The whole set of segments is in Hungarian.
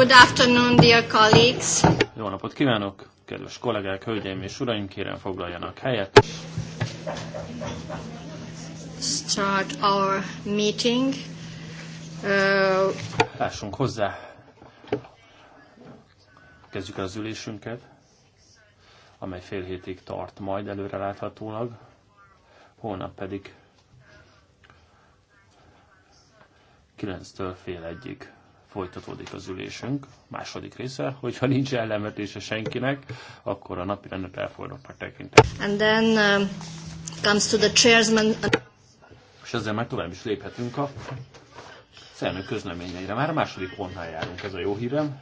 Good afternoon, dear colleagues. Jó napot kívánok, kedves kollégák, hölgyeim és uraim, kérem foglaljanak helyet. Start our meeting. Uh... Lássunk hozzá. Kezdjük az ülésünket, amely fél hétig tart majd előreláthatólag. Holnap pedig 9-től fél egyig folytatódik az ülésünk, második része, hogyha nincs ellenvetése senkinek, akkor a napi rendet elfordottnak tekintem. And then uh, comes to the chairman. És ezzel már tovább is léphetünk a elnök közleményeire. Már a második pontnál járunk, ez a jó hírem.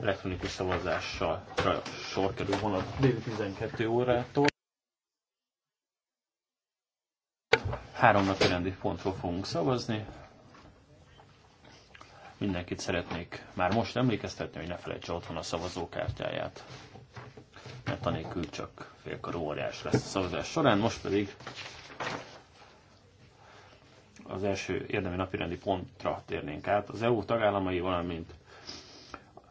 Elektronikus szavazással sor kerül holnap dél 12 órától. Három napi rendi pontról fogunk szavazni. Mindenkit szeretnék már most emlékeztetni, hogy ne felejtse otthon a szavazókártyáját, mert anélkül csak félkor óriás lesz a szavazás során. Most pedig az első érdemi napirendi pontra térnénk át. Az EU tagállamai, valamint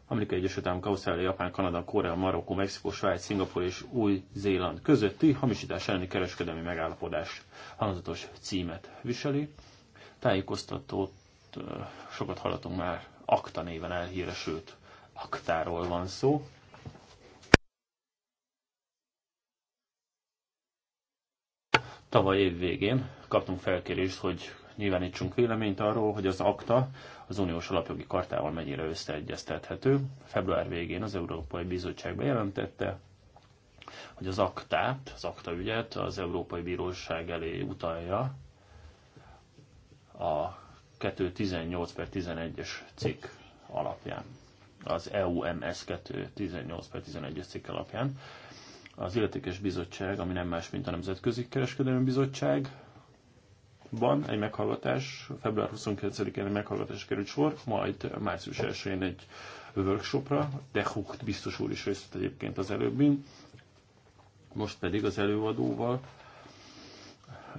Amerikai Egyesült Államok, Ausztrália, Japán, Kanada, Korea, Marokkó, Mexikó, Svájc, Szingapur és Új-Zéland közötti hamisítás elleni kereskedelmi megállapodás hangzatos címet viseli. Tájékoztatott sokat, hallatunk már Akta néven elhíresült Aktáról van szó. Tavaly év végén kaptunk felkérést, hogy nyilvánítsunk véleményt arról, hogy az akta az uniós alapjogi kartával mennyire összeegyeztethető. Február végén az Európai Bizottság bejelentette, hogy az aktát, az akta ügyet az Európai Bíróság elé utalja a 218 per 11-es cikk alapján, az EUMS 218 per 11-es cikk alapján. Az illetékes bizottság, ami nem más, mint a Nemzetközi Kereskedelmi Bizottság, van egy meghallgatás, február 29-én egy meghallgatás került sor, majd március 1-én egy workshopra, de Hucht biztos úr is részt egyébként az előbbi, most pedig az előadóval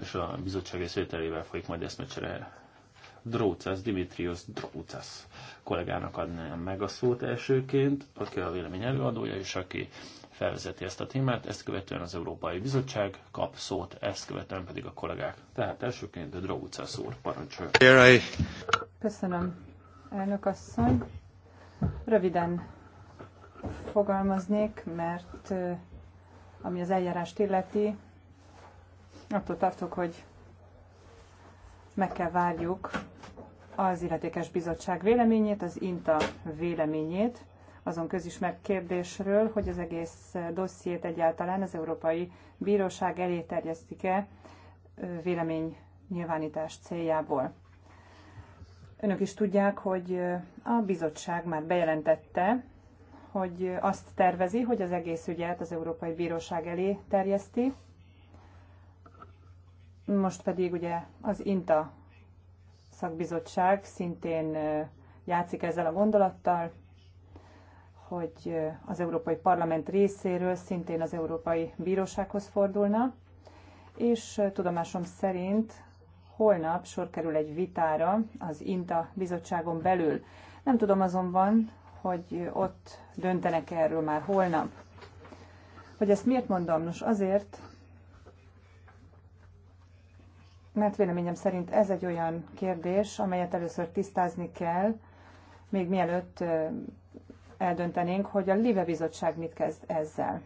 és a bizottság részvételével folyik majd eszmecsere Drócász, Dimitrios Drócász kollégának adnám meg a szót elsőként, aki a vélemény előadója, és aki felvezeti ezt a témát, ezt követően az Európai Bizottság kap szót, ezt követően pedig a kollégák. Tehát elsőként a Drócász úr parancsol. Köszönöm, elnök asszony. Röviden fogalmaznék, mert ami az eljárást illeti, attól tartok, hogy meg kell várjuk az illetékes bizottság véleményét, az INTA véleményét azon közismert kérdésről, hogy az egész dossziét egyáltalán az Európai Bíróság elé terjesztik-e vélemény nyilvánítás céljából. Önök is tudják, hogy a bizottság már bejelentette, hogy azt tervezi, hogy az egész ügyet az Európai Bíróság elé terjeszti. Most pedig ugye az INTA szakbizottság szintén játszik ezzel a gondolattal, hogy az Európai Parlament részéről szintén az Európai Bírósághoz fordulna, és tudomásom szerint holnap sor kerül egy vitára az INTA bizottságon belül. Nem tudom azonban, hogy ott döntenek erről már holnap. Hogy ezt miért mondom? Nos, azért, mert véleményem szerint ez egy olyan kérdés, amelyet először tisztázni kell, még mielőtt eldöntenénk, hogy a Live Bizottság mit kezd ezzel.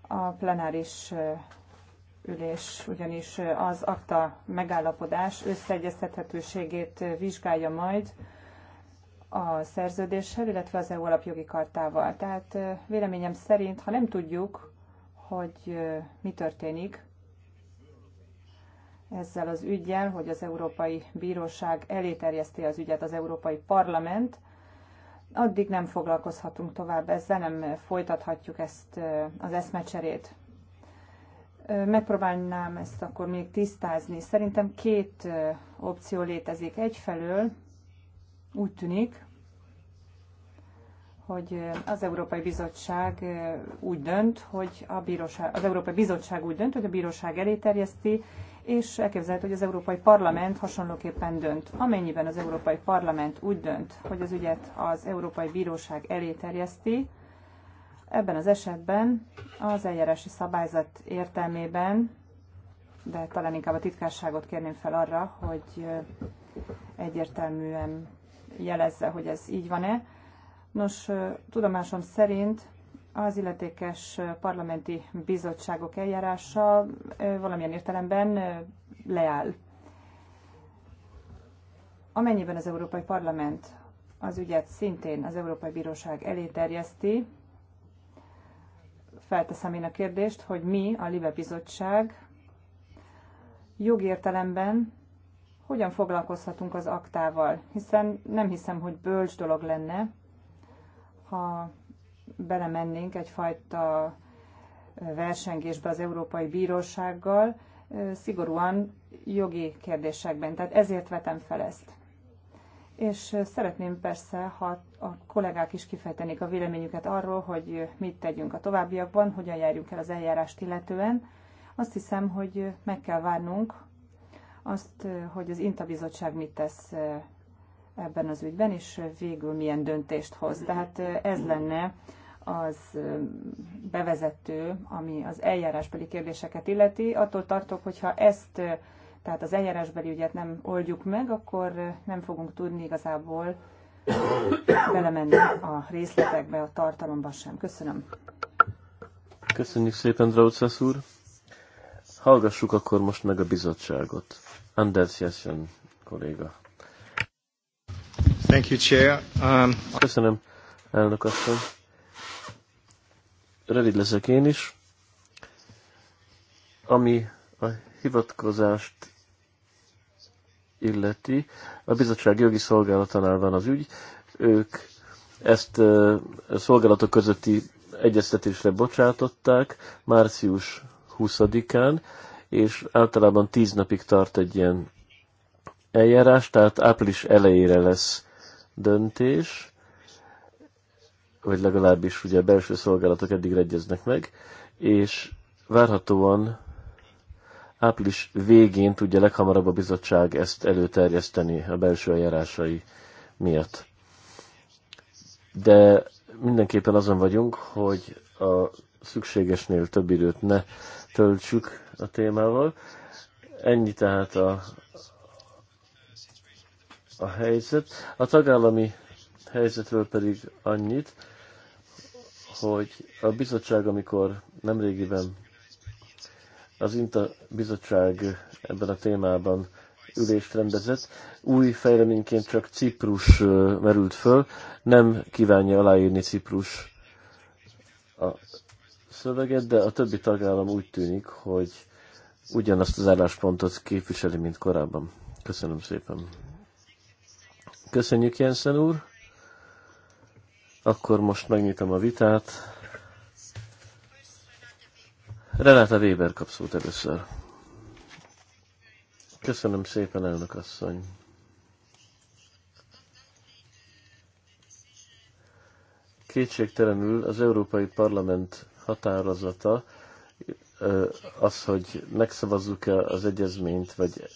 A plenáris ülés ugyanis az akta megállapodás összeegyeztethetőségét vizsgálja majd a szerződéssel, illetve az EU alapjogi kartával. Tehát véleményem szerint, ha nem tudjuk, hogy mi történik, ezzel az ügyjel, hogy az Európai Bíróság eléterjeszti az ügyet az Európai Parlament, addig nem foglalkozhatunk tovább ezzel, nem folytathatjuk ezt az eszmecserét. Megpróbálnám ezt akkor még tisztázni. Szerintem két opció létezik. Egyfelől úgy tűnik, hogy az Európai Bizottság úgy dönt, hogy a bíróság, az Európai Bizottság úgy dönt, hogy a bíróság elé terjeszti, és elképzelhető, hogy az Európai Parlament hasonlóképpen dönt. Amennyiben az Európai Parlament úgy dönt, hogy az ügyet az Európai Bíróság elé terjeszti, ebben az esetben az eljárási szabályzat értelmében, de talán inkább a titkárságot kérném fel arra, hogy egyértelműen jelezze, hogy ez így van-e. Nos, tudomásom szerint az illetékes parlamenti bizottságok eljárása valamilyen értelemben leáll. Amennyiben az Európai Parlament az ügyet szintén az Európai Bíróság elé terjeszti, felteszem én a kérdést, hogy mi, a Libe Bizottság, jogértelemben hogyan foglalkozhatunk az aktával, hiszen nem hiszem, hogy bölcs dolog lenne, ha belemennénk egyfajta versengésbe az Európai Bírósággal, szigorúan jogi kérdésekben. Tehát ezért vetem fel ezt. És szeretném persze, ha a kollégák is kifejtenék a véleményüket arról, hogy mit tegyünk a továbbiakban, hogyan járjunk el az eljárást illetően. Azt hiszem, hogy meg kell várnunk azt, hogy az INTA bizottság mit tesz ebben az ügyben, és végül milyen döntést hoz. Tehát ez lenne az bevezető, ami az eljárásbeli kérdéseket illeti. Attól tartok, hogyha ezt, tehát az eljárásbeli ügyet nem oldjuk meg, akkor nem fogunk tudni igazából belemenni a részletekbe, a tartalomba sem. Köszönöm. Köszönjük szépen, Draucász úr. Hallgassuk akkor most meg a bizottságot. Anders Jessen kolléga. Thank you, Chair. Um... Köszönöm, elnök asszony rövid leszek én is. Ami a hivatkozást illeti, a bizottság jogi szolgálatánál van az ügy, ők ezt a szolgálatok közötti egyeztetésre bocsátották március 20-án, és általában 10 napig tart egy ilyen eljárás, tehát április elejére lesz döntés vagy legalábbis ugye a belső szolgálatok eddig egyeznek meg, és várhatóan április végén tudja leghamarabb a bizottság ezt előterjeszteni a belső eljárásai miatt. De mindenképpen azon vagyunk, hogy a szükségesnél több időt ne töltsük a témával. Ennyi tehát a, a helyzet. A tagállami helyzetről pedig annyit, hogy a bizottság, amikor nemrégiben az INTA bizottság ebben a témában ülést rendezett, új fejleményként csak Ciprus merült föl, nem kívánja aláírni Ciprus a szöveget, de a többi tagállam úgy tűnik, hogy ugyanazt az álláspontot képviseli, mint korábban. Köszönöm szépen. Köszönjük, Jensen úr! Akkor most megnyitom a vitát. Renáta Weber kap szót először. Köszönöm szépen, elnök asszony. Kétségtelenül az Európai Parlament határozata az, hogy megszavazzuk-e az egyezményt, vagy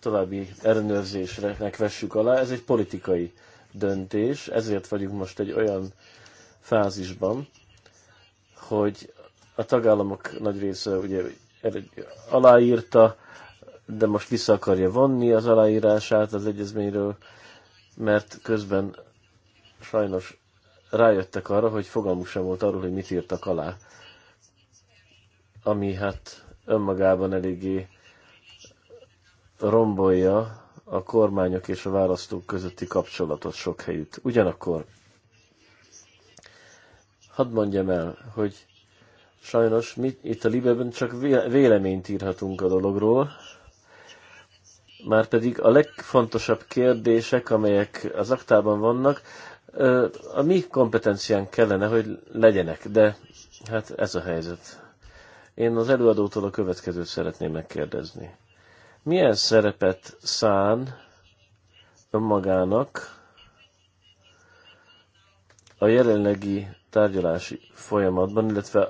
további ellenőrzésre vessük alá, ez egy politikai döntés, ezért vagyunk most egy olyan fázisban, hogy a tagállamok nagy része ugye aláírta, de most vissza akarja vonni az aláírását az egyezményről, mert közben sajnos rájöttek arra, hogy fogalmuk sem volt arról, hogy mit írtak alá. Ami hát önmagában eléggé rombolja a kormányok és a választók közötti kapcsolatot sok helyütt. Ugyanakkor hadd mondjam el, hogy sajnos mi itt a Libeben csak véleményt írhatunk a dologról, márpedig a legfontosabb kérdések, amelyek az aktában vannak, a mi kompetencián kellene, hogy legyenek, de hát ez a helyzet. Én az előadótól a következőt szeretném megkérdezni milyen szerepet szán önmagának a jelenlegi tárgyalási folyamatban, illetve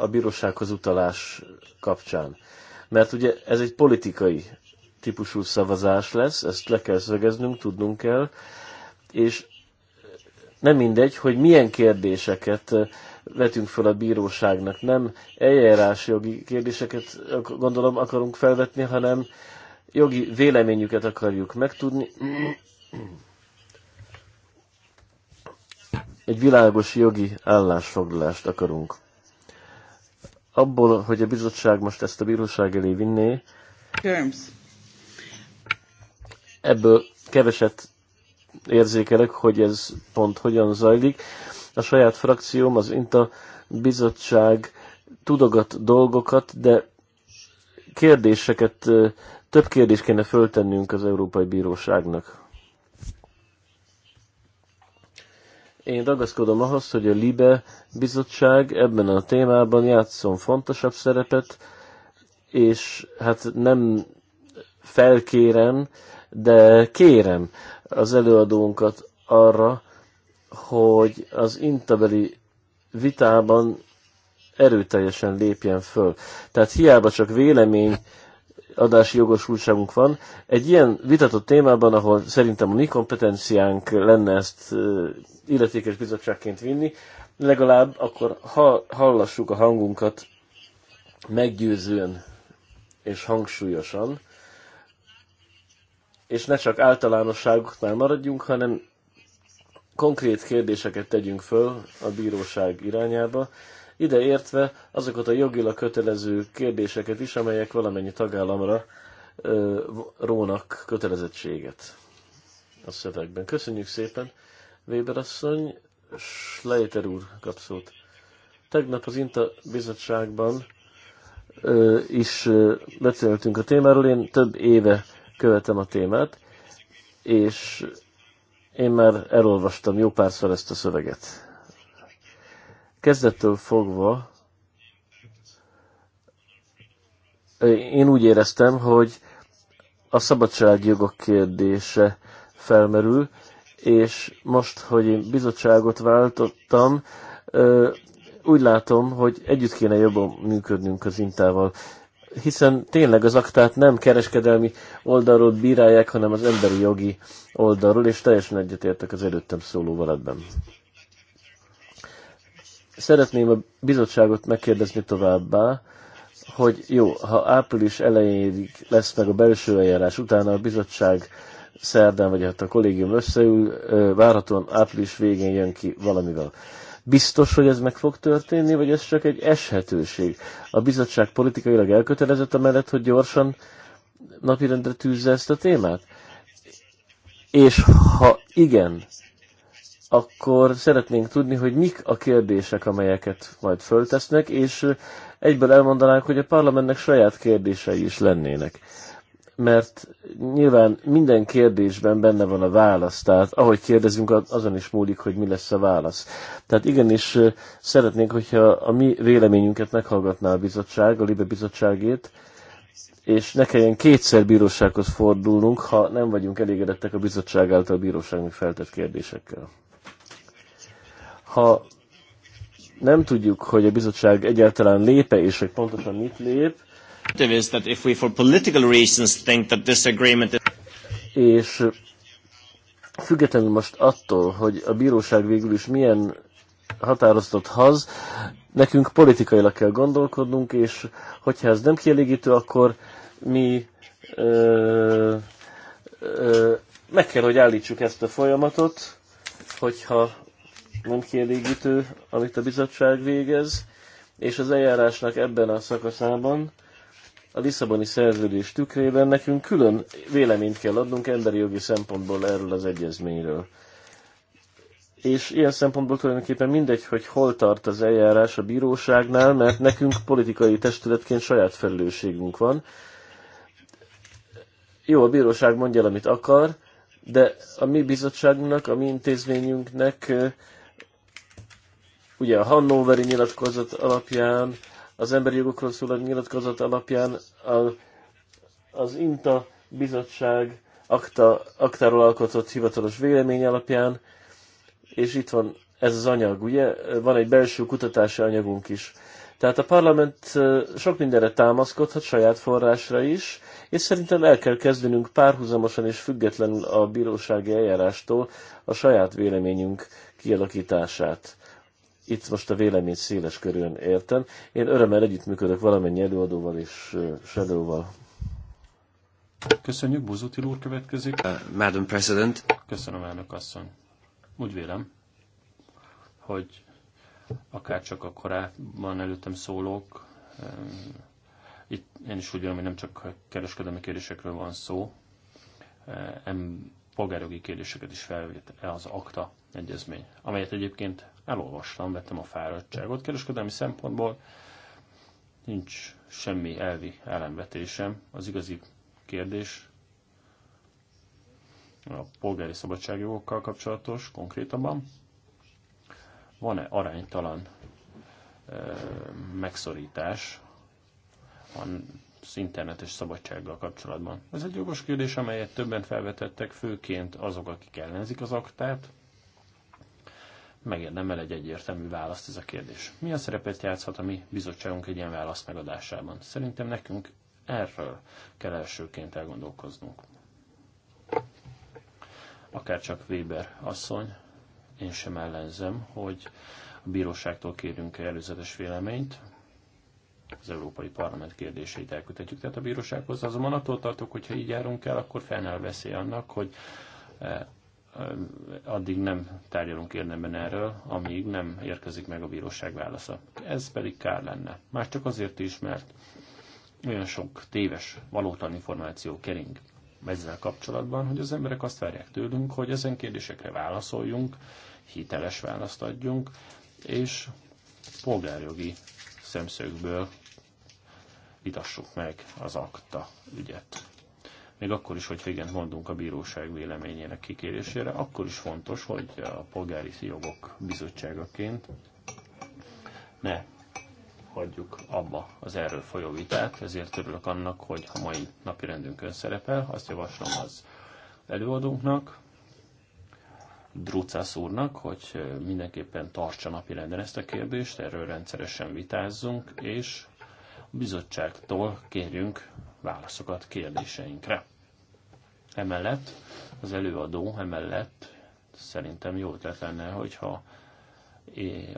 a bírósághoz utalás kapcsán. Mert ugye ez egy politikai típusú szavazás lesz, ezt le kell szögeznünk, tudnunk kell, és nem mindegy, hogy milyen kérdéseket vetünk föl a bíróságnak. Nem eljárásjogi kérdéseket gondolom akarunk felvetni, hanem jogi véleményüket akarjuk megtudni. Egy világos jogi állásfoglalást akarunk. Abból, hogy a bizottság most ezt a bíróság elé vinné, Terms. ebből keveset érzékelek, hogy ez pont hogyan zajlik. A saját frakcióm, az INTA bizottság tudogat dolgokat, de kérdéseket, több kérdést kéne föltennünk az Európai Bíróságnak. Én ragaszkodom ahhoz, hogy a LIBE bizottság ebben a témában játszon fontosabb szerepet, és hát nem felkérem, de kérem az előadónkat arra, hogy az intabeli vitában erőteljesen lépjen föl. Tehát hiába csak vélemény adási jogosultságunk van, egy ilyen vitatott témában, ahol szerintem a mi kompetenciánk lenne ezt illetékes bizottságként vinni, legalább akkor ha hallassuk a hangunkat meggyőzően és hangsúlyosan, és ne csak általánosságoknál maradjunk, hanem konkrét kérdéseket tegyünk föl a bíróság irányába, ide értve azokat a jogilag kötelező kérdéseket is, amelyek valamennyi tagállamra ö, rónak kötelezettséget a szövegben. Köszönjük szépen, Weber asszony, Schleiter úr kap szót. Tegnap az INTA bizottságban ö, is ö, beszéltünk a témáról, én több éve követem a témát, és én már elolvastam jó párszor ezt a szöveget. Kezdettől fogva én úgy éreztem, hogy a szabadságjogok kérdése felmerül, és most, hogy én bizottságot váltottam, úgy látom, hogy együtt kéne jobban működnünk az Intával hiszen tényleg az aktát nem kereskedelmi oldalról bírálják, hanem az emberi jogi oldalról, és teljesen egyetértek az előttem szólóval ebben. Szeretném a bizottságot megkérdezni továbbá, hogy jó, ha április elejéig lesz meg a belső eljárás, utána a bizottság szerdán, vagy hát a kollégium összeül, várhatóan április végén jön ki valamivel. Biztos, hogy ez meg fog történni, vagy ez csak egy eshetőség? A bizottság politikailag elkötelezett mellett, hogy gyorsan napirendre tűzze ezt a témát? És ha igen, akkor szeretnénk tudni, hogy mik a kérdések, amelyeket majd föltesznek, és egyből elmondanánk, hogy a parlamentnek saját kérdései is lennének mert nyilván minden kérdésben benne van a válasz, tehát ahogy kérdezünk, azon is múlik, hogy mi lesz a válasz. Tehát igenis szeretnénk, hogyha a mi véleményünket meghallgatná a bizottság, a Libe bizottságét, és ne kelljen kétszer bírósághoz fordulnunk, ha nem vagyunk elégedettek a bizottság által a bíróságnak feltett kérdésekkel. Ha nem tudjuk, hogy a bizottság egyáltalán lépe, és hogy pontosan mit lép, és függetlenül most attól, hogy a bíróság végül is milyen határozott haz, nekünk politikailag kell gondolkodnunk, és hogyha ez nem kielégítő, akkor mi ö, ö, meg kell, hogy állítsuk ezt a folyamatot, hogyha nem kielégítő, amit a bizottság végez, és az eljárásnak ebben a szakaszában a Lisszaboni szerződés tükrében nekünk külön véleményt kell adnunk emberi jogi szempontból erről az egyezményről. És ilyen szempontból tulajdonképpen mindegy, hogy hol tart az eljárás a bíróságnál, mert nekünk politikai testületként saját felelősségünk van. Jó, a bíróság mondja el, amit akar, de a mi bizottságunknak, a mi intézményünknek ugye a Hannoveri nyilatkozat alapján az emberi jogokról szóló nyilatkozat alapján a, az INTA bizottság akta, aktáról alkotott hivatalos vélemény alapján, és itt van ez az anyag, ugye? Van egy belső kutatási anyagunk is. Tehát a parlament sok mindenre támaszkodhat, saját forrásra is, és szerintem el kell kezdenünk párhuzamosan és függetlenül a bírósági eljárástól a saját véleményünk kialakítását itt most a vélemény széles körön értem. Én örömmel együttműködök valamennyi előadóval és shadowval. Köszönjük, Buzutil úr következik. Uh, Madam President. Köszönöm, elnök asszony. Úgy vélem, hogy akár csak a korábban előttem szólók, uh, itt én is úgy vélem, hogy nem csak kereskedelmi kérdésekről van szó, uh, em, polgárjogi kérdéseket is felvét az akta egyezmény, amelyet egyébként elolvastam, vettem a fáradtságot. Kereskedelmi szempontból nincs semmi elvi ellenvetésem. Az igazi kérdés a polgári szabadságjogokkal kapcsolatos konkrétabban. Van-e aránytalan ö, megszorítás az internetes szabadsággal kapcsolatban? Ez egy jogos kérdés, amelyet többen felvetettek, főként azok, akik ellenzik az aktát, megérdemel egy egyértelmű választ ez a kérdés. Milyen szerepet játszhat a mi bizottságunk egy ilyen válasz megadásában? Szerintem nekünk erről kell elsőként elgondolkoznunk. Akár csak Weber asszony, én sem ellenzem, hogy a bíróságtól kérünk előzetes véleményt, az Európai Parlament kérdéseit elkötetjük. tehát a bírósághoz. Azonban attól tartok, hogyha így járunk el, akkor fennáll veszély annak, hogy eh, addig nem tárgyalunk érdemben erről, amíg nem érkezik meg a bíróság válasza. Ez pedig kár lenne. Már csak azért is, mert olyan sok téves, valótlan információ kering ezzel kapcsolatban, hogy az emberek azt várják tőlünk, hogy ezen kérdésekre válaszoljunk, hiteles választ adjunk, és polgárjogi szemszögből vitassuk meg az akta ügyet még akkor is, hogyha igen mondunk a bíróság véleményének kikérésére, akkor is fontos, hogy a polgári jogok bizottságaként ne hagyjuk abba az erről folyó vitát, ezért örülök annak, hogy a mai napi rendünkön szerepel, azt javaslom az előadónknak, Drucász úrnak, hogy mindenképpen tartsa renden ezt a kérdést, erről rendszeresen vitázzunk, és a bizottságtól kérjünk válaszokat kérdéseinkre. Emellett az előadó, emellett szerintem jó ötlet lenne, hogyha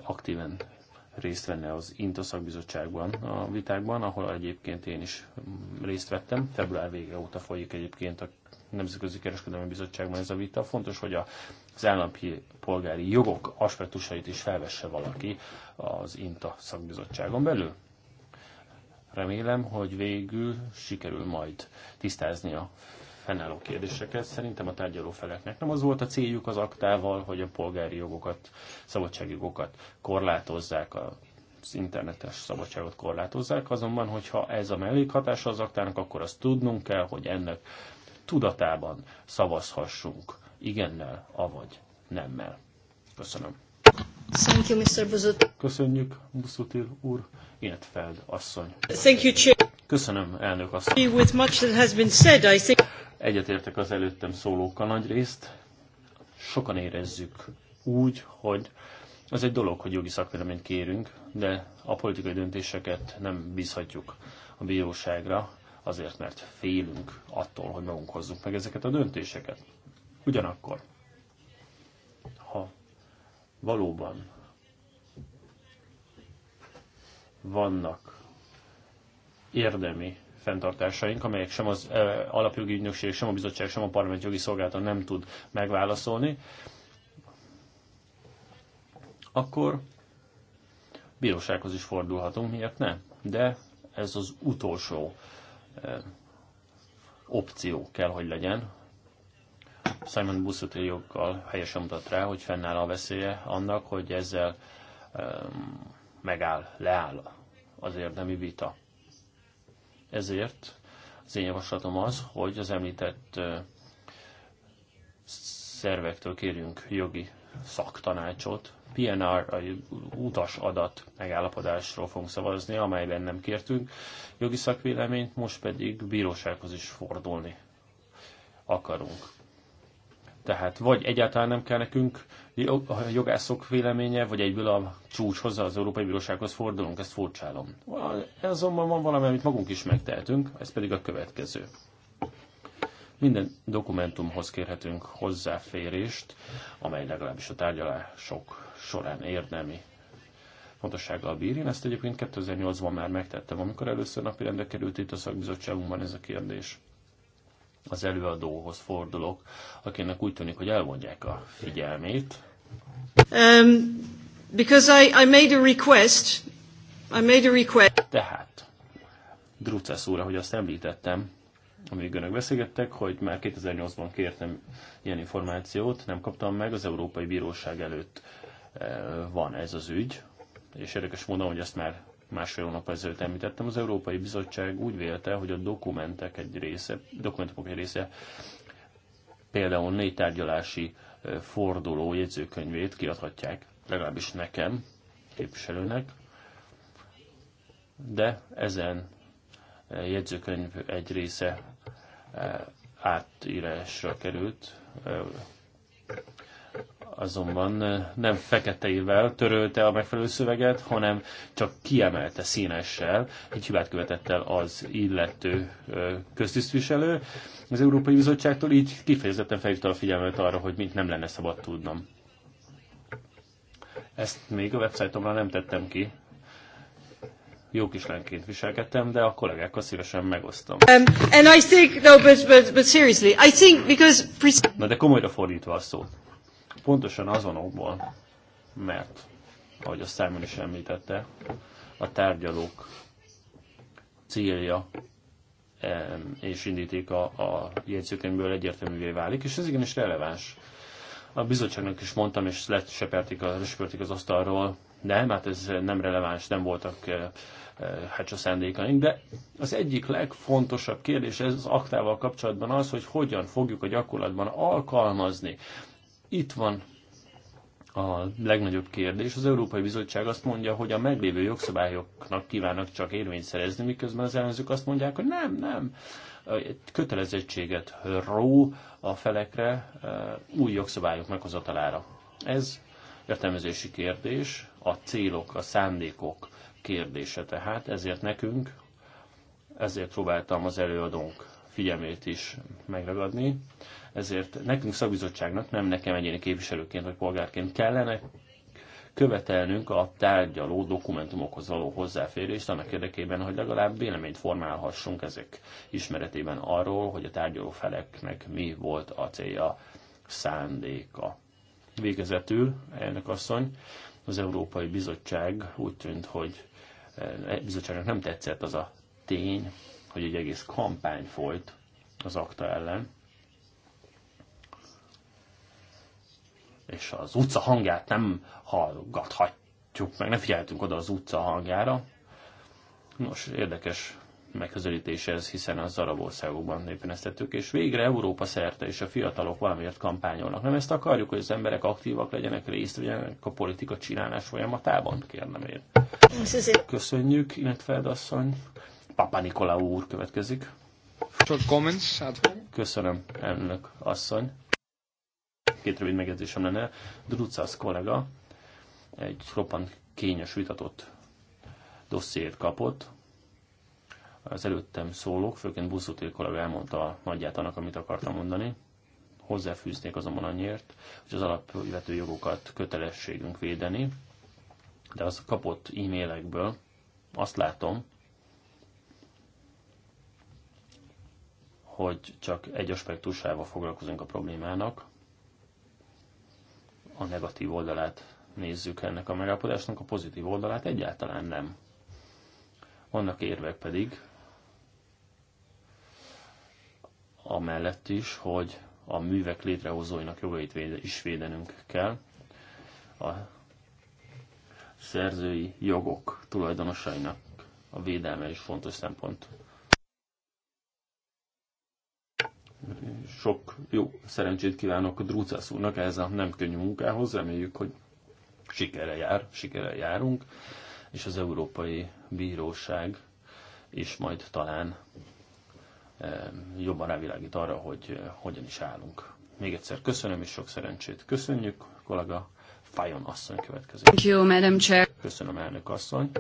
aktíven részt venne az INTA szakbizottságban a vitákban, ahol egyébként én is mm, részt vettem. Február végre óta folyik egyébként a Nemzetközi Kereskedelmi Bizottságban ez a vita. Fontos, hogy az polgári jogok aspektusait is felvesse valaki az INTA szakbizottságon belül. Remélem, hogy végül sikerül majd tisztázni a fennálló kérdéseket. Szerintem a tárgyaló feleknek nem az volt a céljuk az aktával, hogy a polgári jogokat, szabadságjogokat korlátozzák a az internetes szabadságot korlátozzák, azonban, hogyha ez a mellékhatása az aktának, akkor azt tudnunk kell, hogy ennek tudatában szavazhassunk igennel, avagy nemmel. Köszönöm. Thank you, Mr. Buzut. Köszönjük, Buzutil úr, Inetfeld, asszony. Thank you, Chair. Köszönöm, elnök asszony. With much that has been said, I think... Egyetértek az előttem szólókkal nagy részt. Sokan érezzük úgy, hogy az egy dolog, hogy jogi szakvéleményt kérünk, de a politikai döntéseket nem bízhatjuk a bíróságra, azért mert félünk attól, hogy magunk hozzuk meg ezeket a döntéseket. Ugyanakkor, ha Valóban vannak érdemi fenntartásaink, amelyek sem az eh, alapjogi ügynökség, sem a bizottság, sem a parlament jogi szolgálata nem tud megválaszolni, akkor bírósághoz is fordulhatunk, miért ne? De ez az utolsó eh, opció kell, hogy legyen, Simon Busuttil joggal helyesen mutat rá, hogy fennáll a veszélye annak, hogy ezzel um, megáll, leáll az érdemi vita. Ezért az én javaslatom az, hogy az említett uh, szervektől kérjünk jogi szaktanácsot. PNR, a utas adat megállapodásról fogunk szavazni, amelyben nem kértünk jogi szakvéleményt, most pedig bírósághoz is fordulni akarunk. Tehát vagy egyáltalán nem kell nekünk a jogászok véleménye, vagy egyből a csúcshoz, az Európai Bírósághoz fordulunk, ezt furcsálom. Azonban van valami, amit magunk is megtehetünk, ez pedig a következő. Minden dokumentumhoz kérhetünk hozzáférést, amely legalábbis a tárgyalások során érdemi fontossággal bír. Én ezt egyébként 2008-ban már megtettem, amikor először napirendre került itt a szakbizottságunkban ez a kérdés az előadóhoz fordulok, akinek úgy tűnik, hogy elvonják a figyelmét. Um, because I, I made a request. I made a request. Tehát, Drucesz úr, ahogy azt említettem, amíg önök beszélgettek, hogy már 2008-ban kértem ilyen információt, nem kaptam meg, az Európai Bíróság előtt eh, van ez az ügy, és érdekes módon, hogy ezt már másfél hónap ezelőtt említettem, az Európai Bizottság úgy vélte, hogy a dokumentek egy része, dokumentumok egy része például négy tárgyalási forduló jegyzőkönyvét kiadhatják, legalábbis nekem, képviselőnek, de ezen jegyzőkönyv egy része átírásra került, azonban nem feketeivel törölte a megfelelő szöveget, hanem csak kiemelte színessel, egy hibát követett el az illető köztisztviselő. Az Európai Bizottságtól így kifejezetten felhívta a figyelmet arra, hogy mit nem lenne szabad tudnom. Ezt még a websájtomra nem tettem ki, jó lenként viselkedtem, de a kollégákkal szívesen megosztom. Um, and I think, no, but, but, but seriously, I think because... Na de komolyra fordítva a szót. Pontosan azonokból, mert, ahogy a Simon is említette, a tárgyalók célja és indítéka a jegyzőkönyvből egyértelművé válik, és ez igenis releváns. A bizottságnak is mondtam, és leseperték a, lesöpörték az asztalról, de hát ez nem releváns, nem voltak eh, eh, hát a szándékaink, de az egyik legfontosabb kérdés ez az aktával kapcsolatban az, hogy hogyan fogjuk a gyakorlatban alkalmazni itt van a legnagyobb kérdés. Az Európai Bizottság azt mondja, hogy a meglévő jogszabályoknak kívánnak csak érvényt szerezni, miközben az ellenzők azt mondják, hogy nem, nem, kötelezettséget ró a felekre eh, új jogszabályok meghozatalára. Ez értelmezési kérdés, a célok, a szándékok kérdése tehát, ezért nekünk, ezért próbáltam az előadónk figyelmét is megragadni. Ezért nekünk szakbizottságnak, nem nekem egyéni képviselőként vagy polgárként kellene követelnünk a tárgyaló dokumentumokhoz való hozzáférést annak érdekében, hogy legalább véleményt formálhassunk ezek ismeretében arról, hogy a tárgyaló feleknek mi volt a célja, szándéka. Végezetül, elnök asszony, az Európai Bizottság úgy tűnt, hogy eh, bizottságnak nem tetszett az a tény, hogy egy egész kampány folyt az akta ellen, és az utca hangját nem hallgathatjuk, meg nem figyeltünk oda az utca hangjára. Nos, érdekes megközelítés ez, hiszen az arab országokban éppen ezt tettük, és végre Európa szerte és a fiatalok valamiért kampányolnak. Nem ezt akarjuk, hogy az emberek aktívak legyenek, részt vegyenek a politika csinálás folyamatában? Kérnem én. Köszönjük, illetve asszony. Papa Nikola úr következik. Short comments. Köszönöm, elnök asszony két rövid megjegyzésem lenne. Drucász kollega egy roppant kényes vitatott dossziét kapott. Az előttem szólók, főként buszutér kollega elmondta nagyját annak, amit akartam mondani. Hozzáfűznék azonban annyiért, hogy az alapvető jogokat kötelességünk védeni, de az kapott e-mailekből azt látom, hogy csak egy aspektusával foglalkozunk a problémának, a negatív oldalát nézzük ennek a megállapodásnak, a pozitív oldalát egyáltalán nem. Vannak érvek pedig, amellett is, hogy a művek létrehozóinak jogait is védenünk kell. A szerzői jogok tulajdonosainak a védelme is fontos szempont. sok jó szerencsét kívánok Drúcász úrnak ez a nem könnyű munkához, reméljük, hogy sikere jár, sikere járunk, és az Európai Bíróság is majd talán e, jobban rávilágít arra, hogy e, hogyan is állunk. Még egyszer köszönöm, és sok szerencsét köszönjük, kollega Fajon asszony következik. Thank you, Madam Chair. Köszönöm, elnök asszony.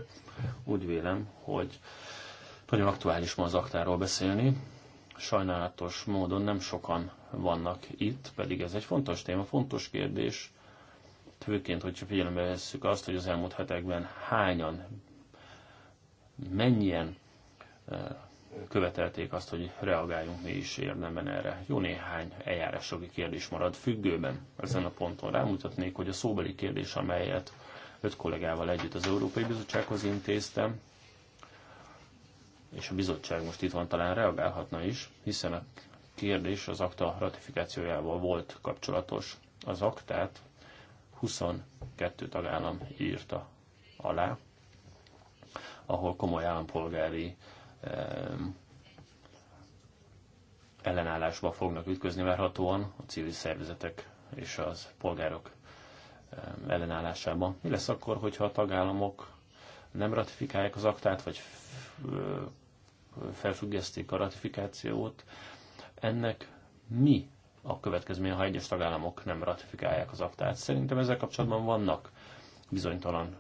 Úgy vélem, hogy nagyon aktuális ma az aktáról beszélni, Sajnálatos módon nem sokan vannak itt, pedig ez egy fontos téma, fontos kérdés, főként, hogyha figyelembe vesszük azt, hogy az elmúlt hetekben hányan, mennyien követelték azt, hogy reagáljunk mi is érdemben erre. Jó néhány eljárásjogi kérdés marad függőben ezen a ponton. Rámutatnék, hogy a szóbeli kérdés, amelyet öt kollégával együtt az Európai Bizottsághoz intéztem, és a bizottság most itt van talán reagálhatna is, hiszen a kérdés az akta ratifikációjával volt kapcsolatos. Az aktát 22 tagállam írta alá, ahol komoly állampolgári ellenállásba fognak ütközni várhatóan a civil szervezetek és az polgárok ellenállásában. Mi lesz akkor, hogyha a tagállamok nem ratifikálják az aktát, vagy felfüggesztik a ratifikációt. Ennek mi a következménye, ha egyes tagállamok nem ratifikálják az aktát? Szerintem ezzel kapcsolatban vannak bizonytalan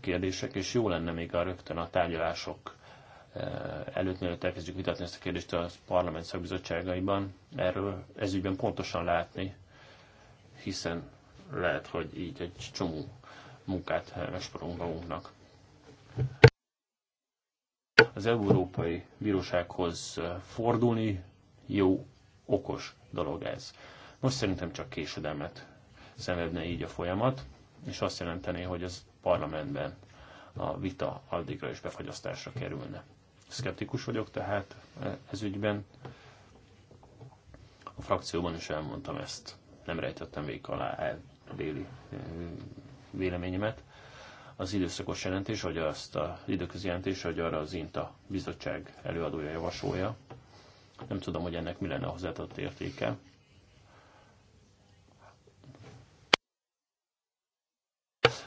kérdések, és jó lenne még a rögtön a tárgyalások előtt, mielőtt elkezdjük vitatni ezt a kérdést a parlament szakbizottságaiban, erről ügyben pontosan látni, hiszen lehet, hogy így egy csomó munkát megsporolunk magunknak az Európai Bírósághoz fordulni jó, okos dolog ez. Most szerintem csak késedelmet szenvedne így a folyamat, és azt jelentené, hogy az parlamentben a vita addigra is befagyasztásra kerülne. Szkeptikus vagyok tehát ez ügyben. A frakcióban is elmondtam ezt. Nem rejtettem végig alá el déli véleményemet az időszakos jelentés, vagy azt a időközi jelentés, hogy arra az INTA bizottság előadója javasolja. Nem tudom, hogy ennek mi lenne a hozzáadott értéke.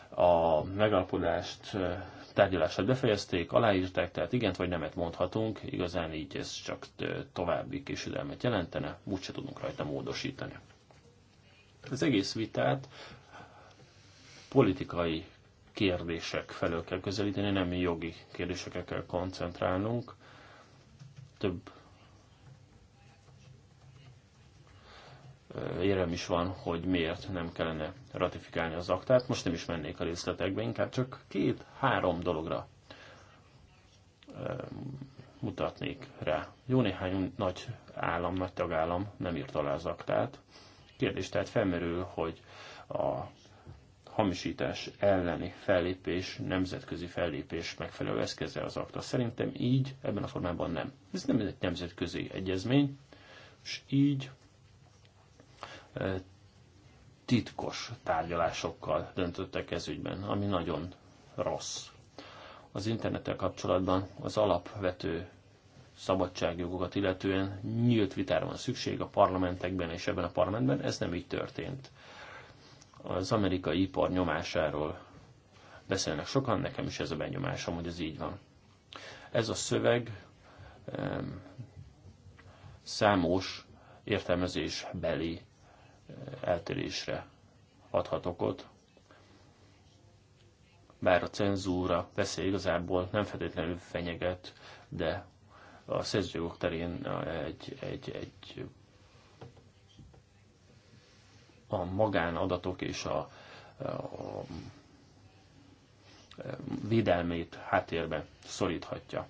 A megállapodást, tárgyalását befejezték, aláírták, tehát igent vagy nemet mondhatunk, igazán így ez csak további késődelmet jelentene, úgyse tudunk rajta módosítani. Az egész vitát politikai kérdések felől kell közelíteni, nem jogi kérdésekre kell koncentrálnunk. Több érem is van, hogy miért nem kellene ratifikálni az aktát. Most nem is mennék a részletekbe, inkább csak két-három dologra mutatnék rá. Jó néhány nagy állam, nagy tagállam nem írt alá az aktát. Kérdés tehát felmerül, hogy a hamisítás elleni fellépés, nemzetközi fellépés megfelelő eszköze az akta. Szerintem így, ebben a formában nem. Ez nem egy nemzetközi egyezmény, és így e, titkos tárgyalásokkal döntöttek ez ügyben, ami nagyon rossz. Az internettel kapcsolatban az alapvető szabadságjogokat illetően nyílt vitára van szükség a parlamentekben és ebben a parlamentben, ez nem így történt az amerikai ipar nyomásáról beszélnek sokan, nekem is ez a benyomásom, hogy ez így van. Ez a szöveg számos értelmezésbeli eltérésre adhat okot, bár a cenzúra veszély igazából nem feltétlenül fenyeget, de a szerzőjogok terén eh, egy, egy, egy a magánadatok és a, a védelmét háttérbe szoríthatja.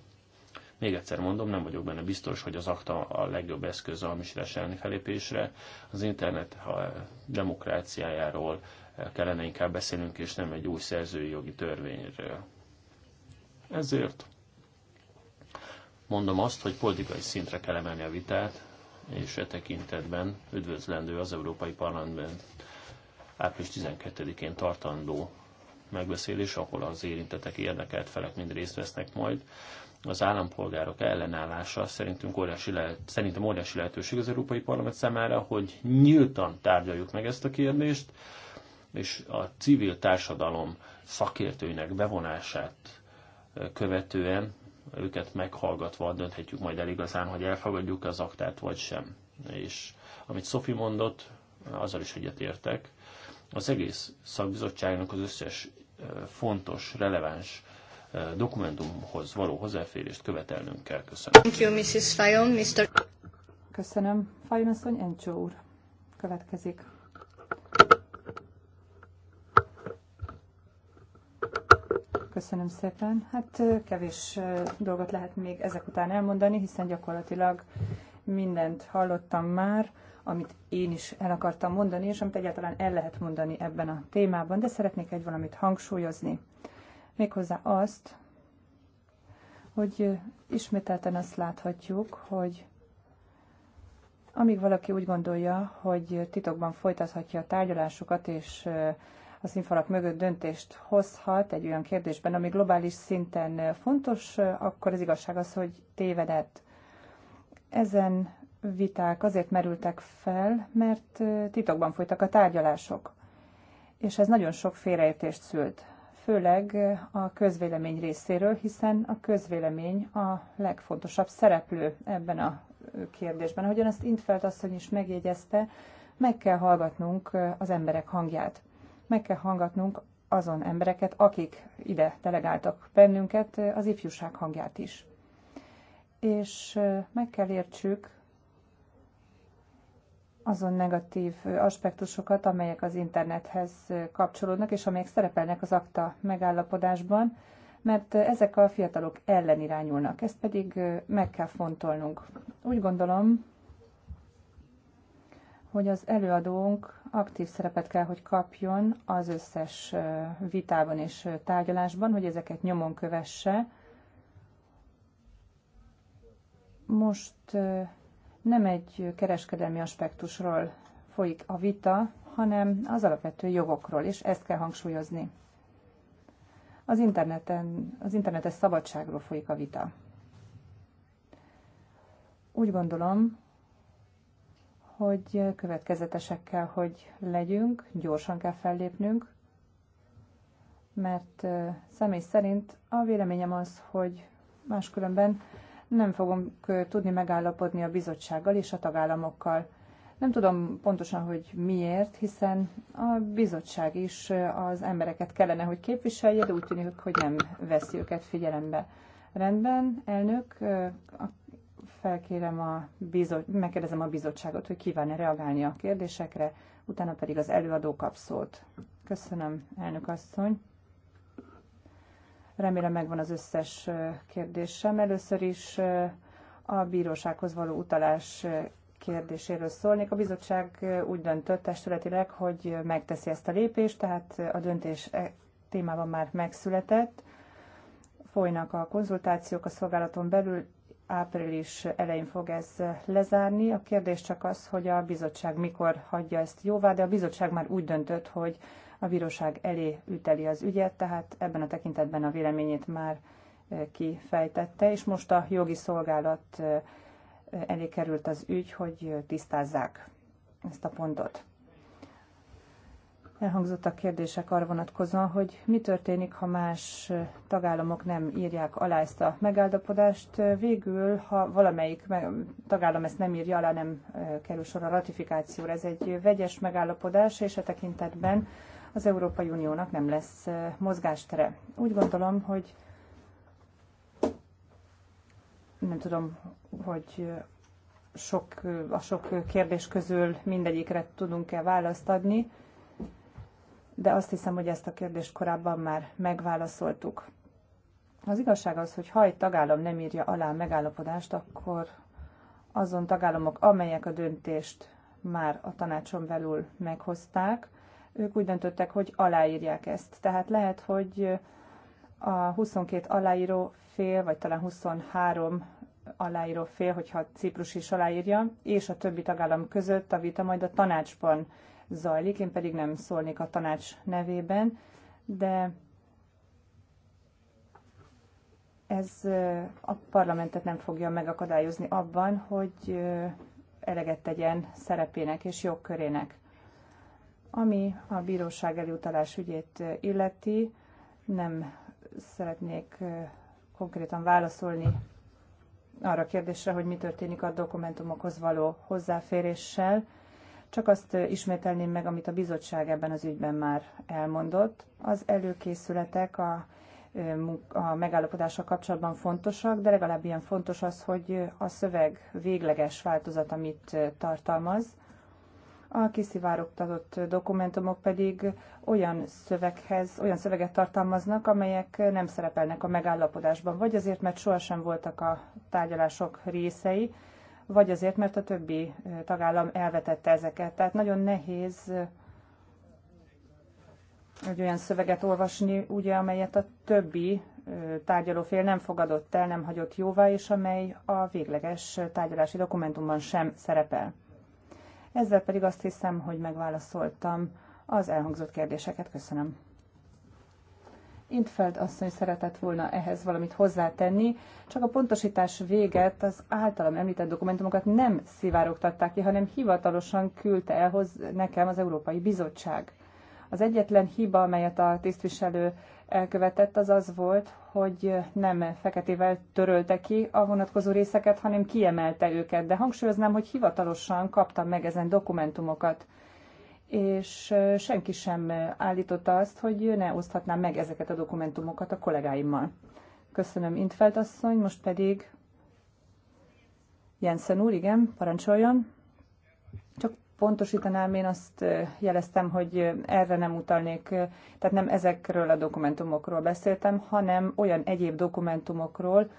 Még egyszer mondom, nem vagyok benne biztos, hogy az akta a legjobb eszköz a misrás elleni felépésre. Az internet ha demokráciájáról kellene inkább beszélnünk, és nem egy új szerzői jogi törvényről. Ezért mondom azt, hogy politikai szintre kell emelni a vitát, és e tekintetben üdvözlendő az Európai Parlamentben április 12-én tartandó megbeszélés, ahol az érintetek érdekelt felek mind részt vesznek majd. Az állampolgárok ellenállása szerintünk óriási lehet, szerintem óriási lehetőség az Európai Parlament számára, hogy nyíltan tárgyaljuk meg ezt a kérdést, és a civil társadalom szakértőinek bevonását követően őket meghallgatva dönthetjük majd el igazán, hogy elfogadjuk az aktát vagy sem. És amit Sophie mondott, azzal is egyetértek. Az egész szakbizottságnak az összes fontos, releváns dokumentumhoz való hozzáférést követelnünk kell. Köszönöm. Thank you, Mrs. Fajon, Mr. Köszönöm. Fajon asszony, Encsó úr. Következik. köszönöm szépen. Hát kevés dolgot lehet még ezek után elmondani, hiszen gyakorlatilag mindent hallottam már, amit én is el akartam mondani, és amit egyáltalán el lehet mondani ebben a témában, de szeretnék egy valamit hangsúlyozni. Méghozzá azt, hogy ismételten azt láthatjuk, hogy amíg valaki úgy gondolja, hogy titokban folytathatja a tárgyalásokat, és a színfalak mögött döntést hozhat egy olyan kérdésben, ami globális szinten fontos, akkor az igazság az, hogy tévedett. Ezen viták azért merültek fel, mert titokban folytak a tárgyalások, és ez nagyon sok félreértést szült főleg a közvélemény részéről, hiszen a közvélemény a legfontosabb szereplő ebben a kérdésben. Ahogyan azt Intfeld asszony is megjegyezte, meg kell hallgatnunk az emberek hangját meg kell hangatnunk azon embereket, akik ide delegáltak bennünket, az ifjúság hangját is. És meg kell értsük azon negatív aspektusokat, amelyek az internethez kapcsolódnak, és amelyek szerepelnek az akta megállapodásban, mert ezek a fiatalok ellen irányulnak, ezt pedig meg kell fontolnunk. Úgy gondolom, hogy az előadónk aktív szerepet kell, hogy kapjon az összes vitában és tárgyalásban, hogy ezeket nyomon kövesse. Most nem egy kereskedelmi aspektusról folyik a vita, hanem az alapvető jogokról, és ezt kell hangsúlyozni. Az, interneten, az internetes szabadságról folyik a vita. Úgy gondolom, hogy következetesek kell, hogy legyünk, gyorsan kell fellépnünk, mert személy szerint a véleményem az, hogy máskülönben nem fogunk tudni megállapodni a bizottsággal és a tagállamokkal. Nem tudom pontosan, hogy miért, hiszen a bizottság is az embereket kellene, hogy képviselje, de úgy tűnik, hogy nem veszi őket figyelembe. Rendben, elnök, a felkérem a bizot, megkérdezem a bizottságot, hogy kíván-e reagálni a kérdésekre, utána pedig az előadó kap szót. Köszönöm, elnök asszony. Remélem megvan az összes kérdésem. Először is a bírósághoz való utalás kérdéséről szólnék. A bizottság úgy döntött testületileg, hogy megteszi ezt a lépést, tehát a döntés e, témában már megszületett. Folynak a konzultációk a szolgálaton belül, április elején fog ez lezárni. A kérdés csak az, hogy a bizottság mikor hagyja ezt jóvá, de a bizottság már úgy döntött, hogy a bíróság elé üteli az ügyet, tehát ebben a tekintetben a véleményét már e, kifejtette, és most a jogi szolgálat e, elé került az ügy, hogy tisztázzák ezt a pontot. Elhangzottak kérdések arra vonatkozóan, hogy mi történik, ha más tagállamok nem írják alá ezt a megállapodást. Végül, ha valamelyik tagállam ezt nem írja alá, nem e, kerül sor a ratifikációra. Ez egy vegyes megállapodás, és a e tekintetben az Európai Uniónak nem lesz e, mozgástere. Úgy gondolom, hogy nem tudom, hogy sok, a sok kérdés közül mindegyikre tudunk-e választ adni de azt hiszem, hogy ezt a kérdést korábban már megválaszoltuk. Az igazság az, hogy ha egy tagállam nem írja alá a megállapodást, akkor azon tagállamok, amelyek a döntést már a tanácson belül meghozták, ők úgy döntöttek, hogy aláírják ezt. Tehát lehet, hogy a 22 aláíró fél, vagy talán 23 aláíró fél, hogyha Ciprus is aláírja, és a többi tagállam között a vita majd a tanácsban zajlik, én pedig nem szólnék a tanács nevében, de ez a parlamentet nem fogja megakadályozni abban, hogy eleget tegyen szerepének és jogkörének. Ami a bíróság elutalás ügyét illeti, nem szeretnék konkrétan válaszolni arra a kérdésre, hogy mi történik a dokumentumokhoz való hozzáféréssel. Csak azt ismételném meg, amit a bizottság ebben az ügyben már elmondott. Az előkészületek a, a megállapodással kapcsolatban fontosak, de legalább ilyen fontos az, hogy a szöveg végleges változat, amit tartalmaz, a kiszivárogtatott dokumentumok pedig olyan szöveghez, olyan szöveget tartalmaznak, amelyek nem szerepelnek a megállapodásban, vagy azért, mert sohasem voltak a tárgyalások részei, vagy azért, mert a többi tagállam elvetette ezeket. Tehát nagyon nehéz egy olyan szöveget olvasni, ugye, amelyet a többi tárgyalófél nem fogadott el, nem hagyott jóvá, és amely a végleges tárgyalási dokumentumban sem szerepel. Ezzel pedig azt hiszem, hogy megválaszoltam az elhangzott kérdéseket. Köszönöm. Intfeld asszony szeretett volna ehhez valamit hozzátenni, csak a pontosítás véget az általam említett dokumentumokat nem szivárogtatták ki, hanem hivatalosan küldte el hoz nekem az Európai Bizottság. Az egyetlen hiba, amelyet a tisztviselő elkövetett, az az volt, hogy nem feketével törölte ki a vonatkozó részeket, hanem kiemelte őket, de hangsúlyoznám, hogy hivatalosan kaptam meg ezen dokumentumokat és senki sem állította azt, hogy ne oszthatnám meg ezeket a dokumentumokat a kollégáimmal. Köszönöm, Intfeld asszony, most pedig Jensen úr, igen, parancsoljon. Csak pontosítanám, én azt jeleztem, hogy erre nem utalnék, tehát nem ezekről a dokumentumokról beszéltem, hanem olyan egyéb dokumentumokról,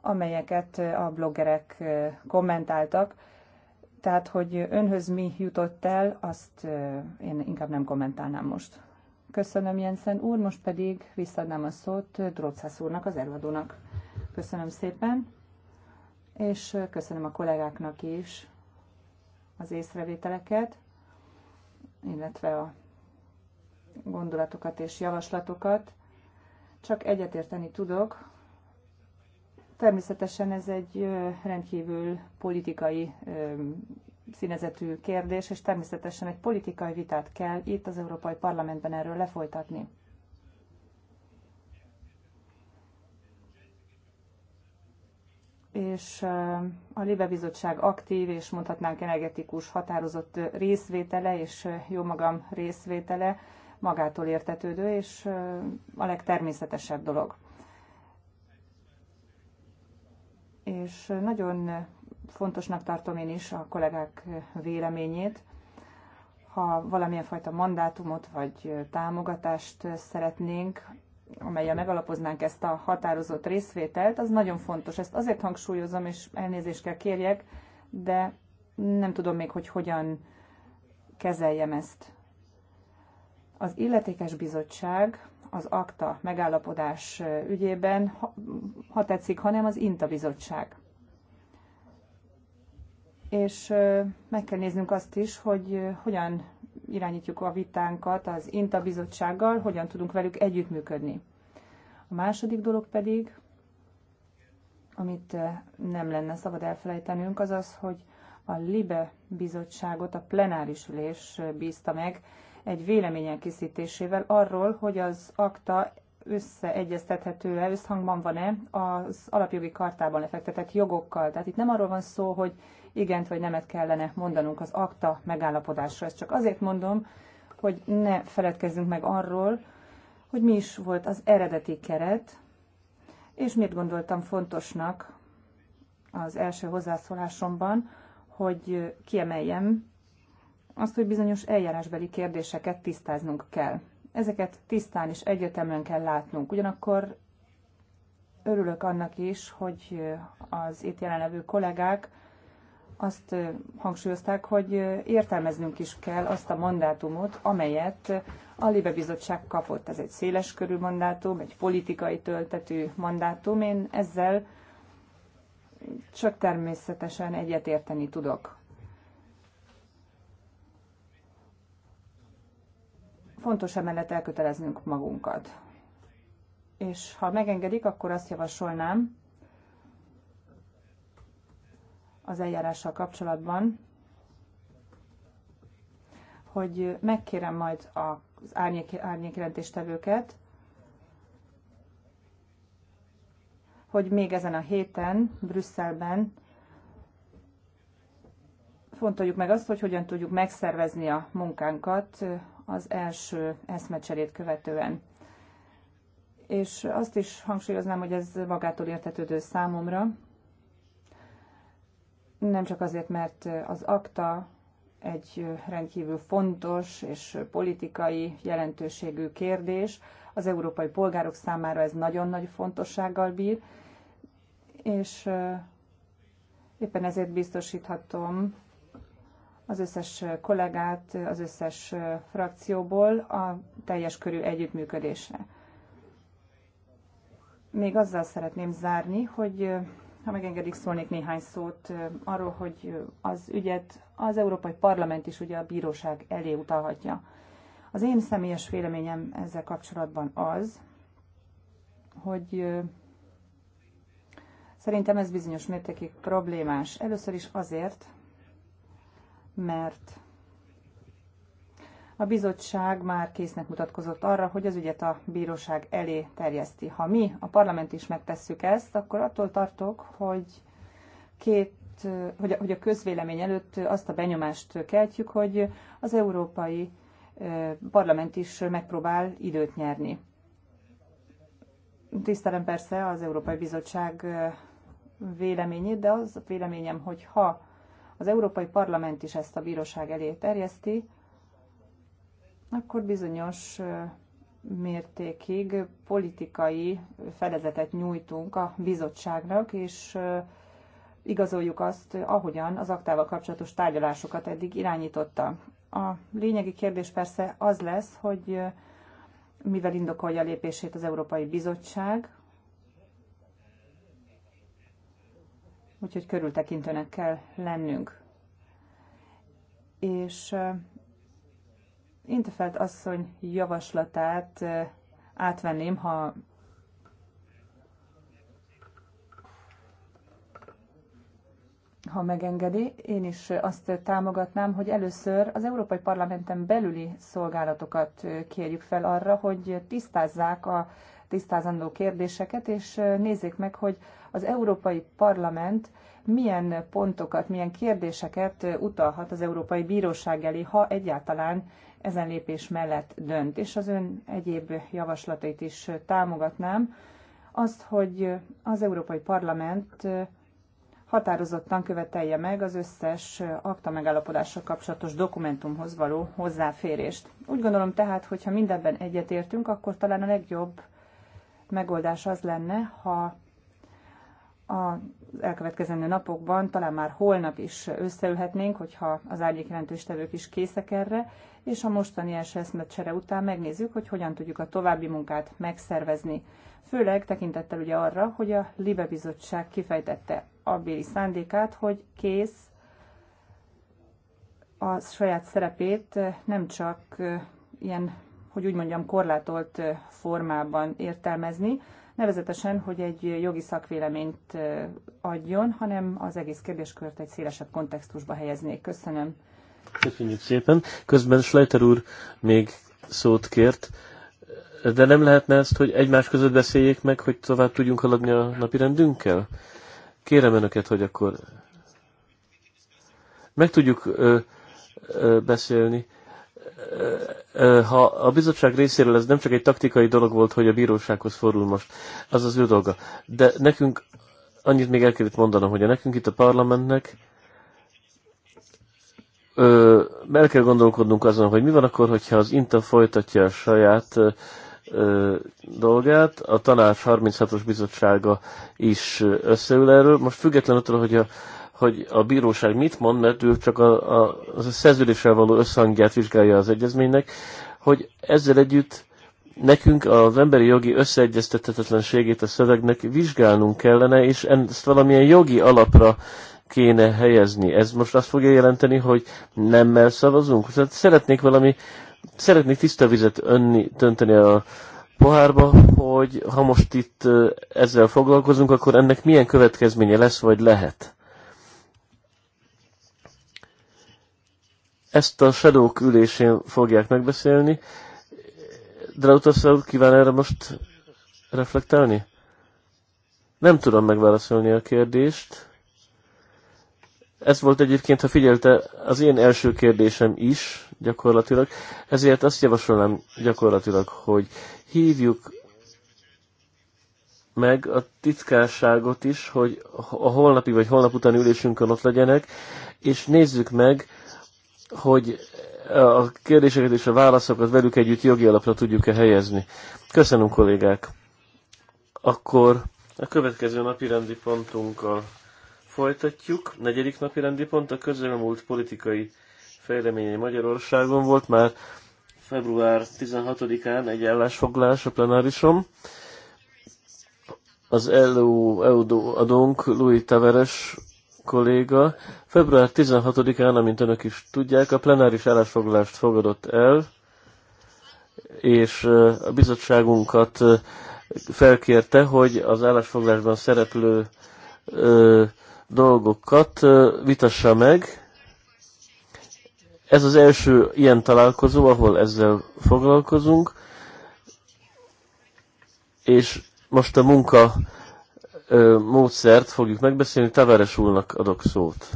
amelyeket a bloggerek kommentáltak, tehát, hogy önhöz mi jutott el, azt én inkább nem kommentálnám most. Köszönöm, Jensen úr, most pedig visszaadnám a szót Drócász úrnak, az előadónak. Köszönöm szépen, és köszönöm a kollégáknak is az észrevételeket, illetve a gondolatokat és javaslatokat. Csak egyetérteni tudok Természetesen ez egy rendkívül politikai színezetű kérdés, és természetesen egy politikai vitát kell itt az Európai Parlamentben erről lefolytatni. és a Libe Bizottság aktív és mondhatnánk energetikus határozott részvétele és jó magam részvétele magától értetődő és a legtermészetesebb dolog. és nagyon fontosnak tartom én is a kollégák véleményét. Ha valamilyen fajta mandátumot vagy támogatást szeretnénk, amelyel megalapoznánk ezt a határozott részvételt, az nagyon fontos. Ezt azért hangsúlyozom, és elnézést kell kérjek, de nem tudom még, hogy hogyan kezeljem ezt. Az illetékes bizottság az akta megállapodás ügyében, ha, ha tetszik, hanem az INTA bizottság. És meg kell néznünk azt is, hogy hogyan irányítjuk a vitánkat az INTA bizottsággal, hogyan tudunk velük együttműködni. A második dolog pedig, amit nem lenne szabad elfelejtenünk, az az, hogy a LIBE bizottságot a plenáris ülés bízta meg egy vélemény elkészítésével arról, hogy az akta összeegyeztethető-e, összhangban van-e az alapjogi kartában lefektetett jogokkal. Tehát itt nem arról van szó, hogy igent vagy nemet kellene mondanunk az akta megállapodásra. Ezt csak azért mondom, hogy ne feledkezzünk meg arról, hogy mi is volt az eredeti keret, és miért gondoltam fontosnak az első hozzászólásomban, hogy kiemeljem azt, hogy bizonyos eljárásbeli kérdéseket tisztáznunk kell. Ezeket tisztán és egyértelműen kell látnunk. Ugyanakkor örülök annak is, hogy az itt jelenlevő kollégák azt hangsúlyozták, hogy értelmeznünk is kell azt a mandátumot, amelyet a Libe Bizottság kapott. Ez egy széles körű mandátum, egy politikai töltetű mandátum. Én ezzel csak természetesen egyetérteni tudok. fontos emellett elköteleznünk magunkat. És ha megengedik, akkor azt javasolnám az eljárással kapcsolatban, hogy megkérem majd az árnyék, árnyékjelentéstevőket, hogy még ezen a héten Brüsszelben fontoljuk meg azt, hogy hogyan tudjuk megszervezni a munkánkat az első eszmecserét követően. És azt is hangsúlyoznám, hogy ez magától értetődő számomra, nem csak azért, mert az akta egy rendkívül fontos és politikai jelentőségű kérdés. Az európai polgárok számára ez nagyon nagy fontossággal bír, és éppen ezért biztosíthatom az összes kollégát, az összes frakcióból a teljes körű együttműködésre. Még azzal szeretném zárni, hogy ha megengedik, szólnék néhány szót arról, hogy az ügyet az Európai Parlament is ugye a bíróság elé utalhatja. Az én személyes véleményem ezzel kapcsolatban az, hogy szerintem ez bizonyos mértékig problémás. Először is azért, mert a bizottság már késznek mutatkozott arra, hogy az ügyet a bíróság elé terjeszti. Ha mi, a parlament is megtesszük ezt, akkor attól tartok, hogy két hogy a, közvélemény előtt azt a benyomást keltjük, hogy az európai parlament is megpróbál időt nyerni. Tisztelem persze az Európai Bizottság véleményét, de az a véleményem, hogy ha az Európai Parlament is ezt a bíróság elé terjeszti, akkor bizonyos mértékig politikai fedezetet nyújtunk a bizottságnak, és igazoljuk azt, ahogyan az aktával kapcsolatos tárgyalásokat eddig irányította. A lényegi kérdés persze az lesz, hogy mivel indokolja a lépését az Európai Bizottság, úgyhogy körültekintőnek kell lennünk. És Intefelt asszony javaslatát átvenném, ha ha megengedi, én is azt támogatnám, hogy először az Európai Parlamenten belüli szolgálatokat kérjük fel arra, hogy tisztázzák a tisztázandó kérdéseket, és nézzék meg, hogy az Európai Parlament milyen pontokat, milyen kérdéseket utalhat az Európai Bíróság elé, ha egyáltalán ezen lépés mellett dönt. És az ön egyéb javaslatait is támogatnám. Azt, hogy az Európai Parlament határozottan követelje meg az összes akta megállapodással kapcsolatos dokumentumhoz való hozzáférést. Úgy gondolom tehát, hogyha mindenben egyetértünk, akkor talán a legjobb megoldás az lenne, ha az elkövetkezendő napokban, talán már holnap is összeülhetnénk, hogyha az árnyék jelentőstevők is készek erre, és a mostani első eszmecsere után megnézzük, hogy hogyan tudjuk a további munkát megszervezni. Főleg tekintettel ugye arra, hogy a Libe Bizottság kifejtette a béli szándékát, hogy kész a saját szerepét nem csak ilyen hogy úgy mondjam, korlátolt formában értelmezni, nevezetesen, hogy egy jogi szakvéleményt adjon, hanem az egész kérdéskört egy szélesebb kontextusba helyeznék. Köszönöm. Köszönjük szépen. Közben Schleiter úr még szót kért, de nem lehetne ezt, hogy egymás között beszéljék meg, hogy tovább tudjunk haladni a napi rendünkkel? Kérem önöket, hogy akkor meg tudjuk ö, ö, beszélni ha a bizottság részéről ez nem csak egy taktikai dolog volt, hogy a bírósághoz fordul most, az az ő dolga. De nekünk, annyit még el kellett mondanom, hogy a nekünk itt a parlamentnek ö, el kell gondolkodnunk azon, hogy mi van akkor, hogyha az INTA folytatja a saját ö, dolgát, a tanács 36-os bizottsága is összeül erről. Most függetlenül attól, hogy a hogy a bíróság mit mond, mert ő csak a, a, a szerződéssel való összhangját vizsgálja az egyezménynek, hogy ezzel együtt nekünk az emberi jogi összeegyeztethetetlenségét a szövegnek vizsgálnunk kellene, és ezt valamilyen jogi alapra kéne helyezni. Ez most azt fogja jelenteni, hogy nemmel szavazunk? Tehát szeretnék valami, szeretnék tiszta vizet önni, tönteni a pohárba, hogy ha most itt ezzel foglalkozunk, akkor ennek milyen következménye lesz, vagy lehet? Ezt a shadow ülésén fogják megbeszélni. Drautasza úr kíván erre most reflektálni? Nem tudom megválaszolni a kérdést. Ez volt egyébként, ha figyelte, az én első kérdésem is gyakorlatilag. Ezért azt javasolnám gyakorlatilag, hogy hívjuk meg a titkárságot is, hogy a holnapi vagy holnap utáni ülésünkön ott legyenek, és nézzük meg, hogy a kérdéseket és a válaszokat velük együtt jogi alapra tudjuk-e helyezni. Köszönöm, kollégák! Akkor a következő napi rendi pontunkkal folytatjuk. Negyedik napi rendi pont a közelmúlt politikai fejleményei Magyarországon volt már február 16-án egy állásfoglalás a plenárisom Az EU, EU adónk Louis Taveres kolléga február 16-án, amint önök is tudják, a plenáris állásfoglalást fogadott el, és eh, a bizottságunkat eh, felkérte, hogy az állásfoglalásban szereplő eh, dolgokat vitassa meg. Ez az első ilyen találkozó, ahol ezzel foglalkozunk, és most a munka módszert fogjuk megbeszélni. Taveres úrnak adok szót.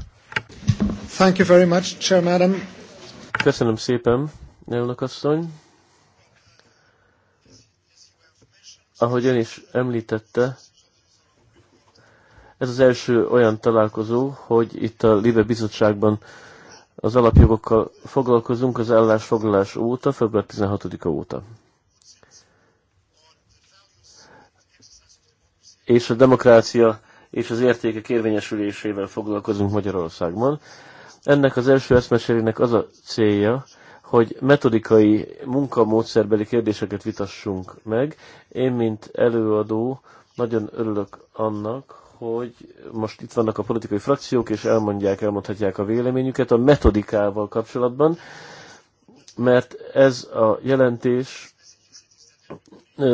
Thank you very much, Chair Madam. Köszönöm szépen, elnök asszony. Ahogy ön is említette, ez az első olyan találkozó, hogy itt a Libe Bizottságban az alapjogokkal foglalkozunk az állásfoglalás óta, február 16-a óta. és a demokrácia és az értékek érvényesülésével foglalkozunk Magyarországon. Ennek az első eszmeserének az a célja, hogy metodikai, munkamódszerbeli kérdéseket vitassunk meg. Én, mint előadó, nagyon örülök annak, hogy most itt vannak a politikai frakciók, és elmondják, elmondhatják a véleményüket a metodikával kapcsolatban, mert ez a jelentés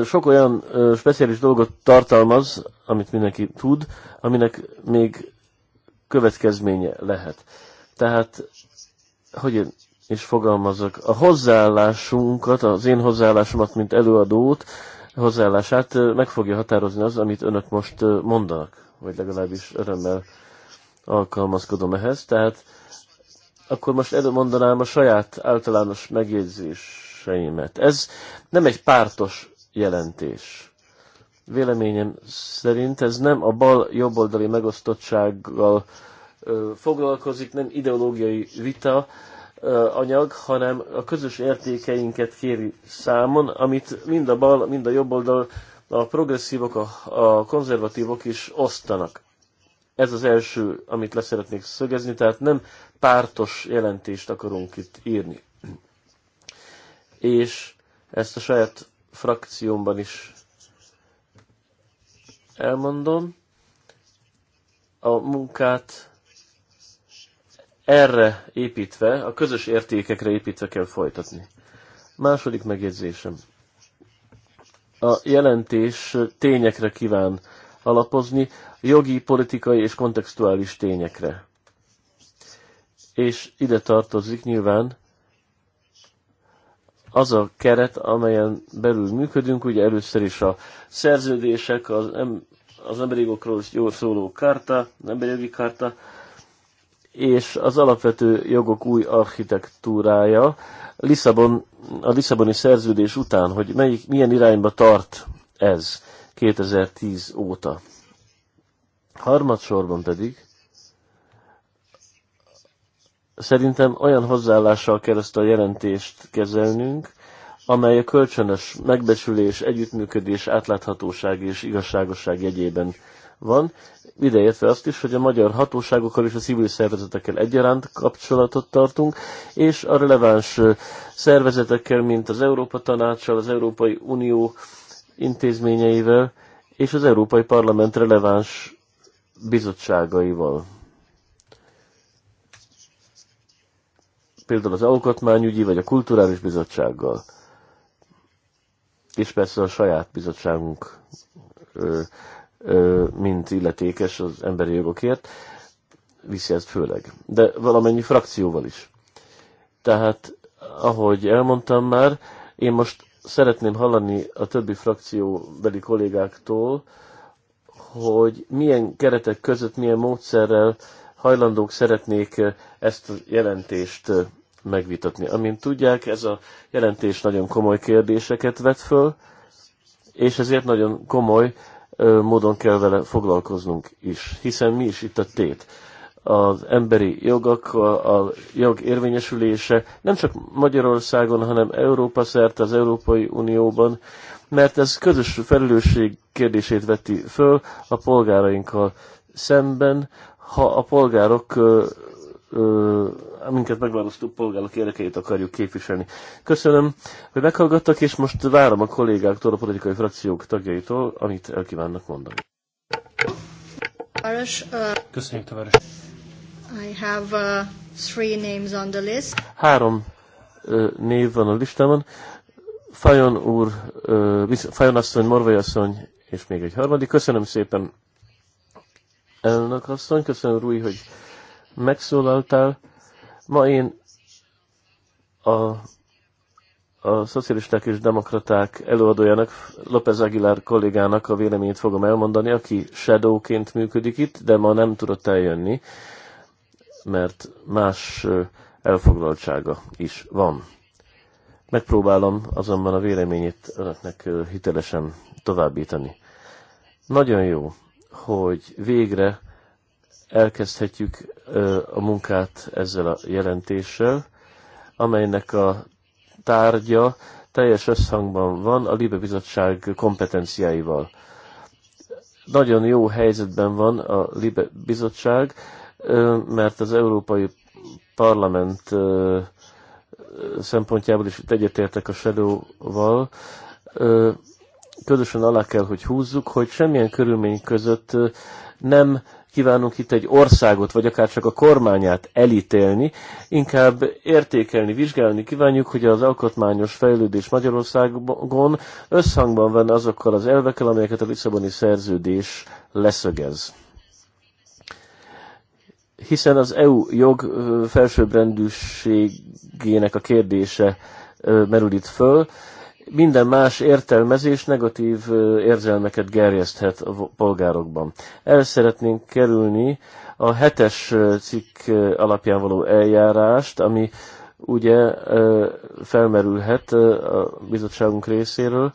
sok olyan speciális dolgot tartalmaz, amit mindenki tud, aminek még következménye lehet. Tehát, hogy és fogalmazok, a hozzáállásunkat, az én hozzáállásomat, mint előadót, hozzáállását meg fogja határozni az, amit önök most mondanak, vagy legalábbis örömmel alkalmazkodom ehhez. Tehát akkor most előmondanám a saját általános megjegyzéseimet. Ez nem egy pártos jelentés. Véleményem szerint ez nem a bal-jobboldali megosztottsággal foglalkozik, nem ideológiai vita anyag, hanem a közös értékeinket kéri számon, amit mind a bal, mind a jobboldal, a progresszívok, a, a konzervatívok is osztanak ez az első, amit leszeretnék szögezni, tehát nem pártos jelentést akarunk itt írni. És ezt a saját frakciómban is elmondom. A munkát erre építve, a közös értékekre építve kell folytatni. Második megjegyzésem. A jelentés tényekre kíván alapozni, jogi, politikai és kontextuális tényekre. És ide tartozik nyilván az a keret, amelyen belül működünk, ugye először is a szerződések, az, em, az emberi jogokról jól szóló karta, emberi jogi karta, és az alapvető jogok új architektúrája. Lisszabon, a Lisszaboni szerződés után, hogy melyik, milyen irányba tart ez 2010 óta. Harmadsorban pedig Szerintem olyan hozzáállással kell ezt a jelentést kezelnünk, amely a kölcsönös megbecsülés, együttműködés, átláthatóság és igazságosság jegyében van, ideértve azt is, hogy a magyar hatóságokkal és a civil szervezetekkel egyaránt kapcsolatot tartunk, és a releváns szervezetekkel, mint az Európa Tanácssal, az Európai Unió intézményeivel és az Európai Parlament releváns bizottságaival. például az Alkotmányügyi vagy a Kulturális Bizottsággal, és persze a saját bizottságunk, ö, ö, mint illetékes az emberi jogokért, viszi ezt főleg, de valamennyi frakcióval is. Tehát, ahogy elmondtam már, én most szeretném hallani a többi frakcióbeli kollégáktól, hogy milyen keretek között, milyen módszerrel hajlandók szeretnék eh, ezt a jelentést eh, megvitatni. Amint tudják, ez a jelentés nagyon komoly kérdéseket vet föl, és ezért nagyon komoly eh, módon kell vele foglalkoznunk is, hiszen mi is itt a tét. Az emberi jogok, a jog érvényesülése nem csak Magyarországon, hanem Európa szerte, az Európai Unióban, mert ez közös felelősség kérdését veti föl a polgárainkkal szemben, ha a polgárok minket megválasztó polgárok érdekeit akarjuk képviselni. Köszönöm, hogy meghallgattak, és most várom a kollégáktól, a politikai frakciók tagjaitól, amit elkívánnak mondani. Uh, Köszönjük, tavaros. I have uh, three names on the list. Három uh, név van a listámon. Fajon úr, uh, Fajon asszony, Morvai asszony, és még egy harmadik. Köszönöm szépen Elnök asszony, köszönöm Rui, hogy megszólaltál. Ma én a, a szocialisták és demokraták előadójának, López Aguilar kollégának a véleményét fogom elmondani, aki shadowként működik itt, de ma nem tudott eljönni, mert más elfoglaltsága is van. Megpróbálom azonban a véleményét önöknek hitelesen továbbítani. Nagyon jó hogy végre elkezdhetjük a munkát ezzel a jelentéssel, amelynek a tárgya teljes összhangban van a Libe Bizottság kompetenciáival. Nagyon jó helyzetben van a Libe Bizottság, mert az Európai Parlament szempontjából is egyetértek a Shadow-val, közösen alá kell, hogy húzzuk, hogy semmilyen körülmény között nem kívánunk itt egy országot, vagy akár csak a kormányát elítélni, inkább értékelni, vizsgálni kívánjuk, hogy az alkotmányos fejlődés Magyarországon összhangban van azokkal az elvekkel, amelyeket a Lisszaboni szerződés leszögez. Hiszen az EU jog felsőbbrendűségének a kérdése merül itt föl, minden más értelmezés negatív érzelmeket gerjeszthet a polgárokban. El szeretnénk kerülni a hetes cikk alapján való eljárást, ami ugye felmerülhet a bizottságunk részéről.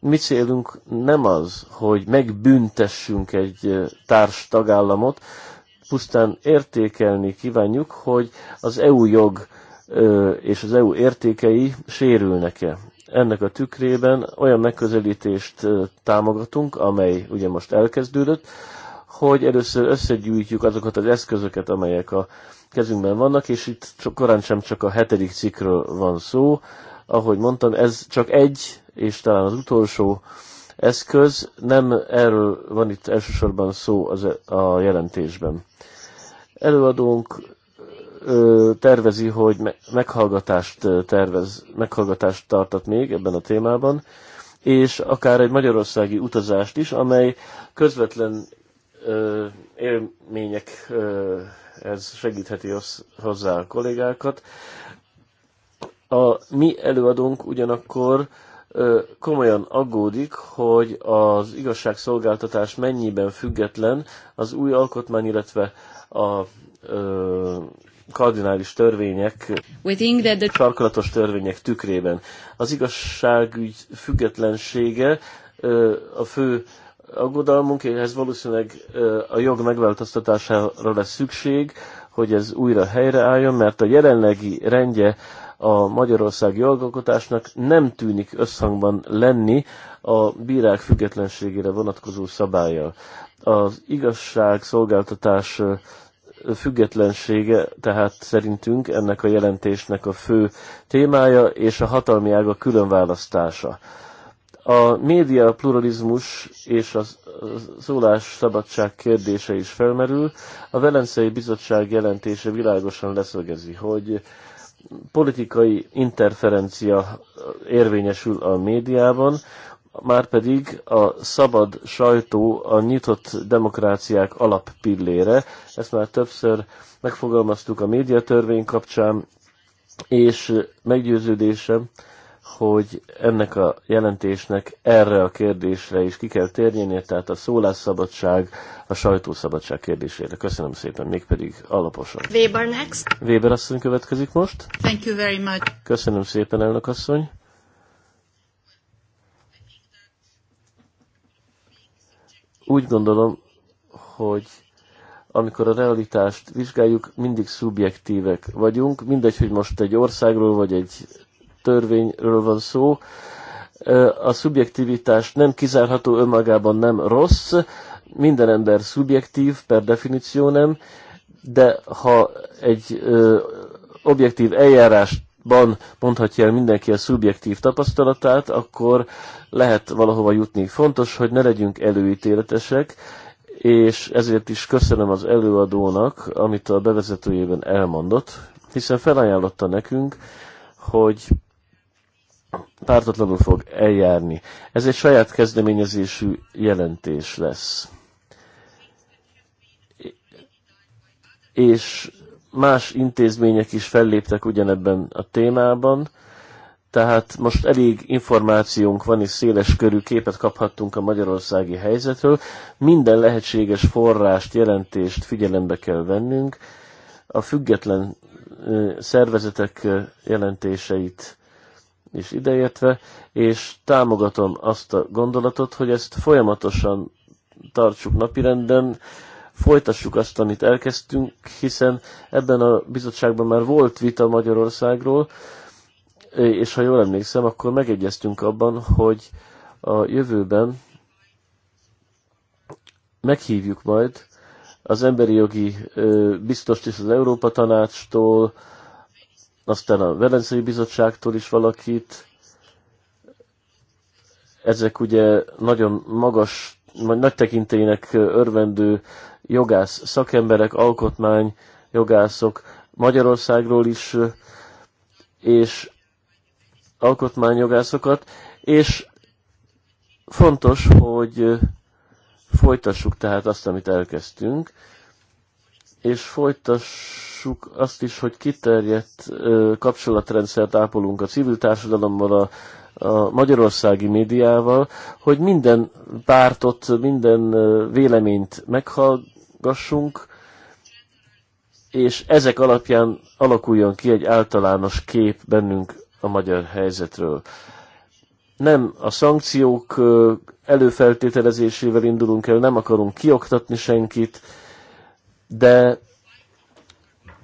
Mi célunk nem az, hogy megbüntessünk egy társ tagállamot, pusztán értékelni kívánjuk, hogy az EU jog és az EU értékei sérülnek-e ennek a tükrében olyan megközelítést támogatunk, amely ugye most elkezdődött, hogy először összegyűjtjük azokat az eszközöket, amelyek a kezünkben vannak, és itt csak, korán sem csak a hetedik cikkről van szó. Ahogy mondtam, ez csak egy, és talán az utolsó eszköz, nem erről van itt elsősorban szó az, e-, a jelentésben. Előadónk tervezi, hogy meghallgatást tervez, meghallgatást tartat még ebben a témában, és akár egy magyarországi utazást is, amely közvetlen ö, élmények, ö, ez segítheti hozzá a kollégákat. A mi előadónk ugyanakkor ö, komolyan aggódik, hogy az igazságszolgáltatás mennyiben független az új alkotmány, illetve a kardinális törvények, the... sarkalatos törvények tükrében. Az igazságügy függetlensége a fő aggodalmunk, és ez valószínűleg a jog megváltoztatására lesz szükség, hogy ez újra helyreálljon, mert a jelenlegi rendje a Magyarország jogalkotásnak nem tűnik összhangban lenni a bírák függetlenségére vonatkozó szabályjal. Az igazságszolgáltatás függetlensége tehát szerintünk ennek a jelentésnek a fő témája és a hatalmi ága különválasztása. A média pluralizmus és a szólás szabadság kérdése is felmerül. A Velencei Bizottság jelentése világosan leszögezi, hogy politikai interferencia érvényesül a médiában, márpedig a szabad sajtó a nyitott demokráciák alappillére. Ezt már többször megfogalmaztuk a médiatörvény kapcsán, és meggyőződésem, hogy ennek a jelentésnek erre a kérdésre is ki kell térnie, tehát a szólásszabadság, a sajtószabadság kérdésére. Köszönöm szépen, mégpedig alaposan. Weber next. Weber asszony következik most. Thank you very much. Köszönöm szépen, elnök asszony. Úgy gondolom, hogy amikor a realitást vizsgáljuk, mindig szubjektívek vagyunk, mindegy, hogy most egy országról vagy egy törvényről van szó. A szubjektivitás nem kizárható, önmagában nem rossz, minden ember szubjektív, per definíció nem, de ha egy ö, objektív eljárást ban mondhatja el mindenki a szubjektív tapasztalatát, akkor lehet valahova jutni. Fontos, hogy ne legyünk előítéletesek, és ezért is köszönöm az előadónak, amit a bevezetőjében elmondott, hiszen felajánlotta nekünk, hogy pártatlanul fog eljárni. Ez egy saját kezdeményezésű jelentés lesz. És más intézmények is felléptek ugyanebben a témában, tehát most elég információnk van, és széles körű képet kaphattunk a magyarországi helyzetről. Minden lehetséges forrást, jelentést figyelembe kell vennünk. A független szervezetek jelentéseit is ideértve, és támogatom azt a gondolatot, hogy ezt folyamatosan tartsuk napirenden, folytassuk azt, amit elkezdtünk, hiszen ebben a bizottságban már volt vita Magyarországról, és ha jól emlékszem, akkor megegyeztünk abban, hogy a jövőben meghívjuk majd az emberi jogi biztost és az Európa Tanácstól, aztán a Velencei Bizottságtól is valakit. Ezek ugye nagyon magas vagy nagy tekintélynek örvendő jogász szakemberek, alkotmány jogászok Magyarországról is, és alkotmányjogászokat, és fontos, hogy folytassuk tehát azt, amit elkezdtünk, és folytassuk azt is, hogy kiterjedt kapcsolatrendszert ápolunk a civil társadalommal, a a magyarországi médiával, hogy minden pártot, minden véleményt meghallgassunk, és ezek alapján alakuljon ki egy általános kép bennünk a magyar helyzetről. Nem a szankciók előfeltételezésével indulunk el, nem akarunk kioktatni senkit, de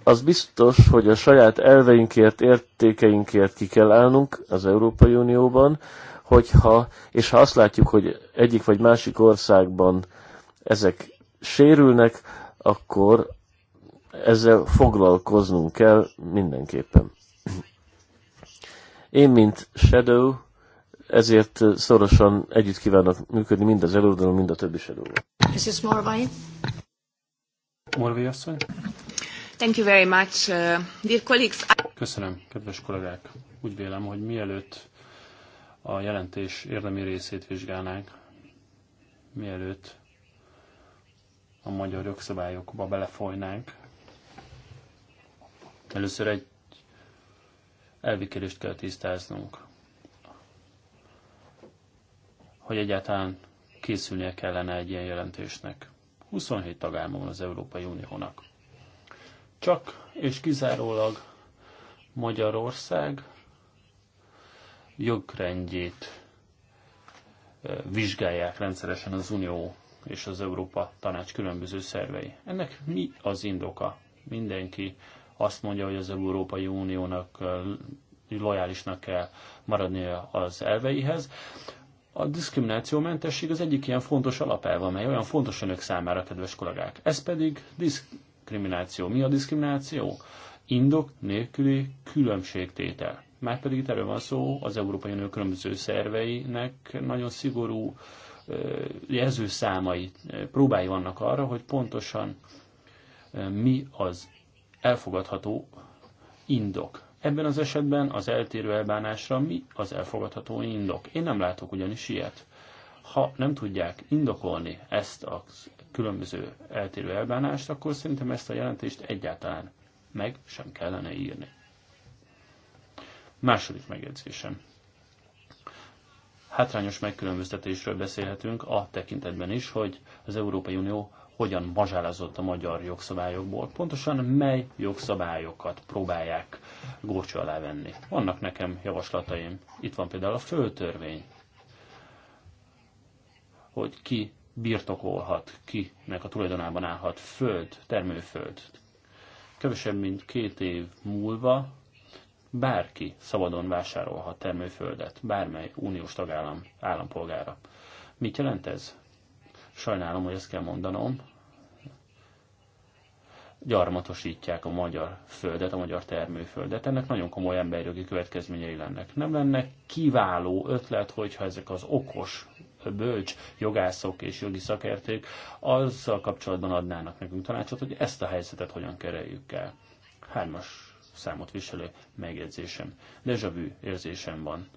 az biztos, hogy a saját elveinkért, értékeinkért ki kell állnunk az Európai Unióban, hogyha, és ha azt látjuk, hogy egyik vagy másik országban ezek sérülnek, akkor ezzel foglalkoznunk kell mindenképpen. Én, mint Shadow, ezért szorosan együtt kívánok működni mind az előadón, mind a többi shadow is Morvai. Morvai asszony. Thank you very much, uh, dear colleagues. Köszönöm, kedves kollégák. Úgy vélem, hogy mielőtt a jelentés érdemi részét vizsgálnánk, mielőtt a magyar jogszabályokba belefolynánk, először egy elvi kell tisztáznunk, hogy egyáltalán készülnie kellene egy ilyen jelentésnek. 27 tagállam van az Európai Uniónak. Csak és kizárólag Magyarország jogrendjét vizsgálják rendszeresen az Unió és az Európa Tanács különböző szervei. Ennek mi az indoka? Mindenki azt mondja, hogy az Európai Uniónak lojálisnak kell maradnia az elveihez. A diszkriminációmentesség az egyik ilyen fontos alapelve, amely olyan fontos önök számára, kedves kollégák. Ez pedig diszk- diszkrimináció. Mi a diszkrimináció? Indok nélküli különbségtétel. Márpedig itt erről van szó, az Európai Unió különböző szerveinek nagyon szigorú jelzőszámai, próbái vannak arra, hogy pontosan mi az elfogadható indok. Ebben az esetben az eltérő elbánásra mi az elfogadható indok? Én nem látok ugyanis ilyet. Ha nem tudják indokolni ezt az különböző eltérő elbánást, akkor szerintem ezt a jelentést egyáltalán meg sem kellene írni. Második megjegyzésem. Hátrányos megkülönböztetésről beszélhetünk a tekintetben is, hogy az Európai Unió hogyan mazsálázott a magyar jogszabályokból, pontosan mely jogszabályokat próbálják górcső alá venni. Vannak nekem javaslataim. Itt van például a föltörvény, hogy ki birtokolhat, kinek a tulajdonában állhat föld, termőföld. Kevesebb, mint két év múlva bárki szabadon vásárolhat termőföldet, bármely uniós tagállam állampolgára. Mit jelent ez? Sajnálom, hogy ezt kell mondanom. Gyarmatosítják a magyar földet, a magyar termőföldet. Ennek nagyon komoly emberjogi következményei lennek. Nem lenne kiváló ötlet, hogyha ezek az okos bölcs jogászok és jogi szakértők azzal kapcsolatban adnának nekünk tanácsot, hogy ezt a helyzetet hogyan kereljük el. Hármas számot viselő megjegyzésem. Deja vu érzésem van.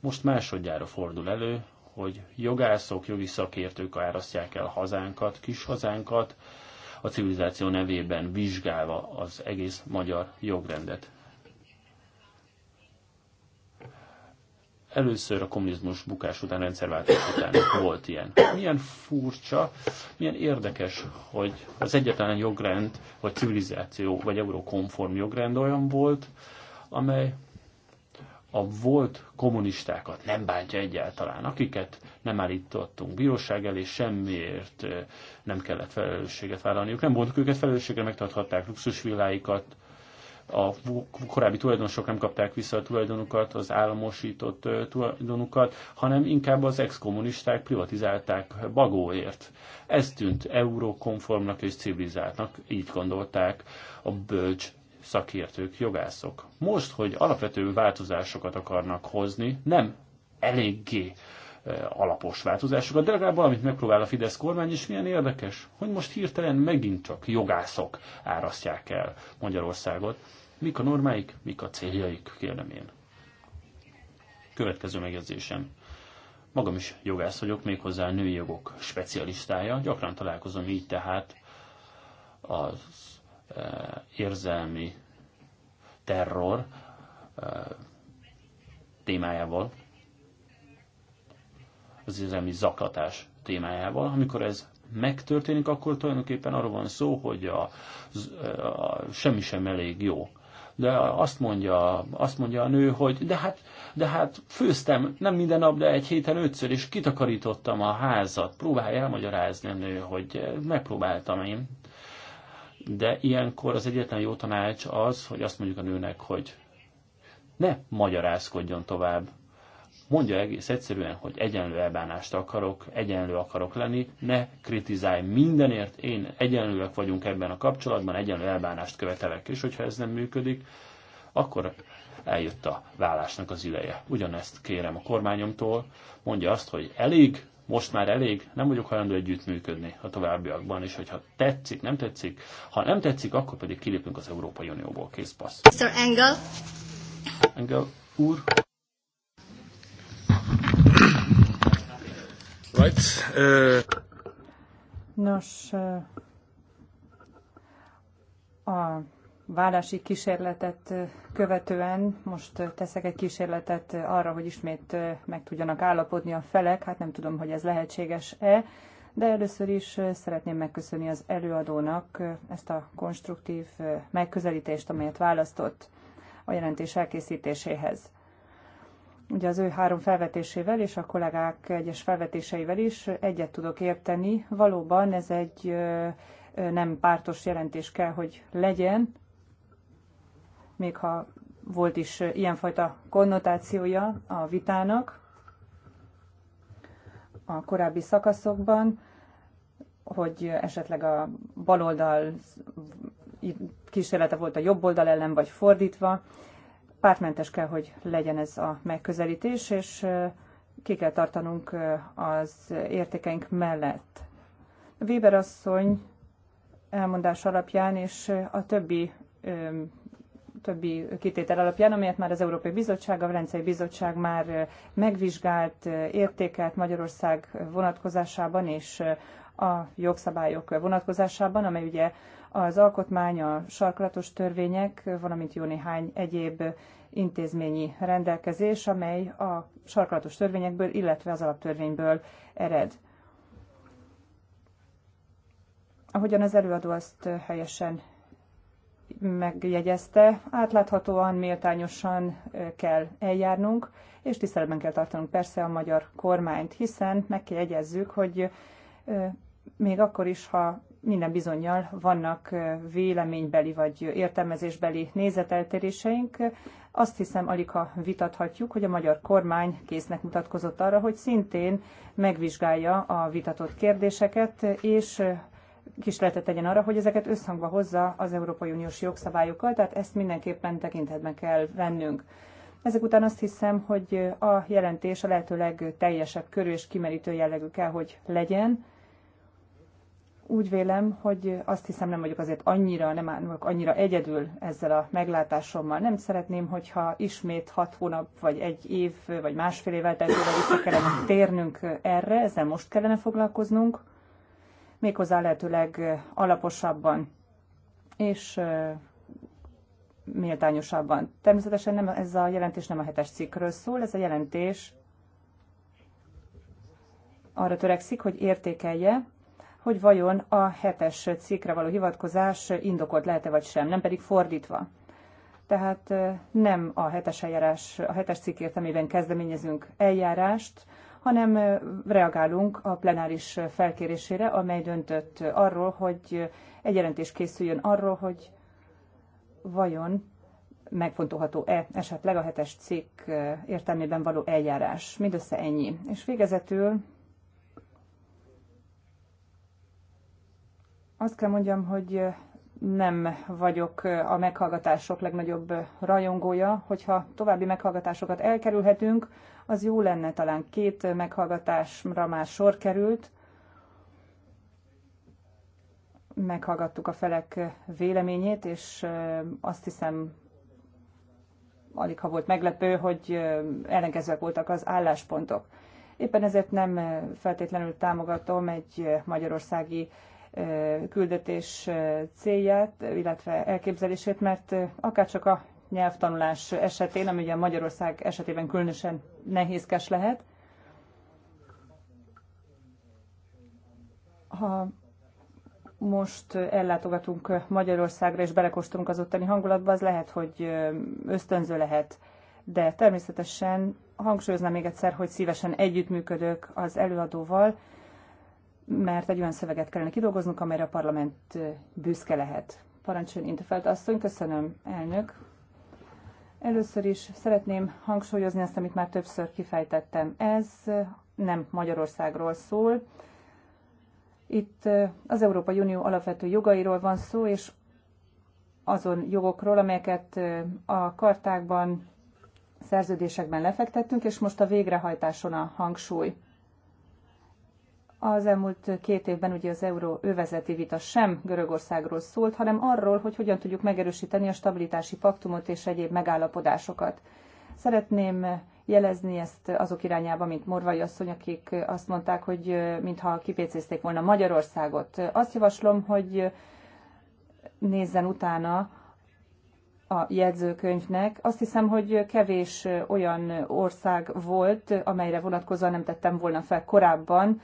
Most másodjára fordul elő, hogy jogászok, jogi szakértők árasztják el hazánkat, kis hazánkat, a civilizáció nevében vizsgálva az egész magyar jogrendet. először a kommunizmus bukás után, rendszerváltás után volt ilyen. Milyen furcsa, milyen érdekes, hogy az egyetlen jogrend, vagy civilizáció, vagy eurókonform jogrend olyan volt, amely a volt kommunistákat nem bántja egyáltalán, akiket nem állítottunk bíróság elé, semmiért eh, nem kellett felelősséget vállalniuk. Nem voltak őket felelősségre, megtarthatták luxusvilláikat, a korábbi tulajdonosok nem kapták vissza a tulajdonukat, az államosított tulajdonukat, hanem inkább az exkommunisták privatizálták bagóért. Ez tűnt eurókonformnak és civilizáltnak, így gondolták a bölcs szakértők, jogászok. Most, hogy alapvető változásokat akarnak hozni, nem eléggé alapos változásokat, de legalább valamit megpróbál a Fidesz kormány, és milyen érdekes, hogy most hirtelen megint csak jogászok árasztják el Magyarországot. Mik a normáik, mik a céljaik, kérdem én. Következő megjegyzésem. Magam is jogász vagyok, méghozzá női jogok specialistája. Gyakran találkozom így tehát az e, érzelmi terror e, témájával, az érzelmi zaklatás témájával. Amikor ez megtörténik, akkor tulajdonképpen arról van szó, hogy a, a, e, a semmi sem elég jó de azt mondja, azt mondja a nő, hogy de hát, de hát főztem nem minden nap, de egy héten ötször, és kitakarítottam a házat. Próbálja elmagyarázni a nő, hogy megpróbáltam én. De ilyenkor az egyetlen jó tanács az, hogy azt mondjuk a nőnek, hogy ne magyarázkodjon tovább, Mondja egész egyszerűen, hogy egyenlő elbánást akarok, egyenlő akarok lenni, ne kritizálj mindenért, én egyenlőek vagyunk ebben a kapcsolatban, egyenlő elbánást követelek, és hogyha ez nem működik, akkor eljött a vállásnak az ideje. Ugyanezt kérem a kormányomtól, mondja azt, hogy elég, most már elég, nem vagyok hajlandó együttműködni a továbbiakban, és hogyha tetszik, nem tetszik, ha nem tetszik, akkor pedig kilépünk az Európai Unióból, passz. Mr. Engel. Engel úr. Right. Nos, a vállási kísérletet követően most teszek egy kísérletet arra, hogy ismét meg tudjanak állapodni a felek. Hát nem tudom, hogy ez lehetséges-e, de először is szeretném megköszönni az előadónak ezt a konstruktív megközelítést, amelyet választott a jelentés elkészítéséhez ugye az ő három felvetésével és a kollégák egyes felvetéseivel is egyet tudok érteni. Valóban ez egy nem pártos jelentés kell, hogy legyen, még ha volt is ilyenfajta konnotációja a vitának a korábbi szakaszokban, hogy esetleg a baloldal kísérlete volt a jobb oldal ellen, vagy fordítva pártmentes kell, hogy legyen ez a megközelítés, és ki kell tartanunk az értékeink mellett. Weber asszony elmondás alapján és a többi, többi kitétel alapján, amelyet már az Európai Bizottság, a Velencei Bizottság már megvizsgált, értékelt Magyarország vonatkozásában, és a jogszabályok vonatkozásában, amely ugye az alkotmány, a sarkalatos törvények, valamint jó néhány egyéb intézményi rendelkezés, amely a sarkalatos törvényekből, illetve az alaptörvényből ered. Ahogyan az előadó azt helyesen megjegyezte, átláthatóan, méltányosan kell eljárnunk, és tiszteletben kell tartanunk persze a magyar kormányt, hiszen meg kell jegyezzük, hogy még akkor is, ha minden bizonyal vannak véleménybeli vagy értelmezésbeli nézeteltéréseink, azt hiszem alig ha vitathatjuk, hogy a magyar kormány késznek mutatkozott arra, hogy szintén megvizsgálja a vitatott kérdéseket, és kísérletet tegyen arra, hogy ezeket összhangba hozza az Európai Uniós jogszabályokkal, tehát ezt mindenképpen tekintetbe kell vennünk. Ezek után azt hiszem, hogy a jelentés a lehető legteljesebb körű és kimerítő jellegű kell, hogy legyen, úgy vélem, hogy azt hiszem nem vagyok azért annyira, nem állok annyira egyedül ezzel a meglátásommal. Nem szeretném, hogyha ismét hat hónap, vagy egy év, vagy másfél évvel teltével vissza kellene térnünk erre, ezzel most kellene foglalkoznunk, méghozzá lehetőleg alaposabban és méltányosabban. Természetesen nem, ez a jelentés nem a hetes cikkről szól, ez a jelentés arra törekszik, hogy értékelje hogy vajon a hetes cikkre való hivatkozás indokolt lehet-e vagy sem, nem pedig fordítva. Tehát nem a hetes eljárás, a hetes cikk értelmében kezdeményezünk eljárást, hanem reagálunk a plenáris felkérésére, amely döntött arról, hogy egy jelentés készüljön arról, hogy vajon megfontolható-e esetleg a hetes cikk értelmében való eljárás. Mindössze ennyi. És végezetül Azt kell mondjam, hogy nem vagyok a meghallgatások legnagyobb rajongója. Hogyha további meghallgatásokat elkerülhetünk, az jó lenne, talán két meghallgatásra már sor került. Meghallgattuk a felek véleményét, és azt hiszem, alig ha volt meglepő, hogy ellenkezőek voltak az álláspontok. Éppen ezért nem feltétlenül támogatom egy magyarországi küldetés célját, illetve elképzelését, mert csak a nyelvtanulás esetén, ami ugye Magyarország esetében különösen nehézkes lehet, ha most ellátogatunk Magyarországra és belekóstolunk az ottani hangulatba, az lehet, hogy ösztönző lehet. De természetesen hangsúlyoznám még egyszer, hogy szívesen együttműködök az előadóval, mert egy olyan szöveget kellene kidolgoznunk, amelyre a parlament büszke lehet. Parancsoljon Intefelt asszony, köszönöm, elnök. Először is szeretném hangsúlyozni azt, amit már többször kifejtettem. Ez nem Magyarországról szól. Itt az Európai Unió alapvető jogairól van szó, és azon jogokról, amelyeket a kartákban, szerződésekben lefektettünk, és most a végrehajtáson a hangsúly. Az elmúlt két évben ugye az euró övezeti vita sem Görögországról szólt, hanem arról, hogy hogyan tudjuk megerősíteni a stabilitási paktumot és egyéb megállapodásokat. Szeretném jelezni ezt azok irányába, mint Morvai asszony, akik azt mondták, hogy mintha kipécézték volna Magyarországot. Azt javaslom, hogy nézzen utána a jegyzőkönyvnek. Azt hiszem, hogy kevés olyan ország volt, amelyre vonatkozóan nem tettem volna fel korábban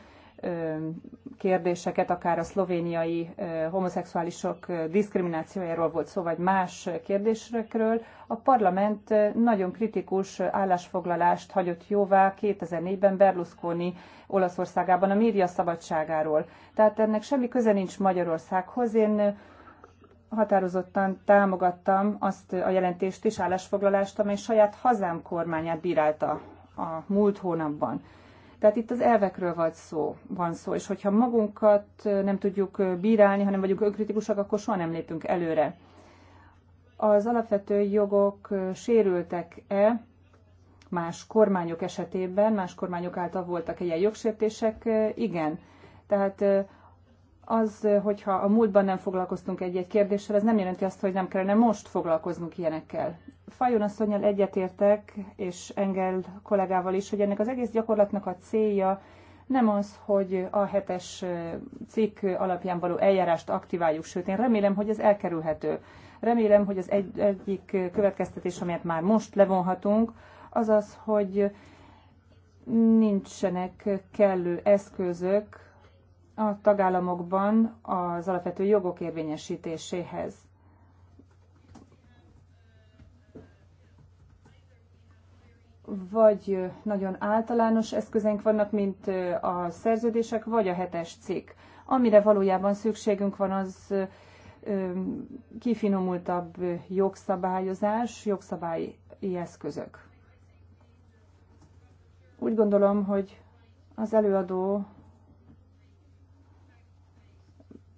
kérdéseket, akár a szlovéniai homoszexuálisok diszkriminációjáról volt szó, vagy más kérdésekről, a parlament nagyon kritikus állásfoglalást hagyott jóvá 2004-ben Berlusconi Olaszországában a média szabadságáról. Tehát ennek semmi köze nincs Magyarországhoz. Én határozottan támogattam azt a jelentést és állásfoglalást, amely saját hazám kormányát bírálta a múlt hónapban. Tehát itt az elvekről van szó, van szó, és hogyha magunkat nem tudjuk bírálni, hanem vagyunk önkritikusak, akkor soha nem lépünk előre. Az alapvető jogok sérültek-e más kormányok esetében, más kormányok által voltak -e ilyen jogsértések? Igen. Tehát az, hogyha a múltban nem foglalkoztunk egy-egy kérdéssel, ez nem jelenti azt, hogy nem kellene most foglalkoznunk ilyenekkel. Fajon asszonyjal egyetértek, és Engel kollégával is, hogy ennek az egész gyakorlatnak a célja nem az, hogy a hetes cikk alapján való eljárást aktiváljuk, sőt én remélem, hogy ez elkerülhető. Remélem, hogy az egy, egyik következtetés, amelyet már most levonhatunk, az az, hogy nincsenek kellő eszközök a tagállamokban az alapvető jogok érvényesítéséhez. vagy nagyon általános eszközeink vannak, mint a szerződések, vagy a hetes cikk. Amire valójában szükségünk van, az kifinomultabb jogszabályozás, jogszabályi eszközök. Úgy gondolom, hogy az előadó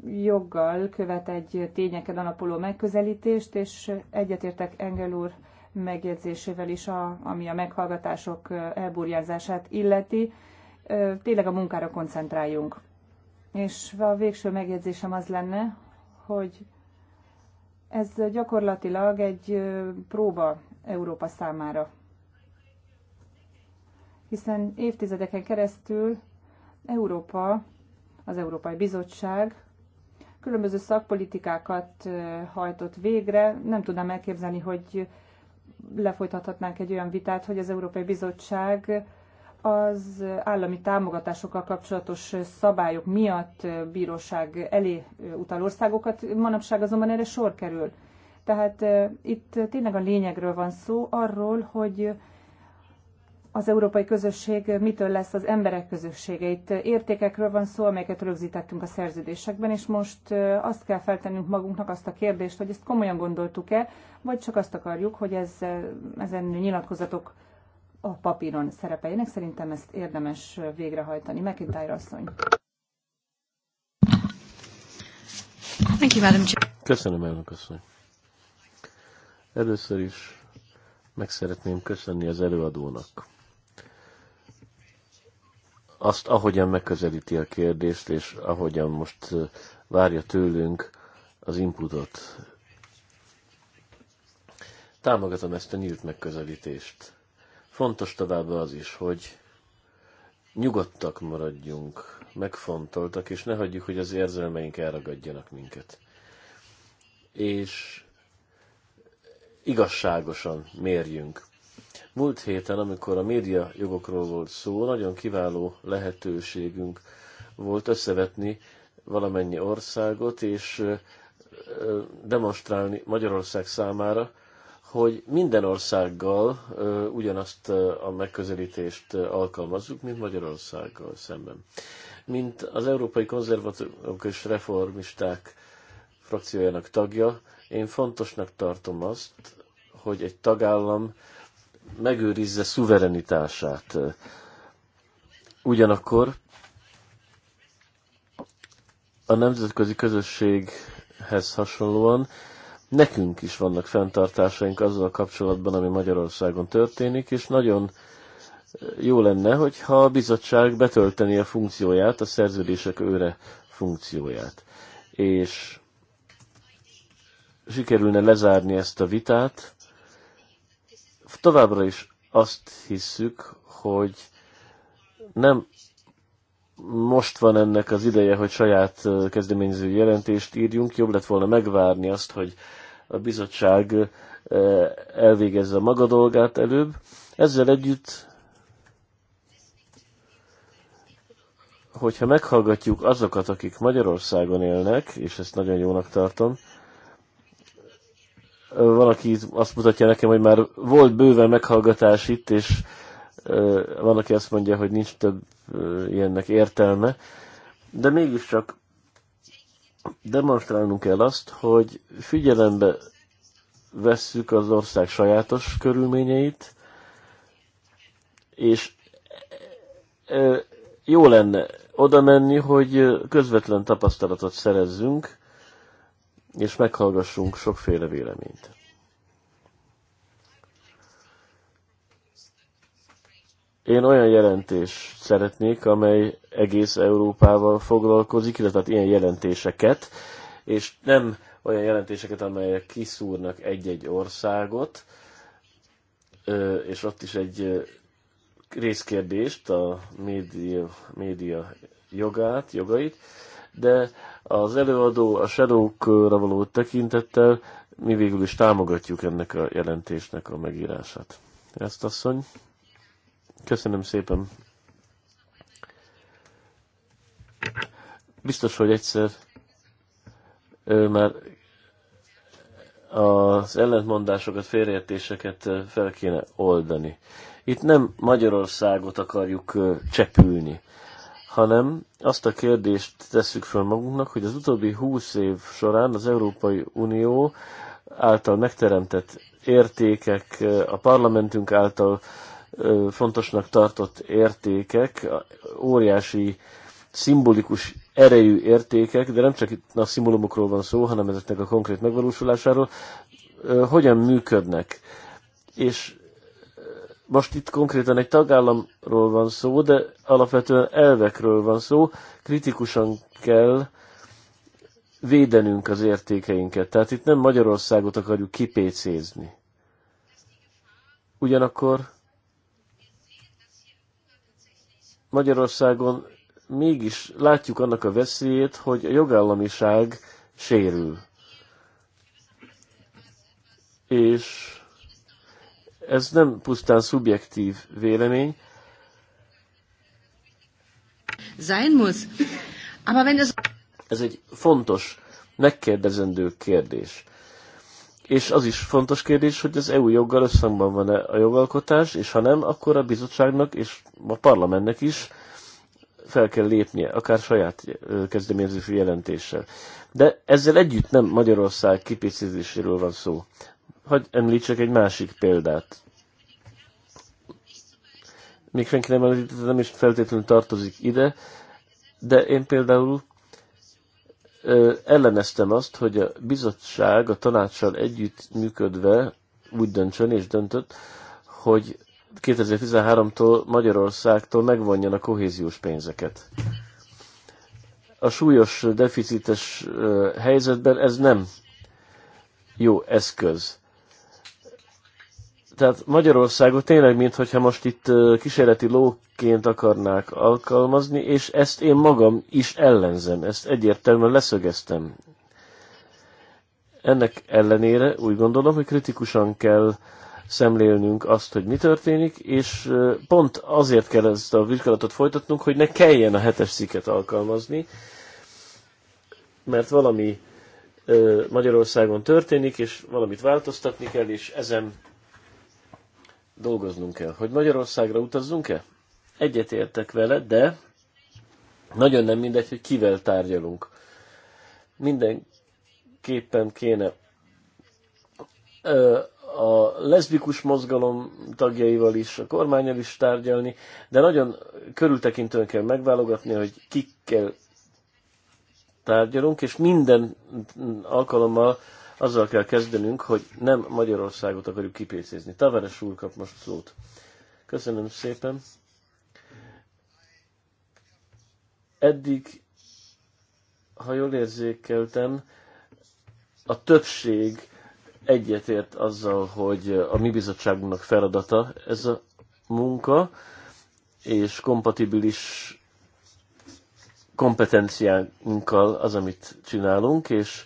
joggal követ egy tényeken alapuló megközelítést, és egyetértek Engel úr megjegyzésével is, a, ami a meghallgatások elburjázását illeti. Tényleg a munkára koncentráljunk. És a végső megjegyzésem az lenne, hogy ez gyakorlatilag egy próba Európa számára. Hiszen évtizedeken keresztül Európa, az Európai Bizottság különböző szakpolitikákat hajtott végre. Nem tudnám elképzelni, hogy lefolytathatnánk egy olyan vitát, hogy az Európai Bizottság az állami támogatásokkal kapcsolatos szabályok miatt bíróság elé utal országokat, manapság azonban erre sor kerül. Tehát eh, itt tényleg a lényegről van szó, arról, hogy az európai közösség mitől lesz az emberek Itt Értékekről van szó, amelyeket rögzítettünk a szerződésekben, és most azt kell feltennünk magunknak azt a kérdést, hogy ezt komolyan gondoltuk-e, vagy csak azt akarjuk, hogy ez, ezen nyilatkozatok a papíron szerepeljenek. Szerintem ezt érdemes végrehajtani. McIntyre asszony. Köszönöm, elnök asszony. Először is meg szeretném köszönni az előadónak azt, ahogyan megközelíti a kérdést, és ahogyan most várja tőlünk az inputot. Támogatom ezt a nyílt megközelítést. Fontos továbbá az is, hogy nyugodtak maradjunk, megfontoltak, és ne hagyjuk, hogy az érzelmeink elragadjanak minket. És igazságosan mérjünk. Múlt héten, amikor a média jogokról volt szó, nagyon kiváló lehetőségünk volt összevetni valamennyi országot, és demonstrálni Magyarország számára, hogy minden országgal ugyanazt a megközelítést alkalmazzuk, mint Magyarországgal szemben. Mint az Európai Konzervatók és Reformisták frakciójának tagja, én fontosnak tartom azt, hogy egy tagállam megőrizze szuverenitását. Ugyanakkor a nemzetközi közösséghez hasonlóan nekünk is vannak fenntartásaink azzal a kapcsolatban, ami Magyarországon történik, és nagyon jó lenne, hogyha a bizottság betölteni a funkcióját, a szerződések őre funkcióját. És sikerülne lezárni ezt a vitát, továbbra is azt hisszük, hogy nem most van ennek az ideje, hogy saját kezdeményező jelentést írjunk, jobb lett volna megvárni azt, hogy a bizottság elvégezze a maga dolgát előbb. Ezzel együtt, hogyha meghallgatjuk azokat, akik Magyarországon élnek, és ezt nagyon jónak tartom, valaki azt mutatja nekem, hogy már volt bőven meghallgatás itt, és van, aki azt mondja, hogy nincs több ilyennek értelme, de mégiscsak demonstrálnunk kell azt, hogy figyelembe vesszük az ország sajátos körülményeit, és jó lenne oda menni, hogy közvetlen tapasztalatot szerezzünk, és meghallgassunk sokféle véleményt. Én olyan jelentés szeretnék, amely egész Európával foglalkozik, illetve hát ilyen jelentéseket, és nem olyan jelentéseket, amelyek kiszúrnak egy-egy országot, és ott is egy részkérdést, a média, média jogát, jogait, de az előadó, a shadow való tekintettel mi végül is támogatjuk ennek a jelentésnek a megírását. Ezt asszony. Köszönöm szépen. Biztos, hogy egyszer ő már az ellentmondásokat, félreértéseket fel kéne oldani. Itt nem Magyarországot akarjuk csepülni hanem azt a kérdést tesszük föl magunknak, hogy az utóbbi húsz év során az Európai Unió által megteremtett értékek, a parlamentünk által fontosnak tartott értékek, óriási szimbolikus erejű értékek, de nem csak itt a szimbólumokról van szó, hanem ezeknek a konkrét megvalósulásáról, hogyan működnek. És most itt konkrétan egy tagállamról van szó, de alapvetően elvekről van szó, kritikusan kell védenünk az értékeinket. Tehát itt nem Magyarországot akarjuk kipécézni. Ugyanakkor Magyarországon mégis látjuk annak a veszélyét, hogy a jogállamiság sérül. És ez nem pusztán szubjektív vélemény. Sein muss. Aber wenn es... Ez egy fontos, megkérdezendő kérdés. És az is fontos kérdés, hogy az EU joggal összhangban van-e a jogalkotás, és ha nem, akkor a bizottságnak és a parlamentnek is fel kell lépnie, akár saját kezdeményezési jelentéssel. De ezzel együtt nem Magyarország kipicizéséről van szó hogy említsek egy másik példát. Még senki nem említette, nem is feltétlenül tartozik ide, de én például ö, elleneztem azt, hogy a bizottság a tanácssal együtt működve úgy döntsön és döntött, hogy 2013-tól Magyarországtól megvonjon a kohéziós pénzeket. A súlyos deficites helyzetben ez nem jó eszköz. Tehát Magyarországot tényleg, mintha most itt kísérleti lóként akarnák alkalmazni, és ezt én magam is ellenzem, ezt egyértelműen leszögeztem. Ennek ellenére úgy gondolom, hogy kritikusan kell szemlélnünk azt, hogy mi történik, és pont azért kell ezt a vizsgálatot folytatnunk, hogy ne kelljen a hetes sziket alkalmazni, mert valami Magyarországon történik, és valamit változtatni kell, és ezen dolgoznunk kell. Hogy Magyarországra utazzunk-e? Egyetértek vele, de nagyon nem mindegy, hogy kivel tárgyalunk. Mindenképpen kéne a leszbikus mozgalom tagjaival is, a kormányjal is tárgyalni, de nagyon körültekintően kell megválogatni, hogy kikkel tárgyalunk, és minden alkalommal azzal kell kezdenünk, hogy nem Magyarországot akarjuk kipécézni. Tavares úr kap most szót. Köszönöm szépen. Eddig, ha jól érzékeltem, a többség egyetért azzal, hogy a mi bizottságunknak feladata ez a munka, és kompatibilis kompetenciánkkal az, amit csinálunk, és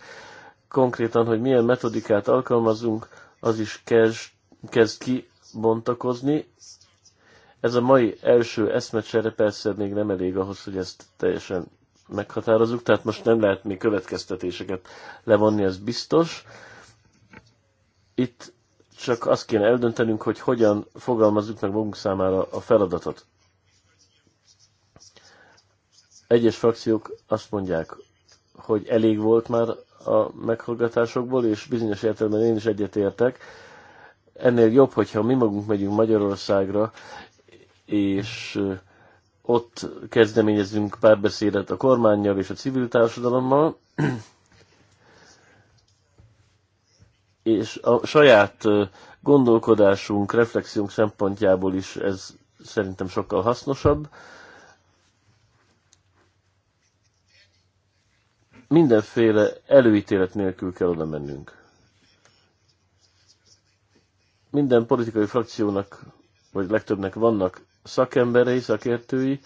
konkrétan, hogy milyen metodikát alkalmazunk, az is kezd, kezd kibontakozni. Ez a mai első eszmecsere persze még nem elég ahhoz, hogy ezt teljesen meghatározzuk, tehát most nem lehet még következtetéseket levonni, ez biztos. Itt csak azt kéne eldöntenünk, hogy hogyan fogalmazzuk meg magunk számára a feladatot. Egyes frakciók azt mondják, hogy elég volt már a meghallgatásokból, és bizonyos értelemben én is egyetértek. Ennél jobb, hogyha mi magunk megyünk Magyarországra, és ott kezdeményezünk párbeszédet a kormányjal és a civil társadalommal, és a saját gondolkodásunk, reflexiunk szempontjából is ez szerintem sokkal hasznosabb, mindenféle előítélet nélkül kell oda mennünk. Minden politikai frakciónak, vagy legtöbbnek vannak szakemberei, szakértői,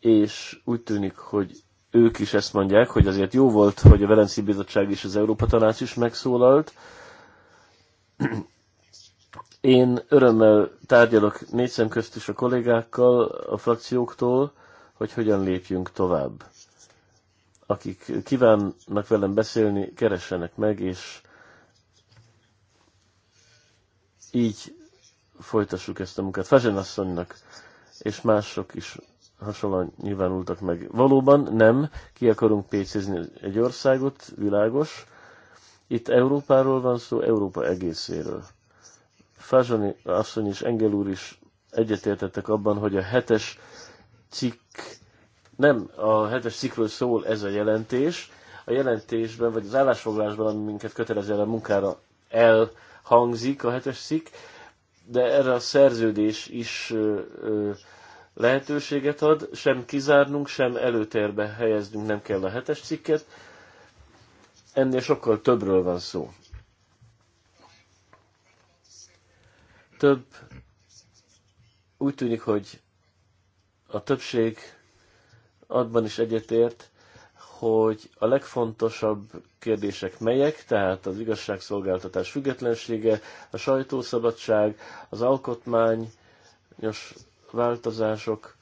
és úgy tűnik, hogy ők is ezt mondják, hogy azért jó volt, hogy a Velenci Bizottság és az Európa Tanács is megszólalt. Én örömmel tárgyalok négy szem közt is a kollégákkal, a frakcióktól, hogy hogyan lépjünk tovább akik kívánnak velem beszélni, keressenek meg, és így folytassuk ezt a munkát. Fezsen asszonynak és mások is hasonlóan nyilvánultak meg. Valóban nem, ki akarunk pécézni egy országot, világos. Itt Európáról van szó, Európa egészéről. Fázsani asszony és Engel úr is egyetértettek abban, hogy a hetes cikk nem a hetes szikről szól ez a jelentés. A jelentésben, vagy az állásfoglalásban, ami minket kötelező a munkára elhangzik a hetes cikk, de erre a szerződés is ö, ö, lehetőséget ad, sem kizárnunk, sem előtérbe helyeznünk nem kell a hetes cikket. Ennél sokkal többről van szó. Több úgy tűnik, hogy a többség abban is egyetért, hogy a legfontosabb kérdések melyek, tehát az igazságszolgáltatás függetlensége, a sajtószabadság, az alkotmányos változások,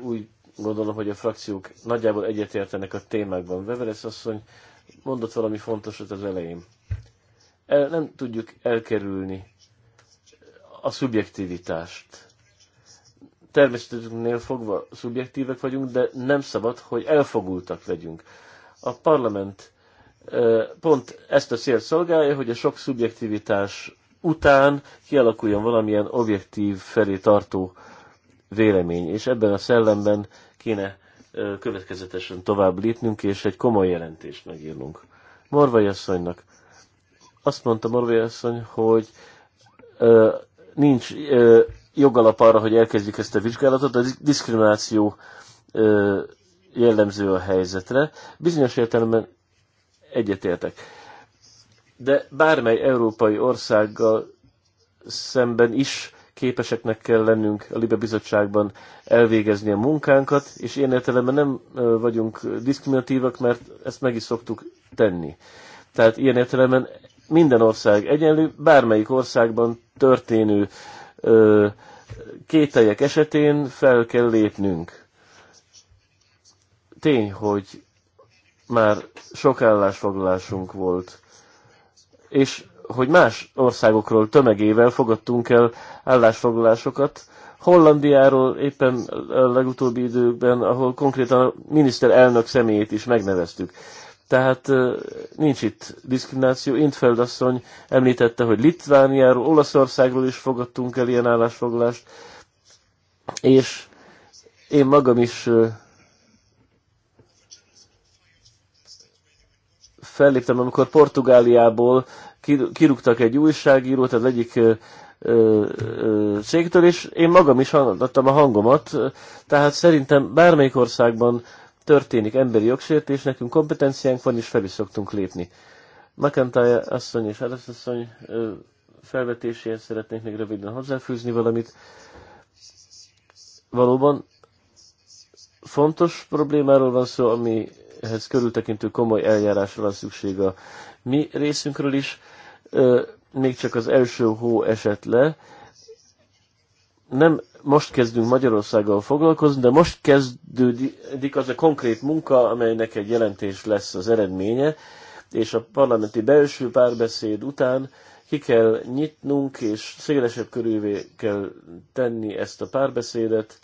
úgy gondolom, hogy a frakciók nagyjából egyetértenek a témákban. Veveres asszony mondott valami fontosat az elején. El, nem tudjuk elkerülni a szubjektivitást természetünknél fogva szubjektívek vagyunk, de nem szabad, hogy elfogultak legyünk. A parlament pont ezt a célt szolgálja, hogy a sok szubjektivitás után kialakuljon valamilyen objektív felé tartó vélemény, és ebben a szellemben kéne következetesen tovább lépnünk, és egy komoly jelentést megírnunk. Morvai asszonynak. Azt mondta Morvai asszony, hogy ö, nincs ö, jogalap arra, hogy elkezdjük ezt a vizsgálatot, a diszkrimináció jellemző a helyzetre. Bizonyos értelemben egyetértek. De bármely európai országgal szemben is képeseknek kell lennünk a Libe Bizottságban elvégezni a munkánkat, és én értelemben nem vagyunk diszkriminatívak, mert ezt meg is szoktuk tenni. Tehát ilyen értelemben minden ország egyenlő, bármelyik országban történő kételyek esetén fel kell lépnünk. Tény, hogy már sok állásfoglalásunk volt, és hogy más országokról tömegével fogadtunk el állásfoglalásokat, Hollandiáról éppen a legutóbbi időkben, ahol konkrétan a miniszterelnök személyét is megneveztük. Tehát nincs itt diszkrimináció. Intfeld asszony említette, hogy Litvániáról, Olaszországról is fogadtunk el ilyen állásfoglalást, és én magam is felléptem, amikor Portugáliából kirúgtak egy újságírót az egyik cégtől, és én magam is adtam a hangomat, tehát szerintem bármelyik országban történik emberi jogsértés, nekünk kompetenciánk van, és fel is szoktunk lépni. McIntyre asszony és Alice asszony felvetéséhez szeretnék még röviden hozzáfűzni valamit. Valóban fontos problémáról van szó, amihez körültekintő komoly eljárásra van szükség a mi részünkről is. Még csak az első hó esett le. Nem most kezdünk Magyarországgal foglalkozni, de most kezdődik az a konkrét munka, amelynek egy jelentés lesz az eredménye, és a parlamenti belső párbeszéd után ki kell nyitnunk, és szélesebb körülvé kell tenni ezt a párbeszédet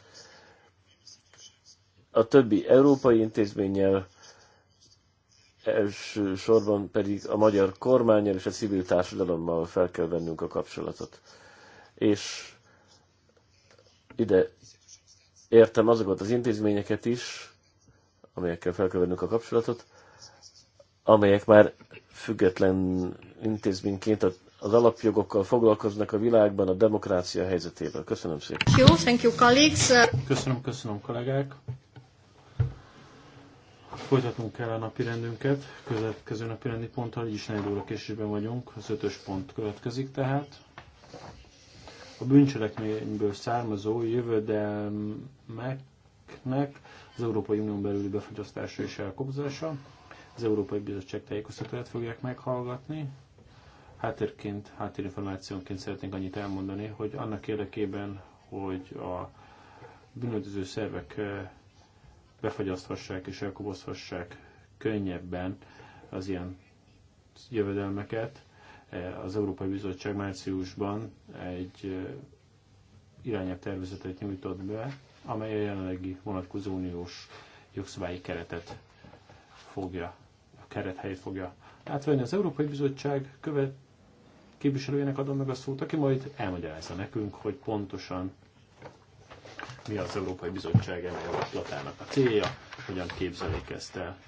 a többi európai intézménnyel, elsősorban pedig a magyar kormányjal és a civil társadalommal fel kell vennünk a kapcsolatot. És ide értem azokat az intézményeket is, amelyekkel felkövetnünk a kapcsolatot, amelyek már független intézményként az alapjogokkal foglalkoznak a világban a demokrácia helyzetével. Köszönöm szépen. Thank you, thank you, colleagues. Köszönöm, köszönöm, kollégák. Folytatnunk kell a napi rendünket. Következő napi rendi ponttal, így is 4 óra későben vagyunk. Az ötös pont következik tehát a bűncselekményből származó jövedelmeknek az Európai Unión belüli befogyasztása és elkobzása. Az Európai Bizottság tájékoztatóját fogják meghallgatni. Háttérként, háttérinformációnként szeretnénk annyit elmondani, hogy annak érdekében, hogy a bűnöldöző szervek eh, befagyaszthassák és elkobozhassák könnyebben az ilyen jövedelmeket, az Európai Bizottság márciusban egy irányabb tervezetet nyújtott be, amely a jelenlegi vonatkozó uniós jogszabályi keretet fogja, a keret helyét fogja átvenni. Az Európai Bizottság követ képviselőjének adom meg a szót, aki majd elmagyarázza nekünk, hogy pontosan mi az Európai Bizottság javaslatának a célja, hogyan képzelik ezt el.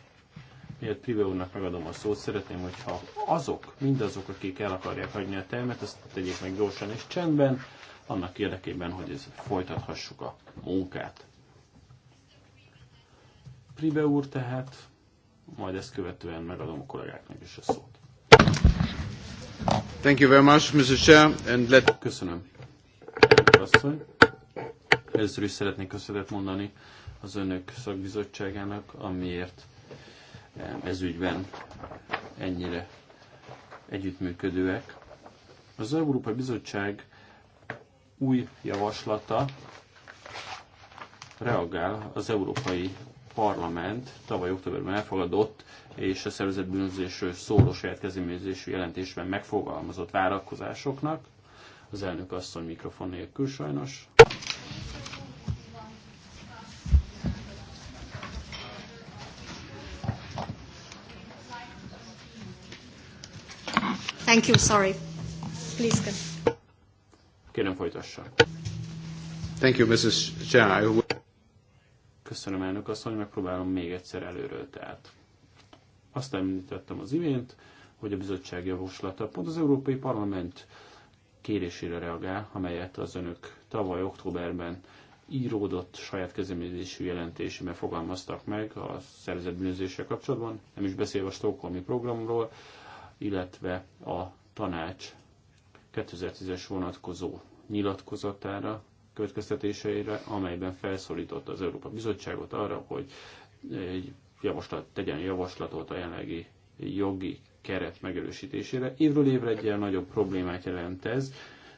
Miért Triveónak megadom a szót, szeretném, hogyha azok, mindazok, akik el akarják hagyni a termet, ezt tegyék meg gyorsan és csendben, annak érdekében, hogy ez folytathassuk a munkát. Pribe úr tehát, majd ezt követően megadom a kollégáknak is a szót. Thank you very much, Mr. Chair, and let... Köszönöm. Köszönöm. Először is szeretnék köszönet mondani az önök szakbizottságának, amiért ezügyben ennyire együttműködőek. Az Európai Bizottság új javaslata reagál az Európai Parlament tavaly októberben elfogadott és a szervezett bűnözésről szóló saját kezdeményezésű jelentésben megfogalmazott várakozásoknak. Az elnök asszony mikrofon nélkül sajnos. Thank you, sorry. Please go. Kérem folytassa. Thank you, Mrs. Köszönöm, elnök asszony, megpróbálom még egyszer előről. Tehát azt említettem az imént, hogy a bizottság javaslata pont az Európai Parlament kérésére reagál, amelyet az önök tavaly októberben íródott saját kezdeményezésű jelentésében fogalmaztak meg a szervezetbűnözéssel kapcsolatban, nem is beszélve a stokholmi programról, illetve a tanács 2010-es vonatkozó nyilatkozatára, következtetéseire, amelyben felszólította az Európa Bizottságot arra, hogy egy javaslat, tegyen javaslatot a jelenlegi jogi keret megerősítésére. Évről évre ilyen nagyobb problémát jelent ez,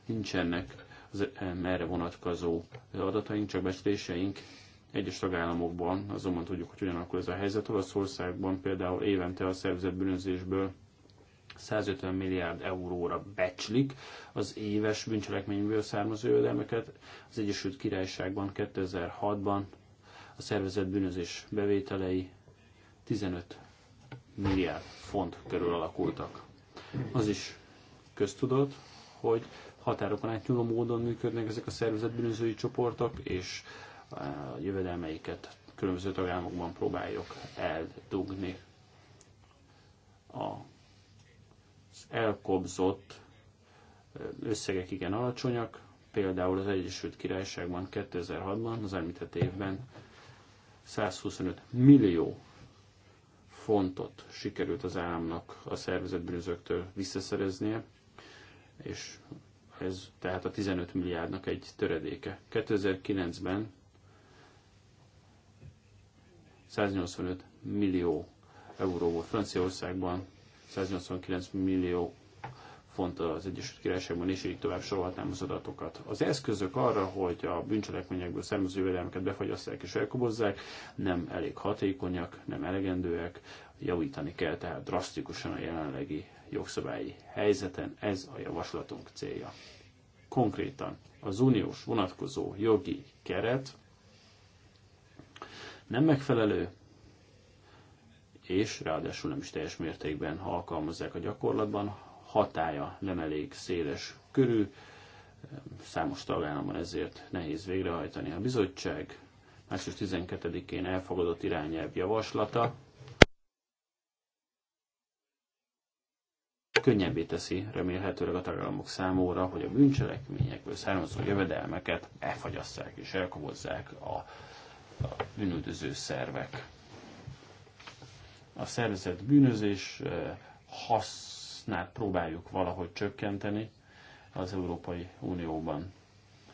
nincsenek az erre vonatkozó adataink, csak becsléseink. Egyes tagállamokban azonban tudjuk, hogy ugyanakkor ez a helyzet. Olaszországban például évente a szervezett bűnözésből 150 milliárd euróra becslik az éves bűncselekményből származó jövedelmeket. Az Egyesült Királyságban 2006-ban a szervezett bűnözés bevételei 15 milliárd font körül alakultak. Az is köztudott, hogy határokon átnyúló módon működnek ezek a szervezett bűnözői csoportok, és a e, jövedelmeiket különböző tagállamokban próbáljuk eldugni. A elkobzott összegek igen alacsonyak, például az Egyesült Királyságban 2006-ban, az említett évben 125 millió fontot sikerült az államnak a szervezetbűnözőktől visszaszereznie, és ez tehát a 15 milliárdnak egy töredéke. 2009-ben 185 millió euró volt Franciaországban, 189 millió font az Egyesült Királyságban, és így tovább sorolhatnám az adatokat. Az eszközök arra, hogy a bűncselekményekből származó jövedelmeket befagyasszák és elkobozzák, nem elég hatékonyak, nem elegendőek, javítani kell tehát drasztikusan a jelenlegi jogszabályi helyzeten, ez a javaslatunk célja. Konkrétan az uniós vonatkozó jogi keret nem megfelelő, és ráadásul nem is teljes mértékben alkalmazzák a gyakorlatban. Hatája nem elég széles körű, számos tagállamban ezért nehéz végrehajtani. A bizottság március 12-én elfogadott irányelv javaslata könnyebbé teszi remélhetőleg a tagállamok számóra, hogy a bűncselekményekből származó jövedelmeket elfagyasszák és elkobozzák a, a bűnüldöző szervek a szervezet bűnözés hasznát próbáljuk valahogy csökkenteni az Európai Unióban,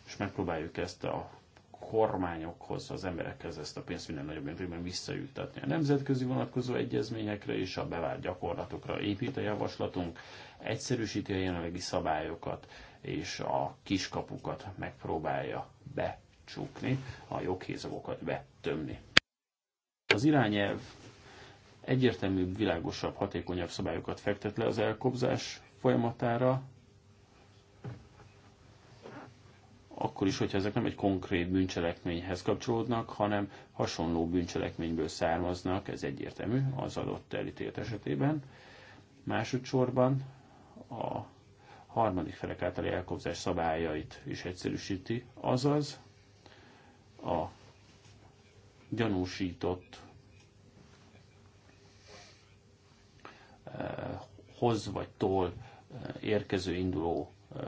és megpróbáljuk ezt a kormányokhoz, az emberekhez ezt a pénzt minden nagyobb mértékben visszajuttatni. A nemzetközi vonatkozó egyezményekre és a bevált gyakorlatokra épít a javaslatunk, egyszerűsíti a jelenlegi szabályokat, és a kiskapukat megpróbálja becsukni, a joghézagokat betömni. Az irányelv egyértelműbb, világosabb, hatékonyabb szabályokat fektet le az elkobzás folyamatára, akkor is, hogyha ezek nem egy konkrét bűncselekményhez kapcsolódnak, hanem hasonló bűncselekményből származnak, ez egyértelmű az adott elítélt esetében. Másodszorban a harmadik felek általi elkobzás szabályait is egyszerűsíti, azaz a gyanúsított hoz vagy tól eh, érkező induló eh,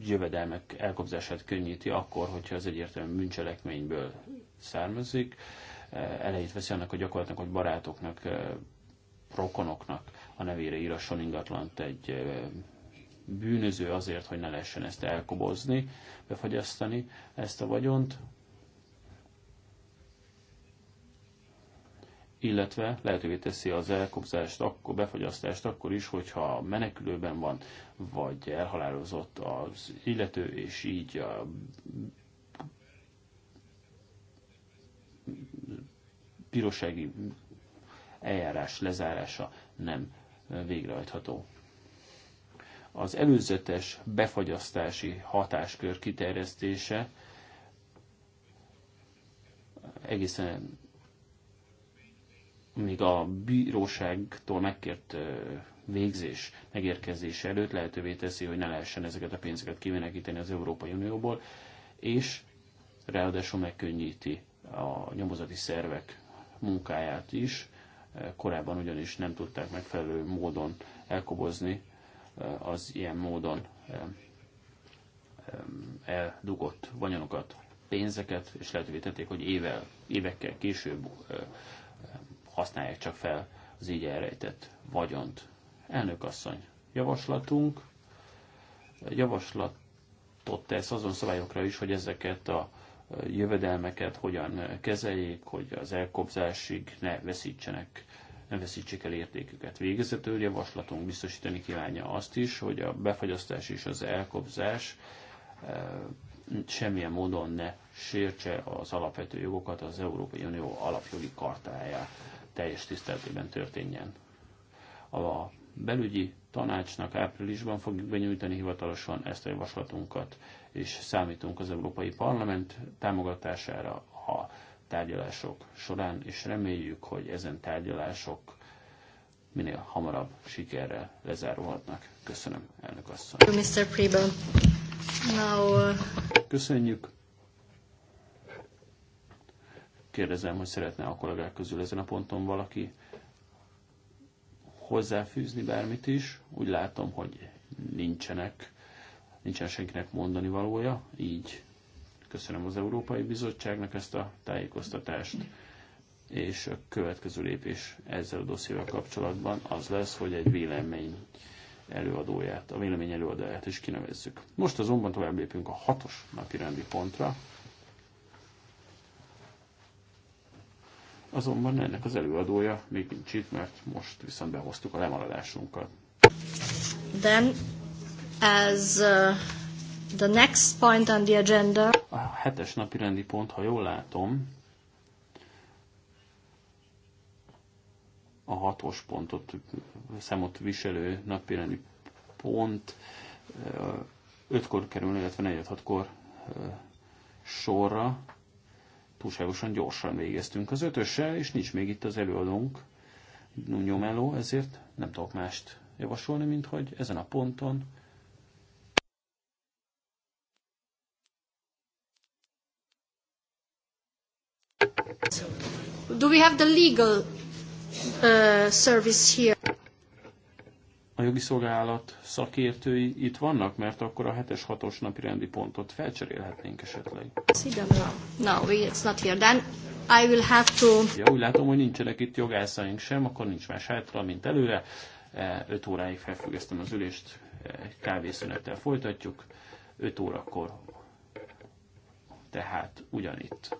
jövedelmek elkobzását könnyíti akkor, hogyha az egyértelműen bűncselekményből származik. Eh, elejét veszi annak a gyakorlatnak, hogy barátoknak, rokonoknak a nevére írasson ingatlant egy bűnöző azért, hogy ne lehessen ezt elkobozni, befagyasztani ezt a vagyont. illetve lehetővé teszi az elkobzást, akkor befagyasztást akkor is, hogyha menekülőben van, vagy elhalálozott az illető, és így a bírósági eljárás lezárása nem végrehajtható. Az előzetes befagyasztási hatáskör kiterjesztése egészen még a bíróságtól megkért végzés megérkezése előtt lehetővé teszi, hogy ne lehessen ezeket a pénzeket kivenekíteni az Európai Unióból, és ráadásul megkönnyíti a nyomozati szervek munkáját is. Korábban ugyanis nem tudták megfelelő módon elkobozni az ilyen módon eldugott vanyonokat, pénzeket, és lehetővé tették, hogy ével, évekkel később használják csak fel az így elrejtett vagyont. Elnök asszony, javaslatunk, javaslatot tesz azon szabályokra is, hogy ezeket a jövedelmeket hogyan kezeljék, hogy az elkobzásig ne veszítsenek ne veszítsék el értéküket. Végezetül javaslatunk biztosítani kívánja azt is, hogy a befagyasztás és az elkobzás semmilyen módon ne sértse az alapvető jogokat, az Európai Unió alapjogi kartáját teljes tiszteletében történjen. A belügyi tanácsnak áprilisban fogjuk benyújtani hivatalosan ezt a javaslatunkat, és számítunk az Európai Parlament támogatására a tárgyalások során, és reméljük, hogy ezen tárgyalások minél hamarabb sikerrel lezárulhatnak. Köszönöm, elnök asszony. Mr. Uh, Köszönjük. Kérdezem, hogy szeretne a kollégák közül ezen a ponton valaki hozzáfűzni bármit is. Úgy látom, hogy nincsenek, nincsen senkinek mondani valója, így köszönöm az Európai Bizottságnak ezt a tájékoztatást, és a következő lépés ezzel a dossziéval kapcsolatban az lesz, hogy egy vélemény előadóját, a vélemény előadóját is kinevezzük. Most azonban tovább lépünk a hatos napi rendi pontra, Azonban ennek az előadója még nincs itt, mert most viszont behoztuk a lemaradásunkat. Then, as uh, the next point on the agenda... A hetes napi rendi pont, ha jól látom, a hatos pontot számot viselő napirendi pont ötkor kerül, illetve negyed hatkor sorra túlságosan gyorsan végeztünk az ötössel, és nincs még itt az előadónk, Nuno Melo, ezért nem tudok mást javasolni, mint hogy ezen a ponton Do we have the legal uh, service here? a jogi szolgálat szakértői itt vannak, mert akkor a 7-es, 6-os napi rendi pontot felcserélhetnénk esetleg. No, it's not here. Then I will have to... Ja, úgy látom, hogy nincsenek itt jogászaink sem, akkor nincs más hátra, mint előre. 5 e, óráig felfüggesztem az ülést, e, kávészünettel folytatjuk, 5 órakor, tehát ugyanitt.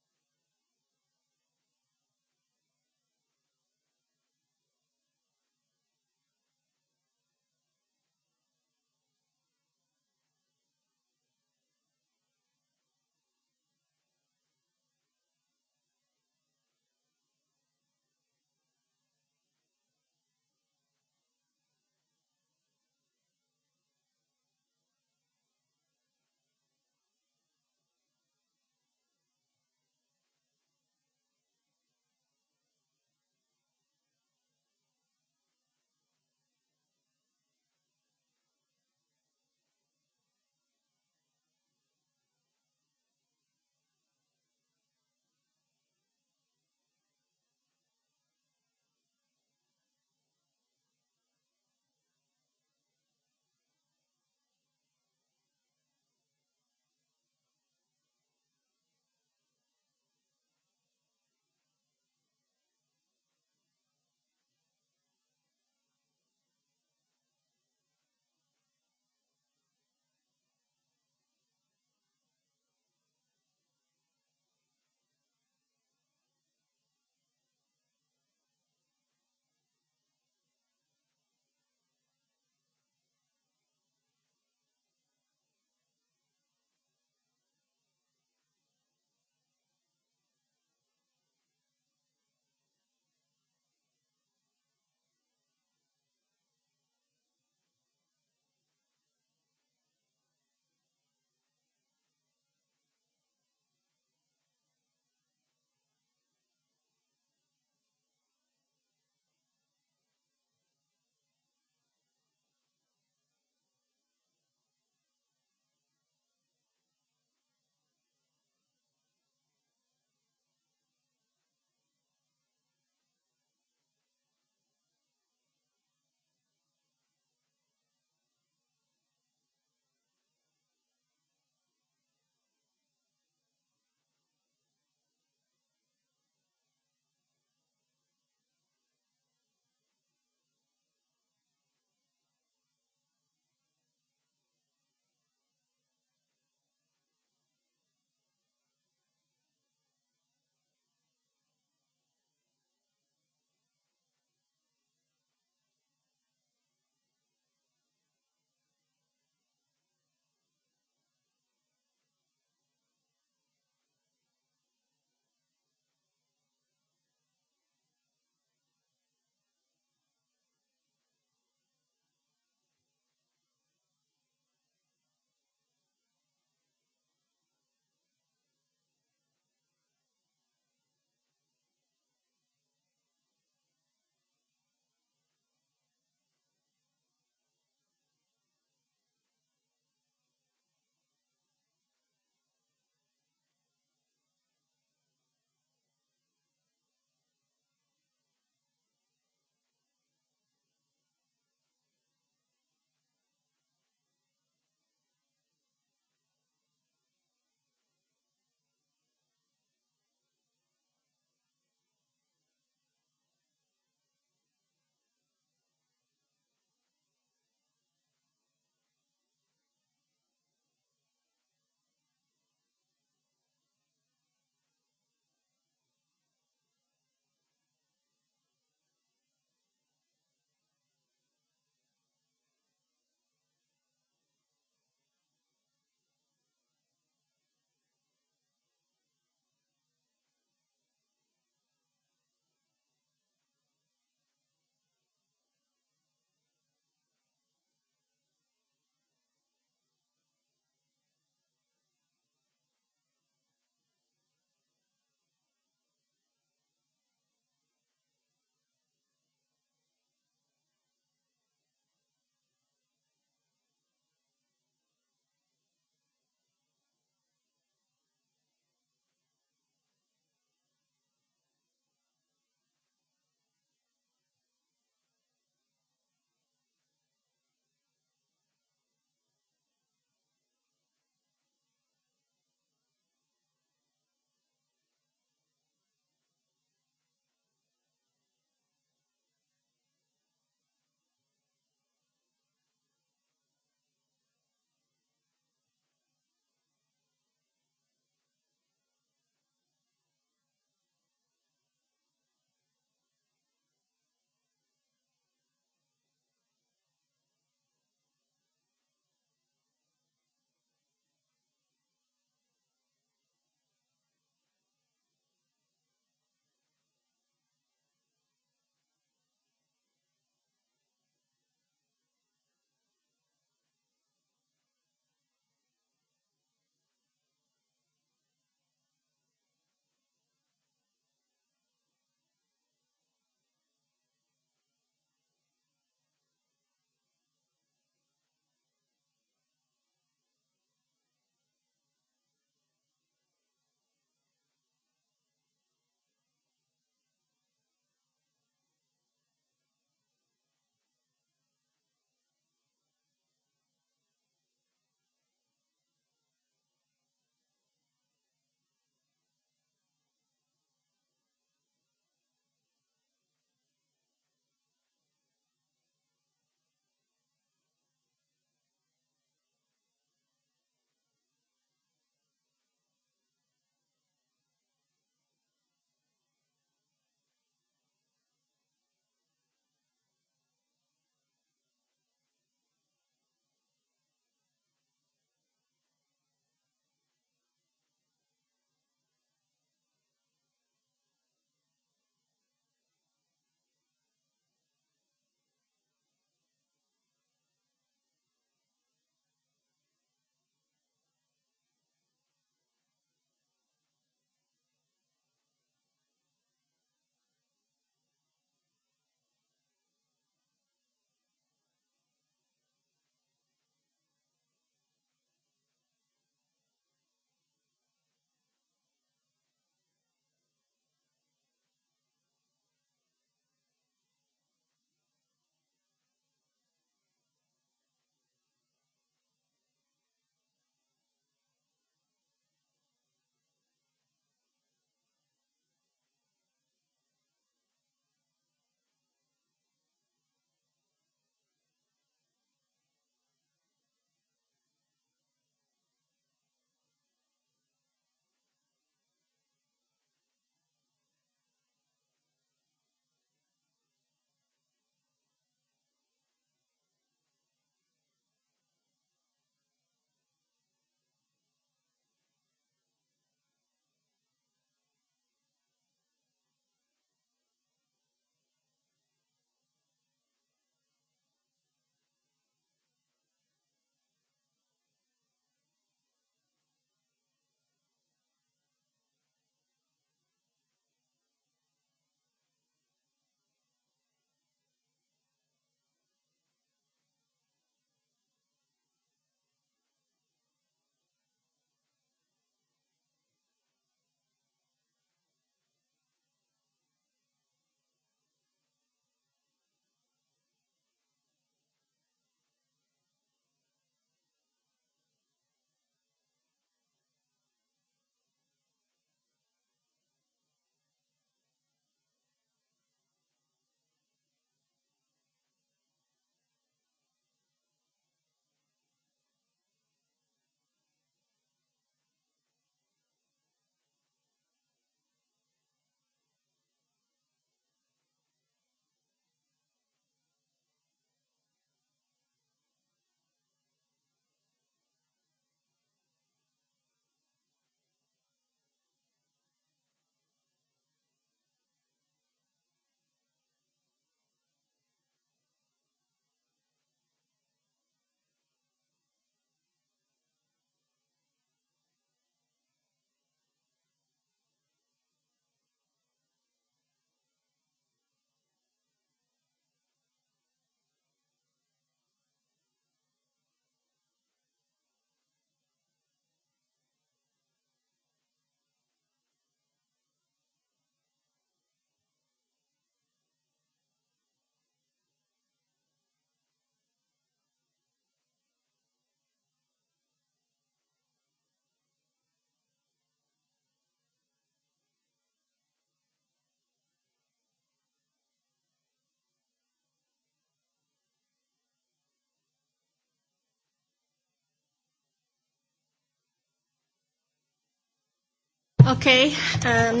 Oké. Okay. Uh,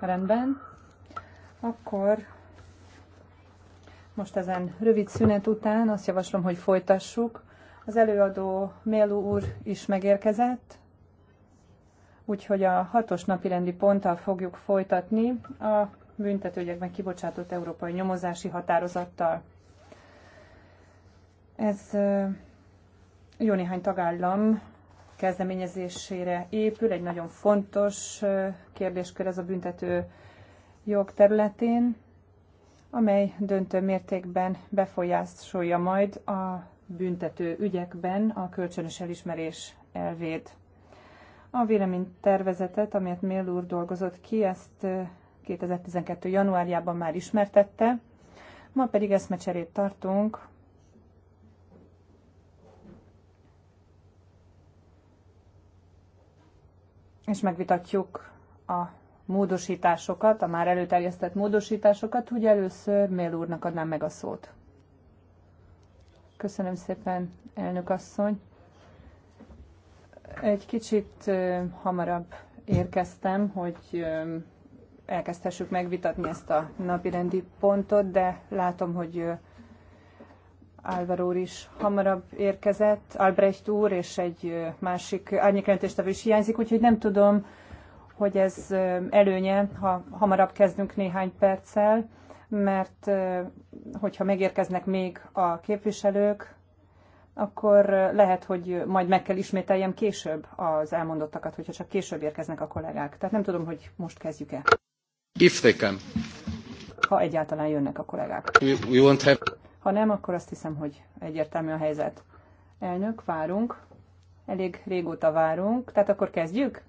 Rendben. Akkor most ezen rövid szünet után azt javaslom, hogy folytassuk. Az előadó Mélu úr is megérkezett, úgyhogy a hatos napi rendi ponttal fogjuk folytatni a büntetőgyekben kibocsátott európai nyomozási határozattal. Ez jó néhány tagállam kezdeményezésére épül, egy nagyon fontos kérdéskör ez a büntető jog területén, amely döntő mértékben befolyásolja majd a büntető ügyekben a kölcsönös elismerés elvét. A véleménytervezetet, amelyet Mél úr dolgozott ki, ezt 2012. januárjában már ismertette, ma pedig eszmecserét tartunk és megvitatjuk a módosításokat, a már előterjesztett módosításokat, úgy először Mél úrnak adnám meg a szót. Köszönöm szépen, elnök asszony. Egy kicsit hamarabb érkeztem, hogy elkezdhessük megvitatni ezt a napirendi pontot, de látom, hogy Álvaro úr is hamarabb érkezett, Albrecht úr és egy másik árnyékrendtéstevő is hiányzik, úgyhogy nem tudom, hogy ez előnye, ha hamarabb kezdünk néhány perccel, mert hogyha megérkeznek még a képviselők, akkor lehet, hogy majd meg kell ismételjem később az elmondottakat, hogyha csak később érkeznek a kollégák. Tehát nem tudom, hogy most kezdjük-e. If they come. Ha egyáltalán jönnek a kollégák. We, we won't have... Ha nem, akkor azt hiszem, hogy egyértelmű a helyzet. Elnök, várunk. Elég régóta várunk. Tehát akkor kezdjük?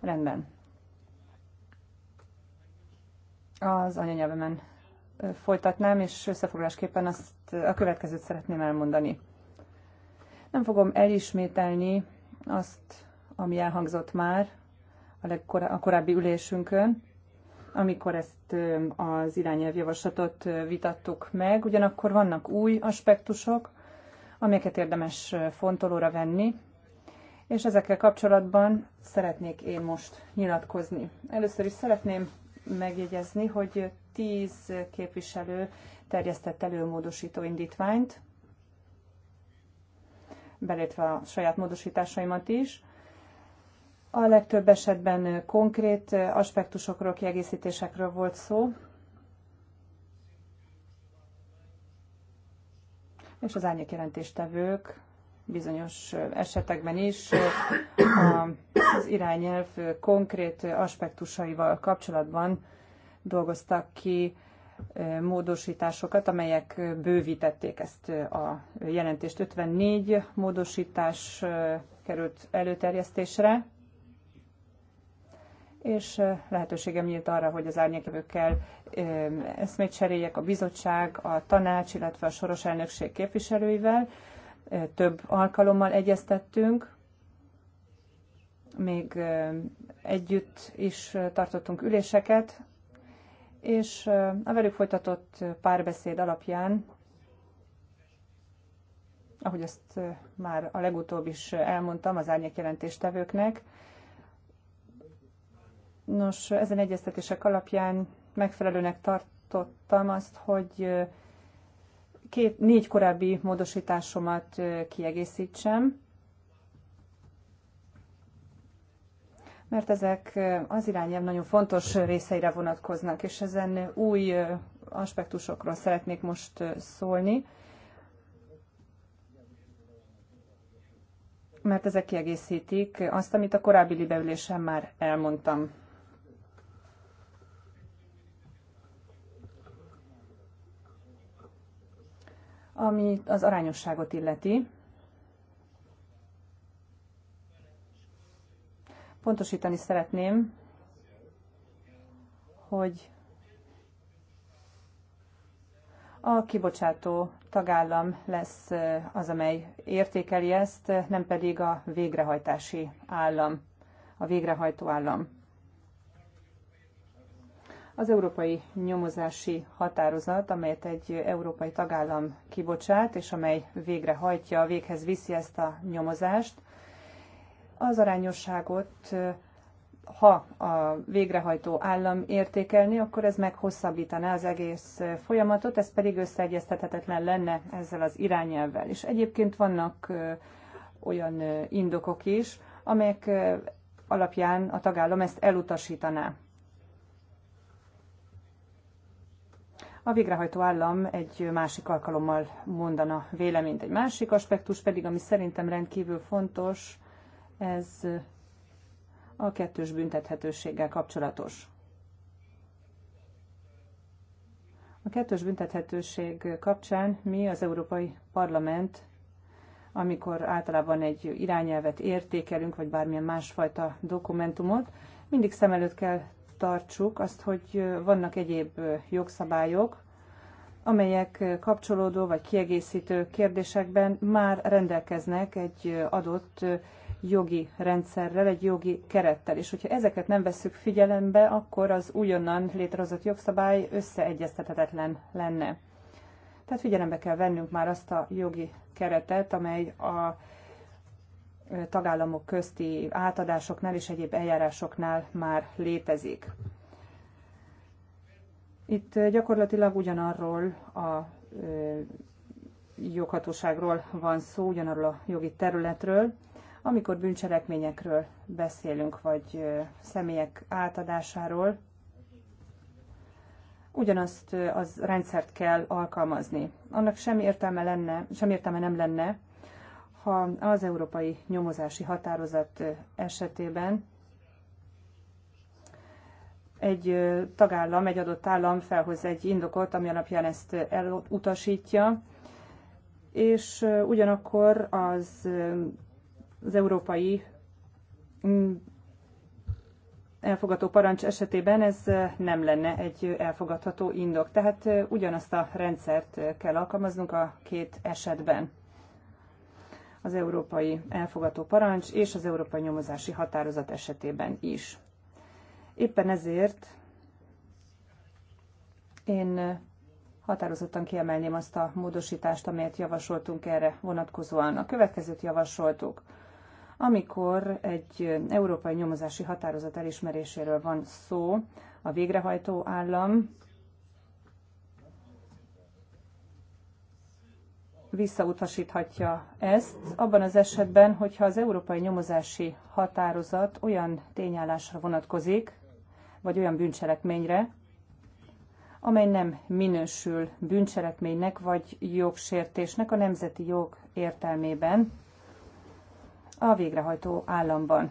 Rendben. Az anyanyelvemen folytatnám, és összefoglalásképpen azt a következőt szeretném elmondani. Nem fogom elismételni azt, ami elhangzott már a, legkora, a korábbi ülésünkön, amikor ezt az irányelvjavaslatot vitattuk meg. Ugyanakkor vannak új aspektusok, amelyeket érdemes fontolóra venni, és ezekkel kapcsolatban szeretnék én most nyilatkozni. Először is szeretném megjegyezni, hogy tíz képviselő terjesztett előmódosító indítványt, belétve a saját módosításaimat is, a legtöbb esetben konkrét aspektusokról, kiegészítésekről volt szó, és az árnyék jelentéstevők bizonyos esetekben is az irányelv konkrét aspektusaival kapcsolatban dolgoztak ki módosításokat, amelyek bővítették ezt a jelentést. 54 módosítás került előterjesztésre, és lehetőségem nyílt arra, hogy az árnyékevőkkel eszmét cseréljek a bizottság, a tanács, illetve a soros elnökség képviselőivel. Több alkalommal egyeztettünk, még együtt is tartottunk üléseket, és a velük folytatott párbeszéd alapján, ahogy azt már a legutóbb is elmondtam az jelentéstevőknek, Nos, ezen egyeztetések alapján megfelelőnek tartottam azt, hogy két, négy korábbi módosításomat kiegészítsem, mert ezek az irányelv nagyon fontos részeire vonatkoznak, és ezen új aspektusokról szeretnék most szólni, mert ezek kiegészítik azt, amit a korábbi libeülésen már elmondtam. Ami az arányosságot illeti, pontosítani szeretném, hogy a kibocsátó tagállam lesz az, amely értékeli ezt, nem pedig a végrehajtási állam, a végrehajtó állam. Az európai nyomozási határozat, amelyet egy európai tagállam kibocsát, és amely végrehajtja, véghez viszi ezt a nyomozást, az arányosságot, ha a végrehajtó állam értékelni, akkor ez meghosszabbítaná az egész folyamatot, ez pedig összeegyeztethetetlen lenne ezzel az irányelvvel. És egyébként vannak olyan indokok is, amelyek alapján a tagállam ezt elutasítaná. a végrehajtó állam egy másik alkalommal mondana véleményt. Egy másik aspektus pedig, ami szerintem rendkívül fontos, ez a kettős büntethetőséggel kapcsolatos. A kettős büntethetőség kapcsán mi az Európai Parlament, amikor általában egy irányelvet értékelünk, vagy bármilyen másfajta dokumentumot, mindig szem előtt kell tartsuk azt, hogy vannak egyéb jogszabályok, amelyek kapcsolódó vagy kiegészítő kérdésekben már rendelkeznek egy adott jogi rendszerrel, egy jogi kerettel. És hogyha ezeket nem vesszük figyelembe, akkor az újonnan létrehozott jogszabály összeegyeztethetetlen lenne. Tehát figyelembe kell vennünk már azt a jogi keretet, amely a tagállamok közti átadásoknál és egyéb eljárásoknál már létezik. Itt gyakorlatilag ugyanarról a joghatóságról van szó, ugyanarról a jogi területről, amikor bűncselekményekről beszélünk, vagy személyek átadásáról, ugyanazt az rendszert kell alkalmazni. Annak sem értelme, lenne, sem értelme nem lenne, ha az európai nyomozási határozat esetében egy tagállam, egy adott állam felhoz egy indokot, ami alapján ezt elutasítja, és ugyanakkor az, az európai mm, elfogató parancs esetében ez nem lenne egy elfogadható indok. Tehát ugyanazt a rendszert kell alkalmaznunk a két esetben az európai elfogató parancs és az európai nyomozási határozat esetében is. Éppen ezért én határozottan kiemelném azt a módosítást, amelyet javasoltunk erre vonatkozóan. A következőt javasoltuk. Amikor egy európai nyomozási határozat elismeréséről van szó, a végrehajtó állam visszautasíthatja ezt, abban az esetben, hogyha az európai nyomozási határozat olyan tényállásra vonatkozik, vagy olyan bűncselekményre, amely nem minősül bűncselekménynek vagy jogsértésnek a nemzeti jog értelmében a végrehajtó államban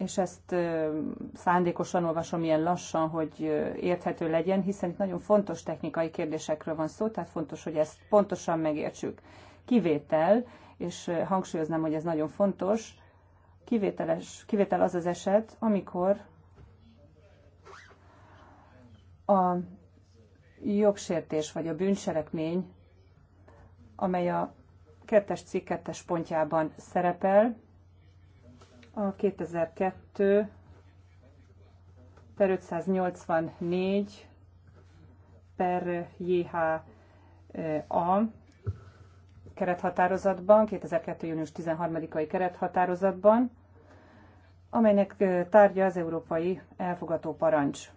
és ezt szándékosan olvasom ilyen lassan, hogy érthető legyen, hiszen itt nagyon fontos technikai kérdésekről van szó, tehát fontos, hogy ezt pontosan megértsük. Kivétel, és hangsúlyoznám, hogy ez nagyon fontos, kivételes, kivétel az az eset, amikor a jogsértés vagy a bűncselekmény, amely a kettes cikk kettes pontjában szerepel, a 2002 per 584 per JHA eh, kerethatározatban, 2002. június 13-ai kerethatározatban, amelynek eh, tárgya az Európai Elfogató Parancs.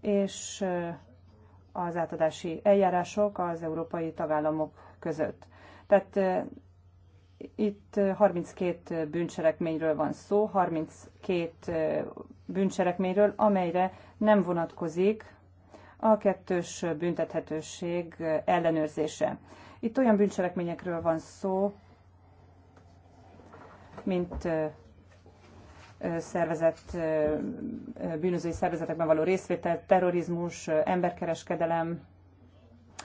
És eh, az átadási eljárások az európai tagállamok között. Tehát itt 32 bűncselekményről van szó, 32 bűncselekményről, amelyre nem vonatkozik a kettős büntethetőség ellenőrzése. Itt olyan bűncselekményekről van szó, mint szervezet bűnözői szervezetekben való részvétel, terrorizmus, emberkereskedelem,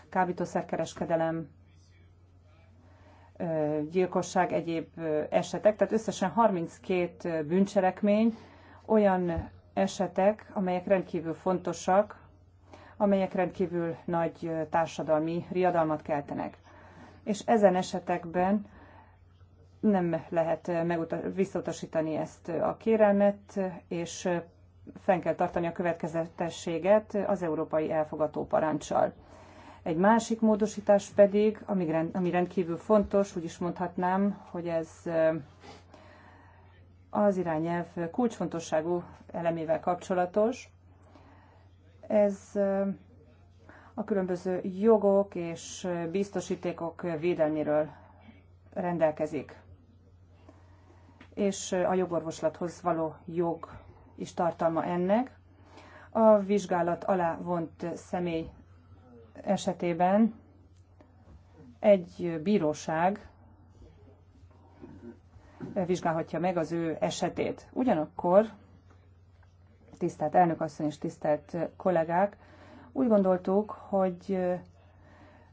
kábítószerkereskedelem, gyilkosság, egyéb esetek, tehát összesen 32 bűncselekmény, olyan esetek, amelyek rendkívül fontosak, amelyek rendkívül nagy társadalmi riadalmat keltenek. És ezen esetekben nem lehet visszautasítani ezt a kérelmet, és fenn kell tartani a következetességet az európai elfogató parancsal. Egy másik módosítás pedig, ami, rendkívül fontos, úgy is mondhatnám, hogy ez az irányelv kulcsfontosságú elemével kapcsolatos. Ez a különböző jogok és biztosítékok védelméről rendelkezik, és a jogorvoslathoz való jog is tartalma ennek. A vizsgálat alá vont személy esetében egy bíróság vizsgálhatja meg az ő esetét. Ugyanakkor, tisztelt elnökasszony és tisztelt kollégák, úgy gondoltuk, hogy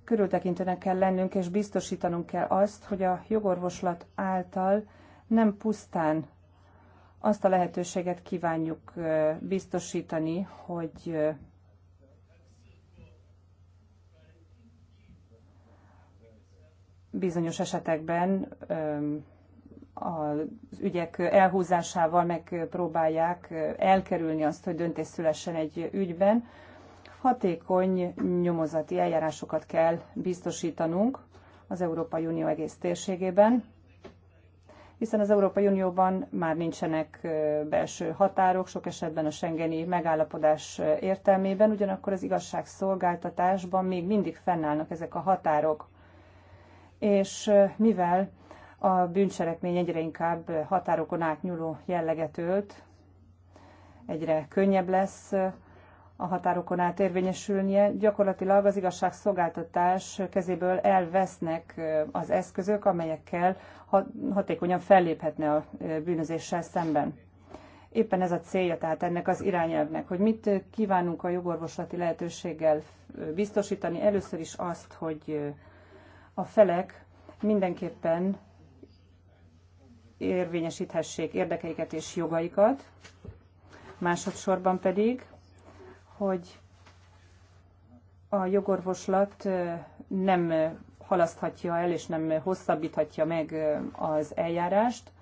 körültekintőnek kell lennünk, és biztosítanunk kell azt, hogy a jogorvoslat által nem pusztán azt a lehetőséget kívánjuk biztosítani, hogy bizonyos esetekben az ügyek elhúzásával megpróbálják elkerülni azt, hogy döntés szülessen egy ügyben. Hatékony nyomozati eljárásokat kell biztosítanunk az Európai Unió egész térségében, hiszen az Európai Unióban már nincsenek belső határok, sok esetben a Schengeni megállapodás értelmében, ugyanakkor az igazságszolgáltatásban még mindig fennállnak ezek a határok és mivel a bűncselekmény egyre inkább határokon átnyúló jelleget ölt, egyre könnyebb lesz a határokon át érvényesülnie, gyakorlatilag az igazságszolgáltatás kezéből elvesznek az eszközök, amelyekkel hatékonyan felléphetne a bűnözéssel szemben. Éppen ez a célja tehát ennek az irányelvnek, hogy mit kívánunk a jogorvoslati lehetőséggel biztosítani. Először is azt, hogy a felek mindenképpen érvényesíthessék érdekeiket és jogaikat, másodszorban pedig, hogy a jogorvoslat nem halaszthatja el és nem hosszabbíthatja meg az eljárást,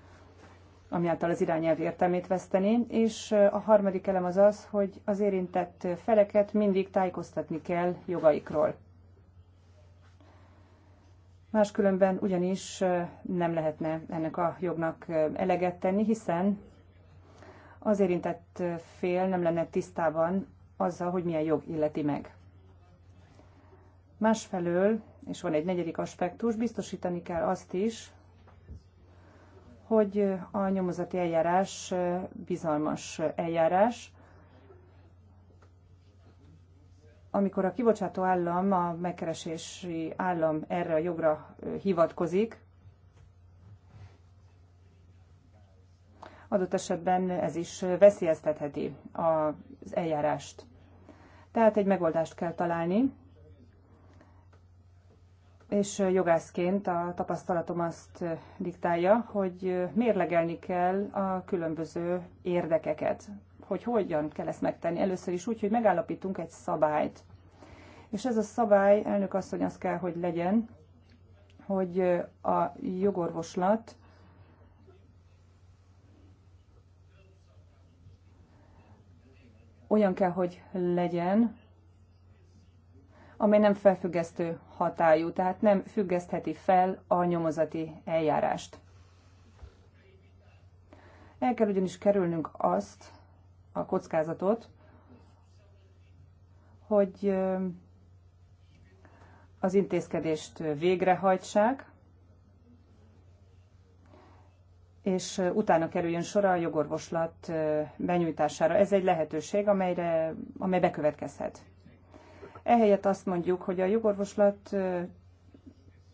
ami által az irányelv értelmét veszteni, és a harmadik elem az az, hogy az érintett feleket mindig tájékoztatni kell jogaikról. Máskülönben ugyanis nem lehetne ennek a jognak eleget tenni, hiszen az érintett fél nem lenne tisztában azzal, hogy milyen jog illeti meg. Másfelől, és van egy negyedik aspektus, biztosítani kell azt is, hogy a nyomozati eljárás bizalmas eljárás, amikor a kibocsátó állam, a megkeresési állam erre a jogra hivatkozik, adott esetben ez is veszélyeztetheti az eljárást. Tehát egy megoldást kell találni, és jogászként a tapasztalatom azt diktálja, hogy mérlegelni kell a különböző érdekeket, hogy hogyan kell ezt megtenni. Először is úgy, hogy megállapítunk egy szabályt. És ez a szabály, elnök asszony, az kell, hogy legyen, hogy a jogorvoslat olyan kell, hogy legyen, amely nem felfüggesztő hatályú, tehát nem függesztheti fel a nyomozati eljárást. El kell ugyanis kerülnünk azt, a kockázatot, hogy az intézkedést végrehajtsák, és utána kerüljön sor a jogorvoslat benyújtására. Ez egy lehetőség, amelyre, amely bekövetkezhet. Ehelyett azt mondjuk, hogy a jogorvoslat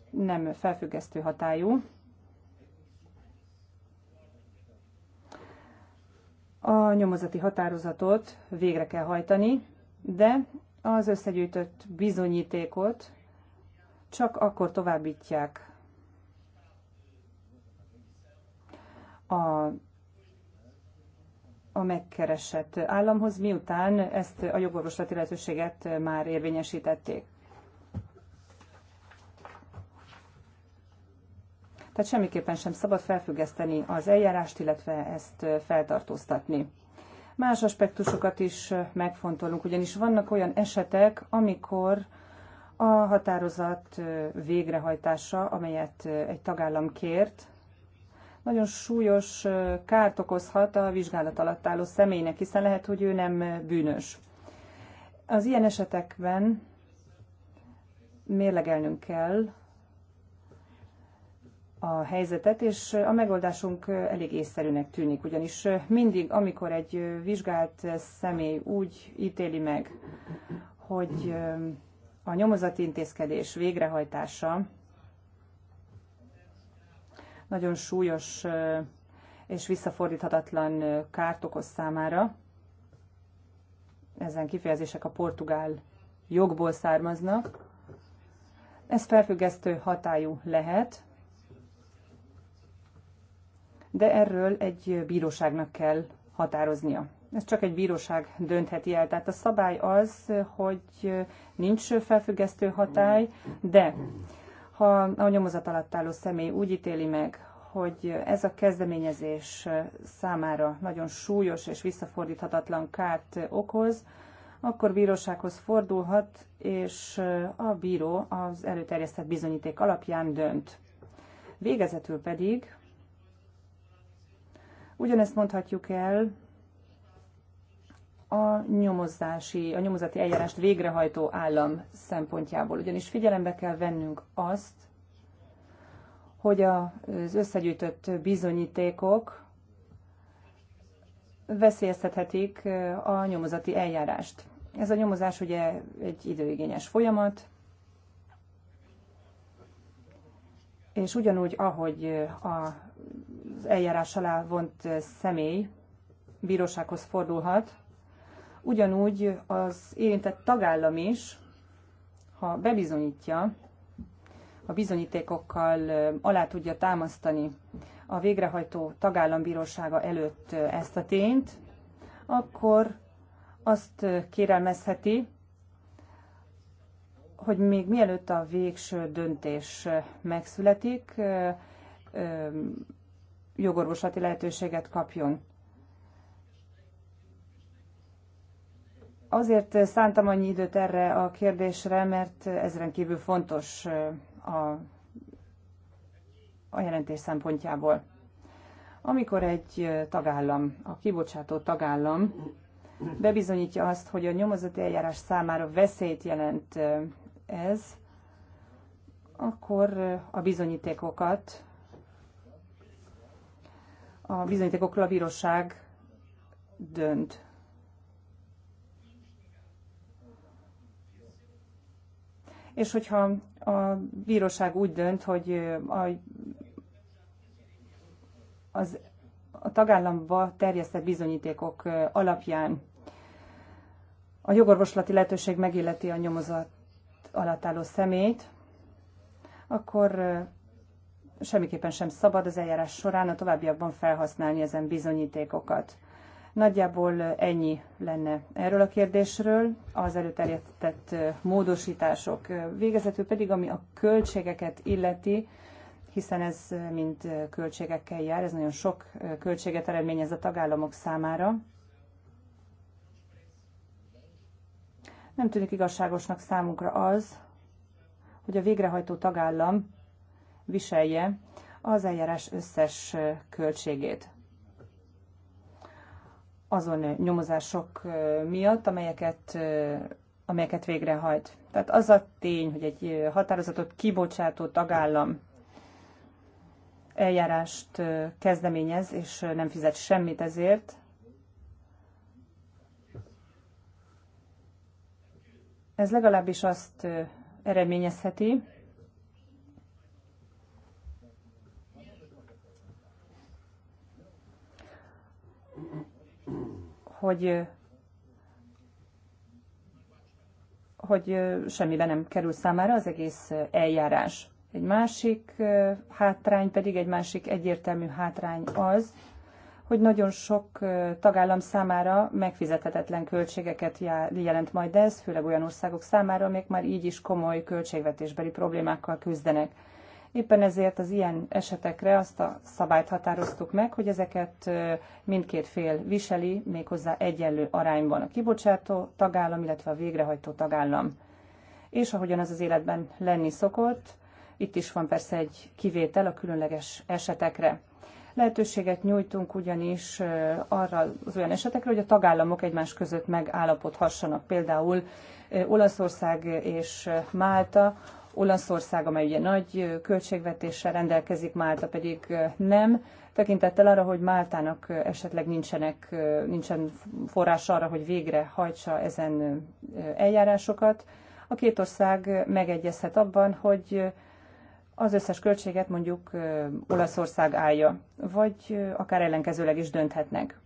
nem felfüggesztő hatályú, A nyomozati határozatot végre kell hajtani, de az összegyűjtött bizonyítékot csak akkor továbbítják a, a megkeresett államhoz, miután ezt a jogorvoslati lehetőséget már érvényesítették. Tehát semmiképpen sem szabad felfüggeszteni az eljárást, illetve ezt feltartóztatni. Más aspektusokat is megfontolunk, ugyanis vannak olyan esetek, amikor a határozat végrehajtása, amelyet egy tagállam kért, nagyon súlyos kárt okozhat a vizsgálat alatt álló személynek, hiszen lehet, hogy ő nem bűnös. Az ilyen esetekben mérlegelnünk kell a helyzetet, és a megoldásunk elég észszerűnek tűnik, ugyanis mindig, amikor egy vizsgált személy úgy ítéli meg, hogy a nyomozati intézkedés végrehajtása nagyon súlyos és visszafordíthatatlan kárt okoz számára, ezen kifejezések a portugál jogból származnak, ez felfüggesztő hatályú lehet, de erről egy bíróságnak kell határoznia. Ez csak egy bíróság döntheti el. Tehát a szabály az, hogy nincs felfüggesztő hatály, de ha a nyomozat alatt álló személy úgy ítéli meg, hogy ez a kezdeményezés számára nagyon súlyos és visszafordíthatatlan kárt okoz, akkor bírósághoz fordulhat, és a bíró az előterjesztett bizonyíték alapján dönt. Végezetül pedig Ugyanezt mondhatjuk el a nyomozási, a nyomozati eljárást végrehajtó állam szempontjából. Ugyanis figyelembe kell vennünk azt, hogy az összegyűjtött bizonyítékok veszélyeztethetik a nyomozati eljárást. Ez a nyomozás ugye egy időigényes folyamat, és ugyanúgy, ahogy a eljárás alá vont személy bírósághoz fordulhat, ugyanúgy az érintett tagállam is, ha bebizonyítja, a bizonyítékokkal alá tudja támasztani a végrehajtó tagállambírósága előtt ezt a tényt, akkor azt kérelmezheti, hogy még mielőtt a végső döntés megszületik, jogorvoslati lehetőséget kapjon. Azért szántam annyi időt erre a kérdésre, mert ez rendkívül fontos a, a jelentés szempontjából. Amikor egy tagállam, a kibocsátó tagállam bebizonyítja azt, hogy a nyomozati eljárás számára veszélyt jelent ez, akkor a bizonyítékokat a bizonyítékokról a bíróság dönt. És hogyha a bíróság úgy dönt, hogy a, az, a tagállamba terjesztett bizonyítékok alapján a jogorvoslati lehetőség megilleti a nyomozat alatt álló személyt, akkor semmiképpen sem szabad az eljárás során a továbbiakban felhasználni ezen bizonyítékokat. Nagyjából ennyi lenne erről a kérdésről, az előterjedtett módosítások. Végezetül pedig, ami a költségeket illeti, hiszen ez mind költségekkel jár, ez nagyon sok költséget eredményez a tagállamok számára. Nem tűnik igazságosnak számunkra az, hogy a végrehajtó tagállam viselje az eljárás összes költségét azon nyomozások miatt, amelyeket, amelyeket végrehajt. Tehát az a tény, hogy egy határozatot kibocsátó tagállam eljárást kezdeményez, és nem fizet semmit ezért, ez legalábbis azt eredményezheti, hogy hogy semmiben nem kerül számára az egész eljárás. Egy másik hátrány pedig, egy másik egyértelmű hátrány az, hogy nagyon sok tagállam számára megfizethetetlen költségeket jelent majd ez, főleg olyan országok számára, amelyek már így is komoly költségvetésbeli problémákkal küzdenek. Éppen ezért az ilyen esetekre azt a szabályt határoztuk meg, hogy ezeket mindkét fél viseli, méghozzá egyenlő arányban a kibocsátó tagállam, illetve a végrehajtó tagállam. És ahogyan az az életben lenni szokott, itt is van persze egy kivétel a különleges esetekre. Lehetőséget nyújtunk ugyanis arra az olyan esetekre, hogy a tagállamok egymás között megállapodhassanak. Például Olaszország és Málta Olaszország, amely ugye nagy költségvetéssel rendelkezik, Málta pedig nem, tekintettel arra, hogy Máltának esetleg nincsenek, nincsen forrás arra, hogy végre hajtsa ezen eljárásokat. A két ország megegyezhet abban, hogy az összes költséget mondjuk Olaszország állja, vagy akár ellenkezőleg is dönthetnek.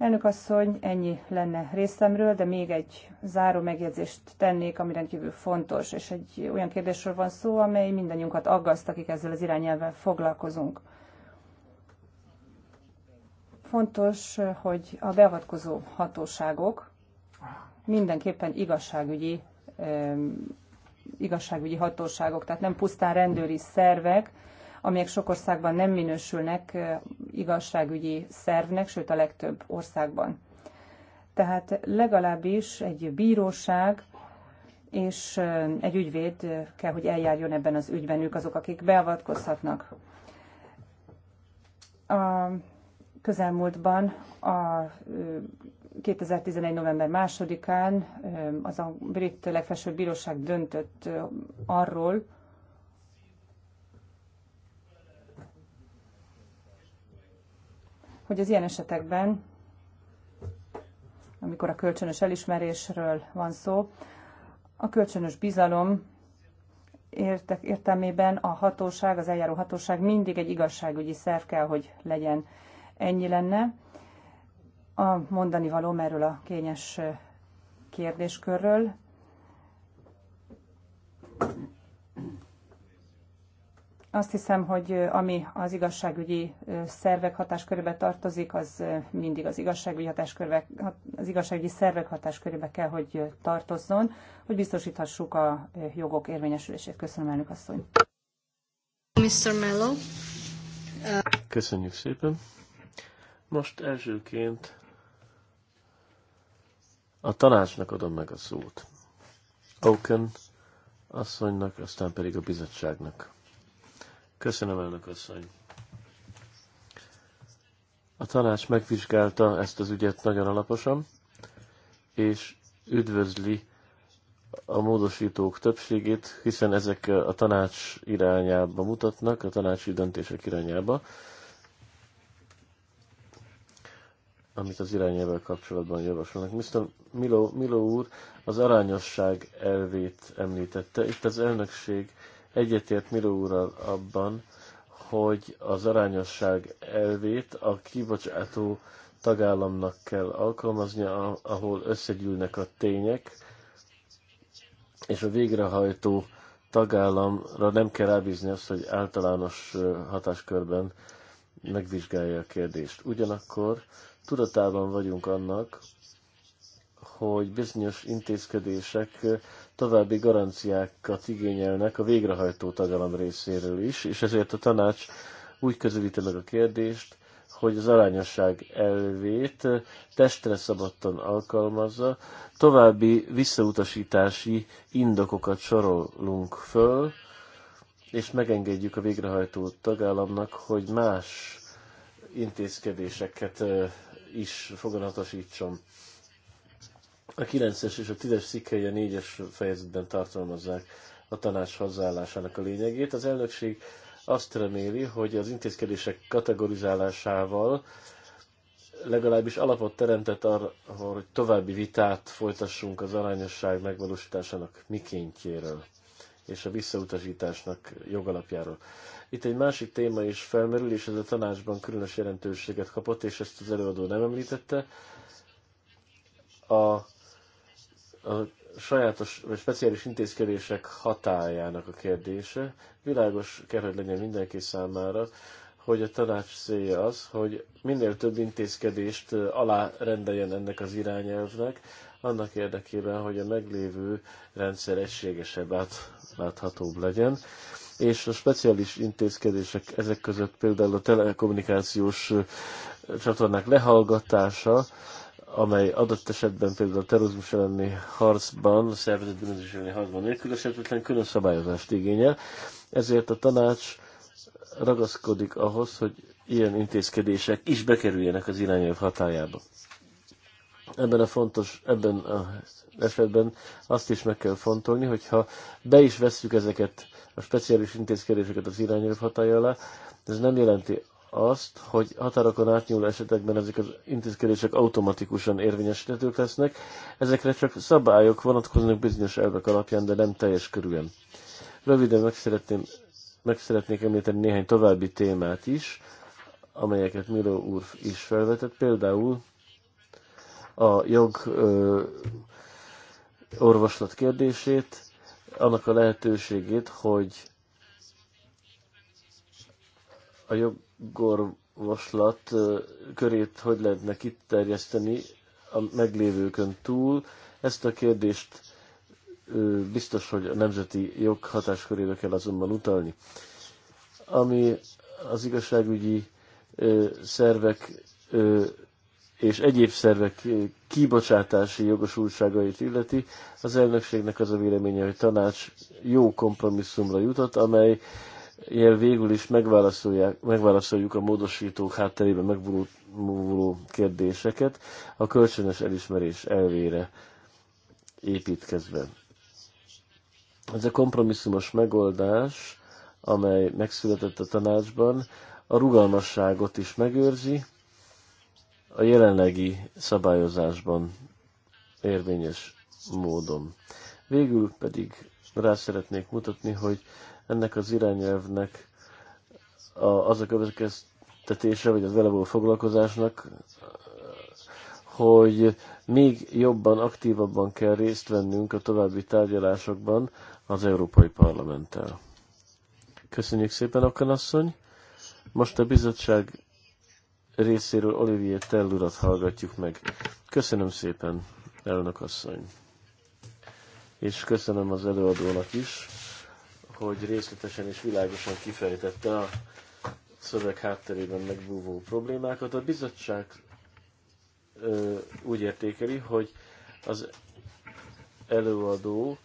Elnök asszony, ennyi lenne részemről, de még egy záró megjegyzést tennék, ami rendkívül fontos, és egy olyan kérdésről van szó, amely mindannyiunkat aggaszt, akik ezzel az irányelvvel foglalkozunk. Fontos, hogy a beavatkozó hatóságok mindenképpen igazságügyi, igazságügyi hatóságok, tehát nem pusztán rendőri szervek, amelyek sok országban nem minősülnek igazságügyi szervnek, sőt a legtöbb országban. Tehát legalábbis egy bíróság és egy ügyvéd kell, hogy eljárjon ebben az ügyben ők azok, akik beavatkozhatnak. A közelmúltban a 2011. november 2 2-án az a brit legfelsőbb bíróság döntött arról, hogy az ilyen esetekben, amikor a kölcsönös elismerésről van szó, a kölcsönös bizalom értelmében a hatóság, az eljáró hatóság mindig egy igazságügyi szerv kell, hogy legyen. Ennyi lenne. A mondani való erről a kényes kérdéskörről. Azt hiszem, hogy ami az igazságügyi szervek hatáskörébe tartozik, az mindig az igazságügyi hatáskörbe, az igazságügyi szervek hatáskörébe kell, hogy tartozzon, hogy biztosíthassuk a jogok érvényesülését. Köszönöm, elnök asszony. Mr. Mello. Köszönjük szépen. Most elsőként a tanácsnak adom meg a szót. Oaken asszonynak, aztán pedig a bizottságnak. Köszönöm, elnök asszony. A tanács megvizsgálta ezt az ügyet nagyon alaposan, és üdvözli a módosítók többségét, hiszen ezek a tanács irányába mutatnak, a tanácsi döntések irányába, amit az irányával kapcsolatban javasolnak. Mr. Milo, Milo úr az arányosság elvét említette. Itt az elnökség Egyetért Miró úrral abban, hogy az arányosság elvét a kibocsátó tagállamnak kell alkalmaznia, ahol összegyűlnek a tények, és a végrehajtó tagállamra nem kell rábízni azt, hogy általános hatáskörben megvizsgálja a kérdést. Ugyanakkor tudatában vagyunk annak, hogy bizonyos intézkedések további garanciákat igényelnek a végrehajtó tagállam részéről is, és ezért a tanács úgy közelíti meg a kérdést, hogy az arányosság elvét testre szabadtan alkalmazza, további visszautasítási indokokat sorolunk föl, és megengedjük a végrehajtó tagállamnak, hogy más intézkedéseket is foganatosítson. A 9-es és a 10-es szikkei a 4-es fejezetben tartalmazzák a tanács hozzáállásának a lényegét. Az elnökség azt reméli, hogy az intézkedések kategorizálásával legalábbis alapot teremtett arra, hogy további vitát folytassunk az arányosság megvalósításának mikéntjéről és a visszautasításnak jogalapjáról. Itt egy másik téma is felmerül, és ez a tanácsban különös jelentőséget kapott, és ezt az előadó nem említette. A a sajátos vagy speciális intézkedések hatájának a kérdése. Világos kell, hogy legyen mindenki számára, hogy a tanács célja az, hogy minél több intézkedést alárendeljen ennek az irányelvnek, annak érdekében, hogy a meglévő rendszer egységesebb, láthatóbb legyen. És a speciális intézkedések ezek között például a telekommunikációs csatornák lehallgatása, amely adott esetben például a terrorizmus elleni harcban, a szervezetbűnözés elleni harcban nélkülözhetetlen külön szabályozást igényel. Ezért a tanács ragaszkodik ahhoz, hogy ilyen intézkedések is bekerüljenek az irányelv hatájába. Ebben a fontos, ebben a esetben azt is meg kell fontolni, hogyha be is vesszük ezeket a speciális intézkedéseket az irányelv hatája alá, ez nem jelenti azt, hogy határokon átnyúló esetekben ezek az intézkedések automatikusan érvényesíthetők lesznek. Ezekre csak szabályok vonatkoznak bizonyos elvek alapján, de nem teljes körülön. Röviden meg, szeretném, meg szeretnék említeni néhány további témát is, amelyeket Milo úr is felvetett, például a jog ö, orvoslat kérdését, annak a lehetőségét, hogy a jogorvoslat körét hogy lehetne kiterjeszteni a meglévőkön túl. Ezt a kérdést biztos, hogy a nemzeti jog hatáskörébe kell azonban utalni. Ami az igazságügyi szervek és egyéb szervek kibocsátási jogosultságait illeti, az elnökségnek az a véleménye, hogy tanács jó kompromisszumra jutott, amely él végül is megválaszoljuk a módosítók hátterében megvuló kérdéseket a kölcsönös elismerés elvére építkezve. Ez a kompromisszumos megoldás, amely megszületett a tanácsban, a rugalmasságot is megőrzi, a jelenlegi szabályozásban érvényes módon. Végül pedig rá szeretnék mutatni, hogy ennek az irányelvnek a, az a következtetése, vagy az vele való foglalkozásnak, hogy még jobban, aktívabban kell részt vennünk a további tárgyalásokban az Európai Parlamenttel. Köszönjük szépen, Akanasszony! Most a bizottság részéről Olivier Tellurat hallgatjuk meg. Köszönöm szépen, elnök asszony! És köszönöm az előadónak is hogy részletesen és világosan kifejtette a szöveg hátterében megbúvó problémákat. A bizottság ö, úgy értékeli, hogy az előadónak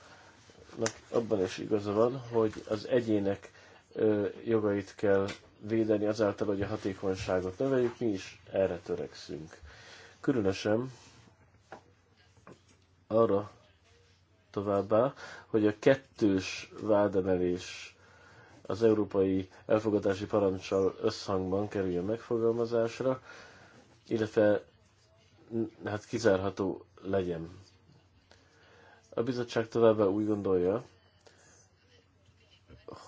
abban is igaza van, hogy az egyének ö, jogait kell védeni azáltal, hogy a hatékonyságot növeljük, mi is erre törekszünk. Különösen arra továbbá, hogy a kettős vádemelés az európai elfogadási parancsal összhangban kerüljön megfogalmazásra, illetve hát kizárható legyen. A bizottság továbbá úgy gondolja,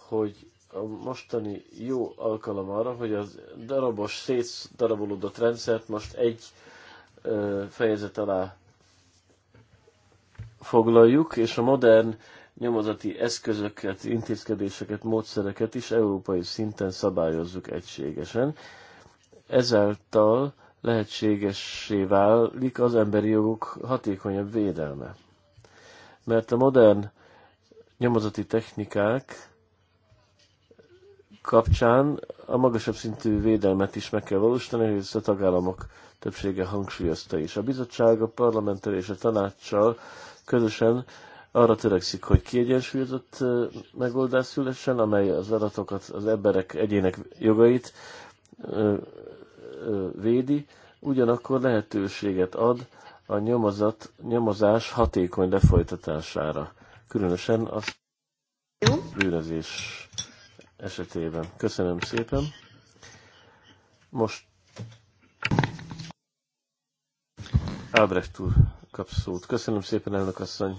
hogy a mostani jó alkalom arra, hogy a darabos, szétdarabolódott rendszert most egy fejezet alá foglaljuk, és a modern nyomozati eszközöket, intézkedéseket, módszereket is európai szinten szabályozzuk egységesen. Ezáltal lehetségessé válik az emberi jogok hatékonyabb védelme. Mert a modern nyomozati technikák kapcsán a magasabb szintű védelmet is meg kell valósítani, hogy ezt a tagállamok többsége hangsúlyozta is. A bizottság a parlamenttel és a tanácssal közösen arra törekszik, hogy kiegyensúlyozott megoldás szülessen, amely az adatokat, az emberek egyének jogait védi, ugyanakkor lehetőséget ad a nyomozat, nyomozás hatékony lefolytatására, különösen a bűnözés esetében. Köszönöm szépen. Most Albrecht úr kap Köszönöm szépen, elnök asszony.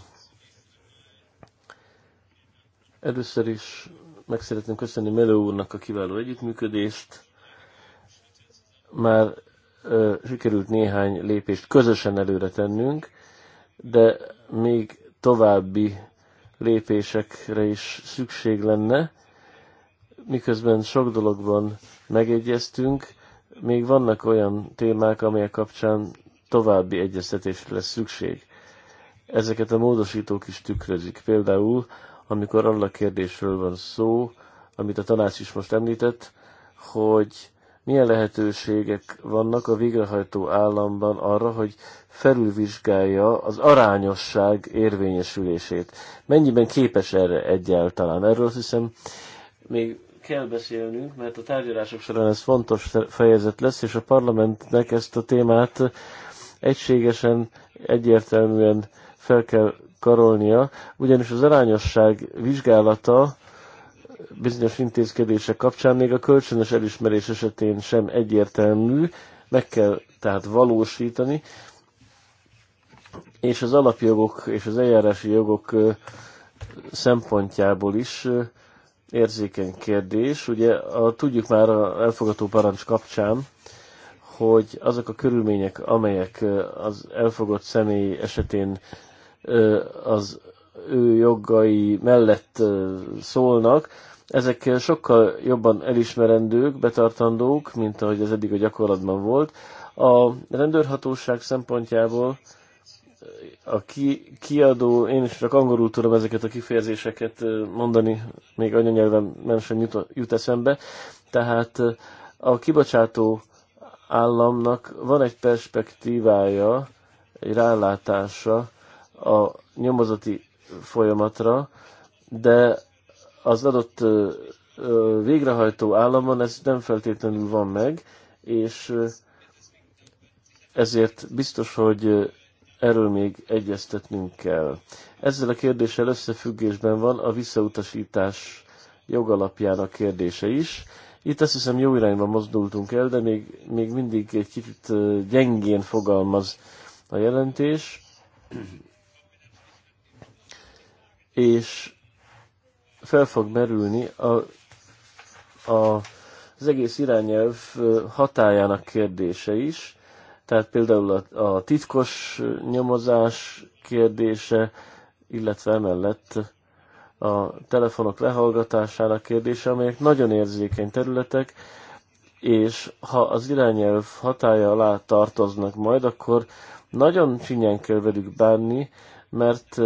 Először is meg szeretném köszönni Melő úrnak a kiváló együttműködést. Már ö, sikerült néhány lépést közösen előre tennünk, de még további lépésekre is szükség lenne. Miközben sok dologban megegyeztünk, még vannak olyan témák, amelyek kapcsán további egyeztetésre lesz szükség. Ezeket a módosítók is tükrözik. Például, amikor arra a kérdésről van szó, amit a tanács is most említett, hogy milyen lehetőségek vannak a végrehajtó államban arra, hogy felülvizsgálja az arányosság érvényesülését. Mennyiben képes erre egyáltalán? Erről azt hiszem még kell beszélnünk, mert a tárgyalások során ez fontos fejezet lesz, és a parlamentnek ezt a témát egységesen, egyértelműen fel kell karolnia, ugyanis az arányosság vizsgálata bizonyos intézkedések kapcsán még a kölcsönös elismerés esetén sem egyértelmű, meg kell tehát valósítani, és az alapjogok és az eljárási jogok szempontjából is érzékeny kérdés. Ugye a, tudjuk már a elfogató parancs kapcsán, hogy azok a körülmények, amelyek az elfogott személy esetén az ő jogai mellett szólnak, ezek sokkal jobban elismerendők, betartandók, mint ahogy ez eddig a gyakorlatban volt. A rendőrhatóság szempontjából a ki, kiadó, én is csak angolul tudom ezeket a kifejezéseket mondani, még anyanyelven nem sem jut, jut eszembe, tehát a kibocsátó államnak van egy perspektívája, egy rálátása a nyomozati folyamatra, de az adott végrehajtó államon ez nem feltétlenül van meg, és ezért biztos, hogy erről még egyeztetnünk kell. Ezzel a kérdéssel összefüggésben van a visszautasítás jogalapjának kérdése is. Itt azt hiszem jó irányba mozdultunk el, de még, még mindig egy kicsit gyengén fogalmaz a jelentés. És fel fog merülni a, a, az egész irányelv hatájának kérdése is, tehát például a, a titkos nyomozás kérdése, illetve emellett a telefonok lehallgatására kérdése, amelyek nagyon érzékeny területek, és ha az irányelv hatája alá tartoznak majd, akkor nagyon csinyán kell velük bánni, mert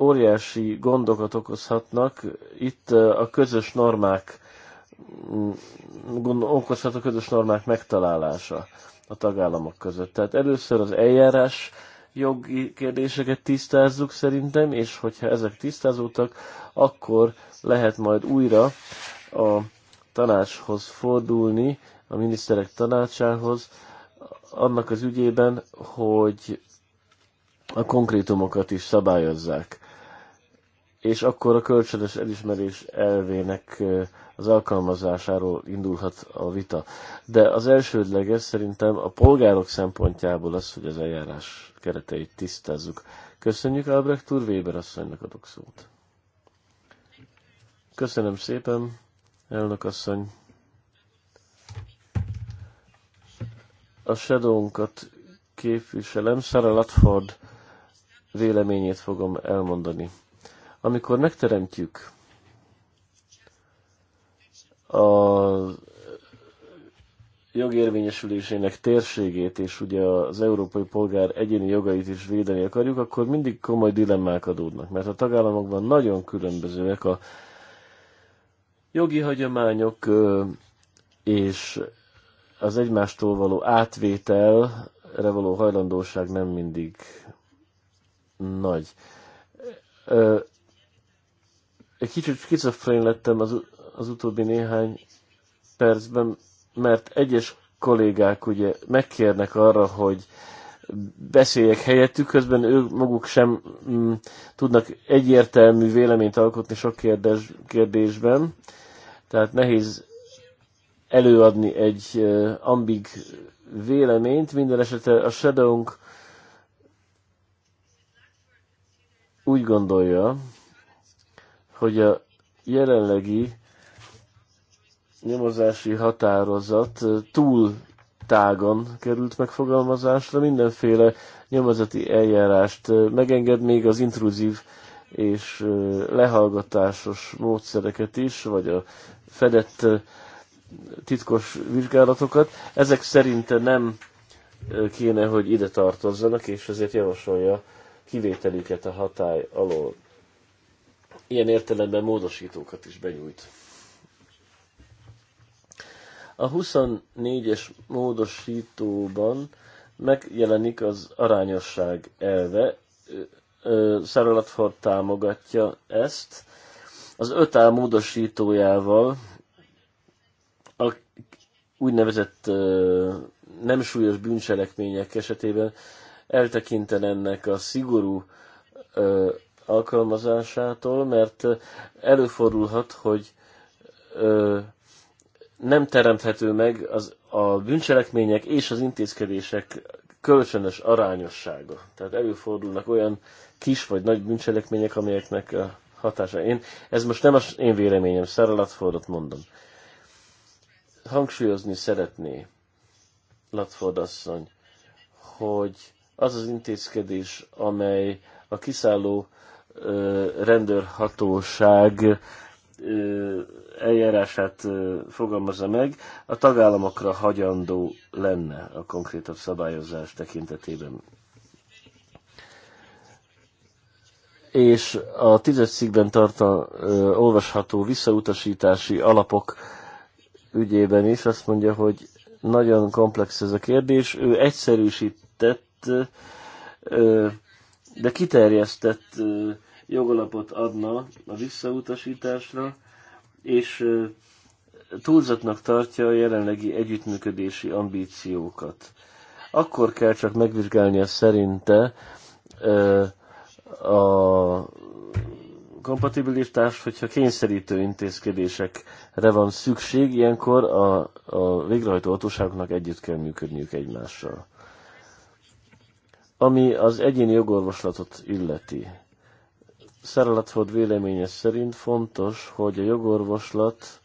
óriási gondokat okozhatnak, itt a közös normák okozhat a közös normák megtalálása a tagállamok között. Tehát először az eljárás jogi kérdéseket tisztázzuk szerintem, és hogyha ezek tisztázódtak, akkor lehet majd újra a tanácshoz fordulni, a miniszterek tanácsához, annak az ügyében, hogy a konkrétumokat is szabályozzák. És akkor a kölcsönös elismerés elvének az alkalmazásáról indulhat a vita. De az elsődleges szerintem a polgárok szempontjából az, hogy az eljárás kereteit tisztázzuk. Köszönjük Albrecht úr, Weber asszonynak adok szót. Köszönöm szépen, elnök asszony. A Shadowunkat képviselem, Sarah Latford véleményét fogom elmondani. Amikor megteremtjük a jogérvényesülésének térségét és ugye az európai polgár egyéni jogait is védeni akarjuk, akkor mindig komoly dilemmák adódnak, mert a tagállamokban nagyon különbözőek a jogi hagyományok és az egymástól való átvételre való hajlandóság nem mindig nagy. Egy kicsit skizofrén lettem az az utóbbi néhány percben, mert egyes kollégák ugye megkérnek arra, hogy beszéljek helyettük, közben ők maguk sem mm, tudnak egyértelmű véleményt alkotni sok kérdés, kérdésben, tehát nehéz előadni egy uh, ambig véleményt. Minden esetre a Shadowunk úgy gondolja, hogy a jelenlegi nyomozási határozat túl tágon került megfogalmazásra, mindenféle nyomozati eljárást megenged még az intruzív és lehallgatásos módszereket is, vagy a fedett titkos vizsgálatokat. Ezek szerinte nem kéne, hogy ide tartozzanak, és ezért javasolja kivételüket a hatály alól. Ilyen értelemben módosítókat is benyújt. A 24-es módosítóban megjelenik az arányosság elve, Szerelatford támogatja ezt, az 5A módosítójával a úgynevezett nem súlyos bűncselekmények esetében eltekinten ennek a szigorú alkalmazásától, mert előfordulhat, hogy nem teremthető meg az, a bűncselekmények és az intézkedések kölcsönös arányossága. Tehát előfordulnak olyan kis vagy nagy bűncselekmények, amelyeknek a hatása. Én, ez most nem az én véleményem, fordott mondom. Hangsúlyozni szeretné Latford asszony, hogy az az intézkedés, amely a kiszálló rendőrhatóság eljárását fogalmazza meg, a tagállamokra hagyandó lenne a konkrétabb szabályozás tekintetében. És a tízes cikkben tartal, olvasható visszautasítási alapok ügyében is azt mondja, hogy nagyon komplex ez a kérdés. Ő egyszerűsített, de kiterjesztett jogalapot adna a visszautasításra, és túlzatnak tartja a jelenlegi együttműködési ambíciókat. Akkor kell csak megvizsgálnia szerinte a kompatibilitás, hogyha kényszerítő intézkedésekre van szükség, ilyenkor a, a végrehajtó hatóságoknak együtt kell működniük egymással. Ami az egyéni jogorvoslatot illeti. Szerelatford véleménye szerint fontos, hogy a jogorvoslat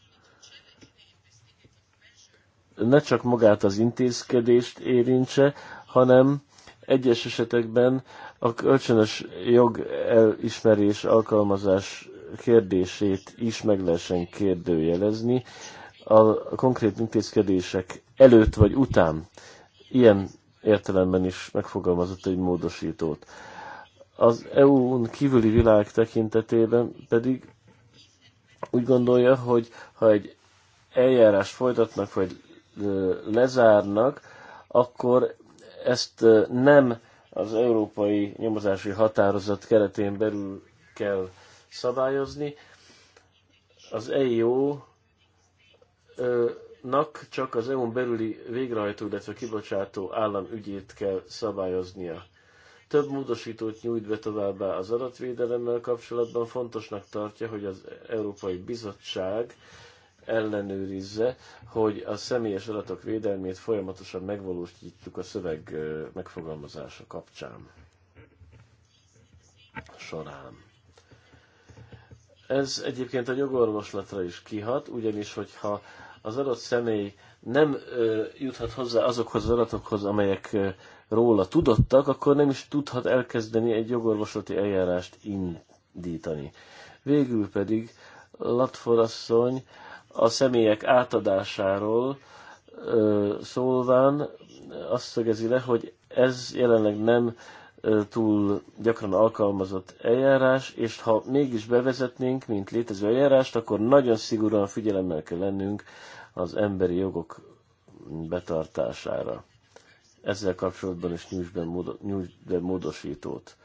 ne csak magát az intézkedést érintse, hanem egyes esetekben a kölcsönös jog elismerés alkalmazás kérdését is meg lehessen kérdőjelezni a konkrét intézkedések előtt vagy után. Ilyen értelemben is megfogalmazott egy módosítót. Az EU-n kívüli világ tekintetében pedig úgy gondolja, hogy ha egy eljárást folytatnak, vagy lezárnak, akkor ezt nem az európai nyomozási határozat keretén belül kell szabályozni. Az EIO-nak csak az EU-n belüli végrehajtó, illetve kibocsátó állam ügyét kell szabályoznia. Több módosítót nyújt be továbbá az adatvédelemmel kapcsolatban. Fontosnak tartja, hogy az Európai Bizottság ellenőrizze, hogy a személyes adatok védelmét folyamatosan megvalósítjuk a szöveg megfogalmazása kapcsán. Során. Ez egyébként a jogorvoslatra is kihat, ugyanis hogyha az adott személy nem ö, juthat hozzá azokhoz az adatokhoz, amelyek róla tudottak, akkor nem is tudhat elkezdeni egy jogorvoslati eljárást indítani. Végül pedig Latfor asszony a személyek átadásáról ö, szólván azt szögezi le, hogy ez jelenleg nem túl gyakran alkalmazott eljárás, és ha mégis bevezetnénk, mint létező eljárást, akkor nagyon szigorúan figyelemmel kell lennünk az emberi jogok betartására ezzel kapcsolatban is nyújts be, módosítót.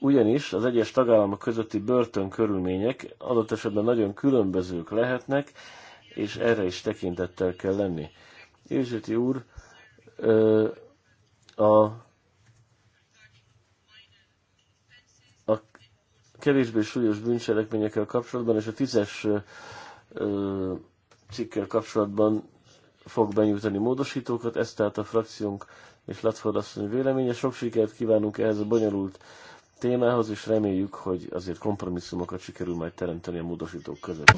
Ugyanis az egyes tagállamok közötti körülmények adott esetben nagyon különbözők lehetnek, és erre is tekintettel kell lenni. Érzseti úr a, a kevésbé súlyos bűncselekményekkel kapcsolatban és a tízes cikkel kapcsolatban fog benyújtani módosítókat, ez tehát a frakciónk és Latford asszony véleménye. Sok sikert kívánunk ehhez a bonyolult témához, és reméljük, hogy azért kompromisszumokat sikerül majd teremteni a módosítók között.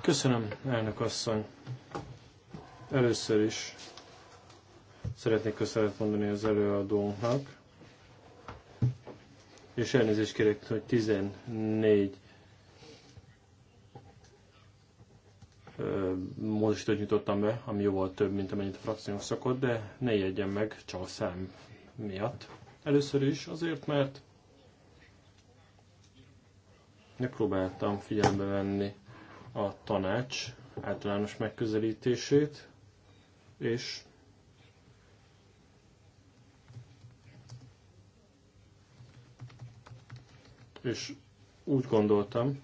Köszönöm, elnök asszony. Először is szeretnék köszönet mondani az előadónknak, és elnézést kérek, hogy 14 módosítót nyitottam be, ami jóval több, mint amennyit a frakciónk szokott, de ne jegyen meg csak a szám miatt. Először is azért, mert megpróbáltam figyelembe venni a tanács általános megközelítését, és és úgy gondoltam,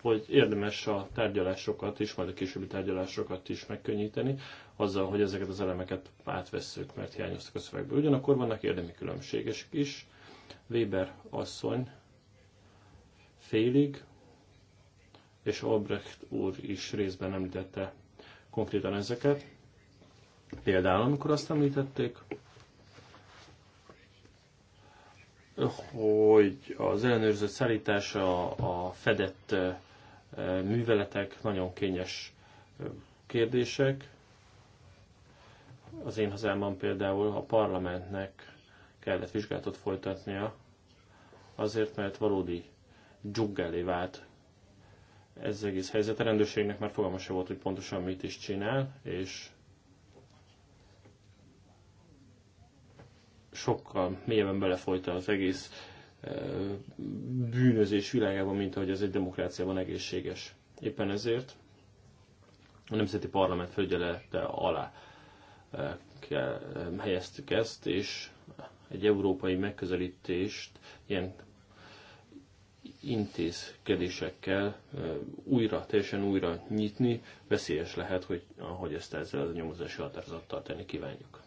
hogy érdemes a tárgyalásokat is, majd a későbbi tárgyalásokat is megkönnyíteni, azzal, hogy ezeket az elemeket átvesszük, mert hiányoztak a szövegből. Ugyanakkor vannak érdemi különbségek is. Weber asszony félig, és Albrecht úr is részben említette konkrétan ezeket. Például, amikor azt említették, hogy az ellenőrzött szállítása a fedett műveletek, nagyon kényes kérdések. Az én hazámban például a parlamentnek kellett vizsgálatot folytatnia, azért, mert valódi dzsuggelé vált ez egész helyzet. A rendőrségnek már fogalma volt, hogy pontosan mit is csinál, és sokkal mélyebben belefolyta az egész bűnözés világában, mint ahogy ez egy demokráciában egészséges. Éppen ezért a Nemzeti Parlament felügyelete alá helyeztük ezt, és egy európai megközelítést ilyen intézkedésekkel újra, teljesen újra nyitni, veszélyes lehet, hogy ahogy ezt ezzel a nyomozási határozattal tenni kívánjuk.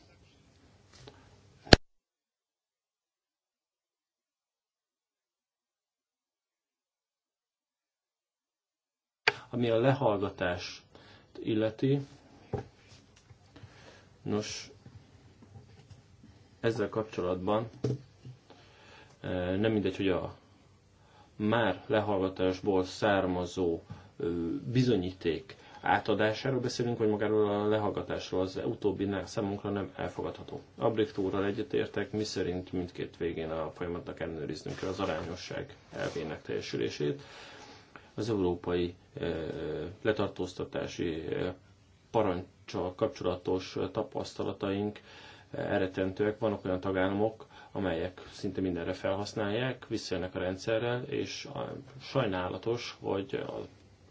Ami a lehallgatás illeti, nos, ezzel kapcsolatban e, nem mindegy, hogy a már lehallgatásból származó bizonyíték átadásáról beszélünk, vagy magáról a lehallgatásról, az utóbbi számunkra nem elfogadható. Abriktúrral egyetértek, mi szerint mindkét végén a folyamatnak ellenőriznünk kell az arányosság elvének teljesülését az európai e, letartóztatási e, parancsal kapcsolatos tapasztalataink e, eretentőek. Vannak olyan tagállamok, amelyek szinte mindenre felhasználják, visszajönnek a rendszerrel, és sajnálatos, hogy a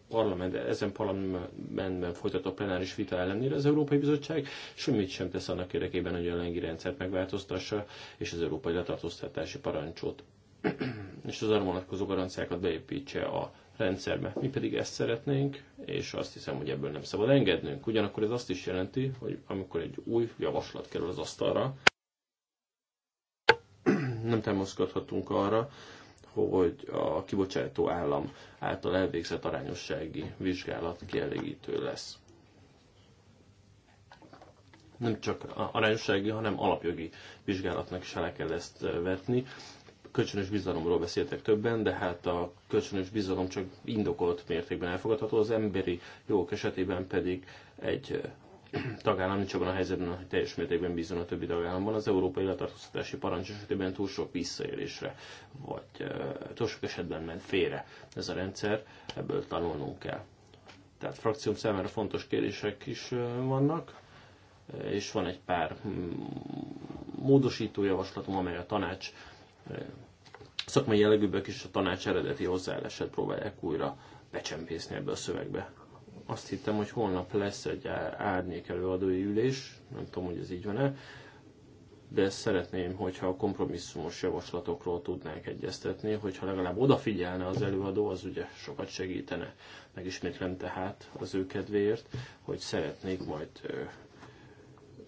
parlament, ezen parlamentben folytatott plenáris vita ellenére az Európai Bizottság semmit sem tesz annak érdekében, hogy a lengi rendszert megváltoztassa, és az európai letartóztatási parancsot és az arra vonatkozó garanciákat beépítse a rendszerbe. Mi pedig ezt szeretnénk, és azt hiszem, hogy ebből nem szabad engednünk. Ugyanakkor ez azt is jelenti, hogy amikor egy új javaslat kerül az asztalra, nem támaszkodhatunk arra, hogy a kibocsátó állam által elvégzett arányossági vizsgálat kielégítő lesz. Nem csak arányossági, hanem alapjogi vizsgálatnak is le kell ezt vetni kölcsönös bizalomról beszéltek többen, de hát a kölcsönös bizalom csak indokolt mértékben elfogadható, az emberi jók esetében pedig egy tagállam nincs abban a helyzetben, hogy teljes mértékben bízon a többi tagállamban. Az európai letartóztatási parancs esetében túl sok visszaélésre, vagy túl sok esetben ment félre ez a rendszer, ebből tanulnunk kell. Tehát frakcióm számára fontos kérdések is vannak, és van egy pár mm, módosító javaslatom, amely a tanács szakmai jellegűbbek is a tanács eredeti hozzáállását próbálják újra becsempészni ebbe a szövegbe. Azt hittem, hogy holnap lesz egy árnyék előadói ülés, nem tudom, hogy ez így van-e, de szeretném, hogyha a kompromisszumos javaslatokról tudnánk egyeztetni, hogyha legalább odafigyelne az előadó, az ugye sokat segítene. Megismétlem tehát az ő kedvéért, hogy szeretnék majd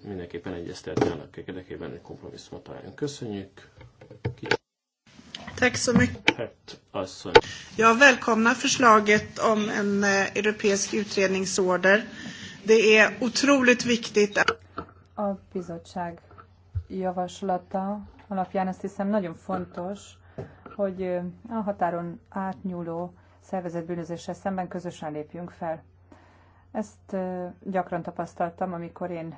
mindenképpen egyeztetni annak érdekében, hogy kompromisszumot találjunk. Köszönjük! Tack så mycket. Alltså. Jag välkomnar förslaget om en eh, europeisk utredningsorder. Det är otroligt viktigt. A bizottság javaslata alapján azt hiszem nagyon fontos, hogy eh, a határon átnyúló szervezetbűnözéssel szemben közösen lépjünk fel. Ezt eh, gyakran tapasztaltam, amikor én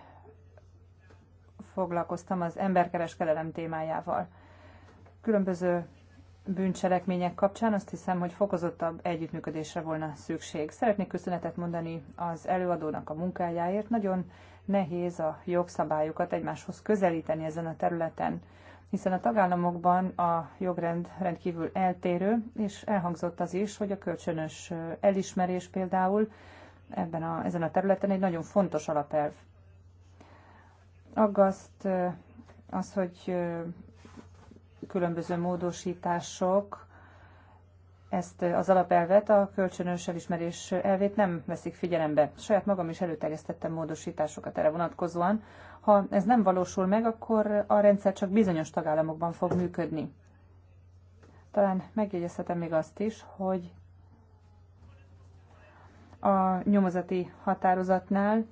foglalkoztam az emberkereskedelem témájával különböző bűncselekmények kapcsán azt hiszem, hogy fokozottabb együttműködésre volna szükség. Szeretnék köszönetet mondani az előadónak a munkájáért. Nagyon nehéz a jogszabályokat egymáshoz közelíteni ezen a területen, hiszen a tagállamokban a jogrend rendkívül eltérő, és elhangzott az is, hogy a kölcsönös elismerés például ebben a, ezen a területen egy nagyon fontos alapelv. Aggaszt az, hogy különböző módosítások ezt eh, az alapelvet, a kölcsönös elismerés elvét nem veszik figyelembe. Saját magam is előterjesztettem módosításokat erre vonatkozóan. Ha ez nem valósul meg, akkor a rendszer csak bizonyos tagállamokban fog működni. Talán megjegyezhetem még azt is, hogy a nyomozati határozatnál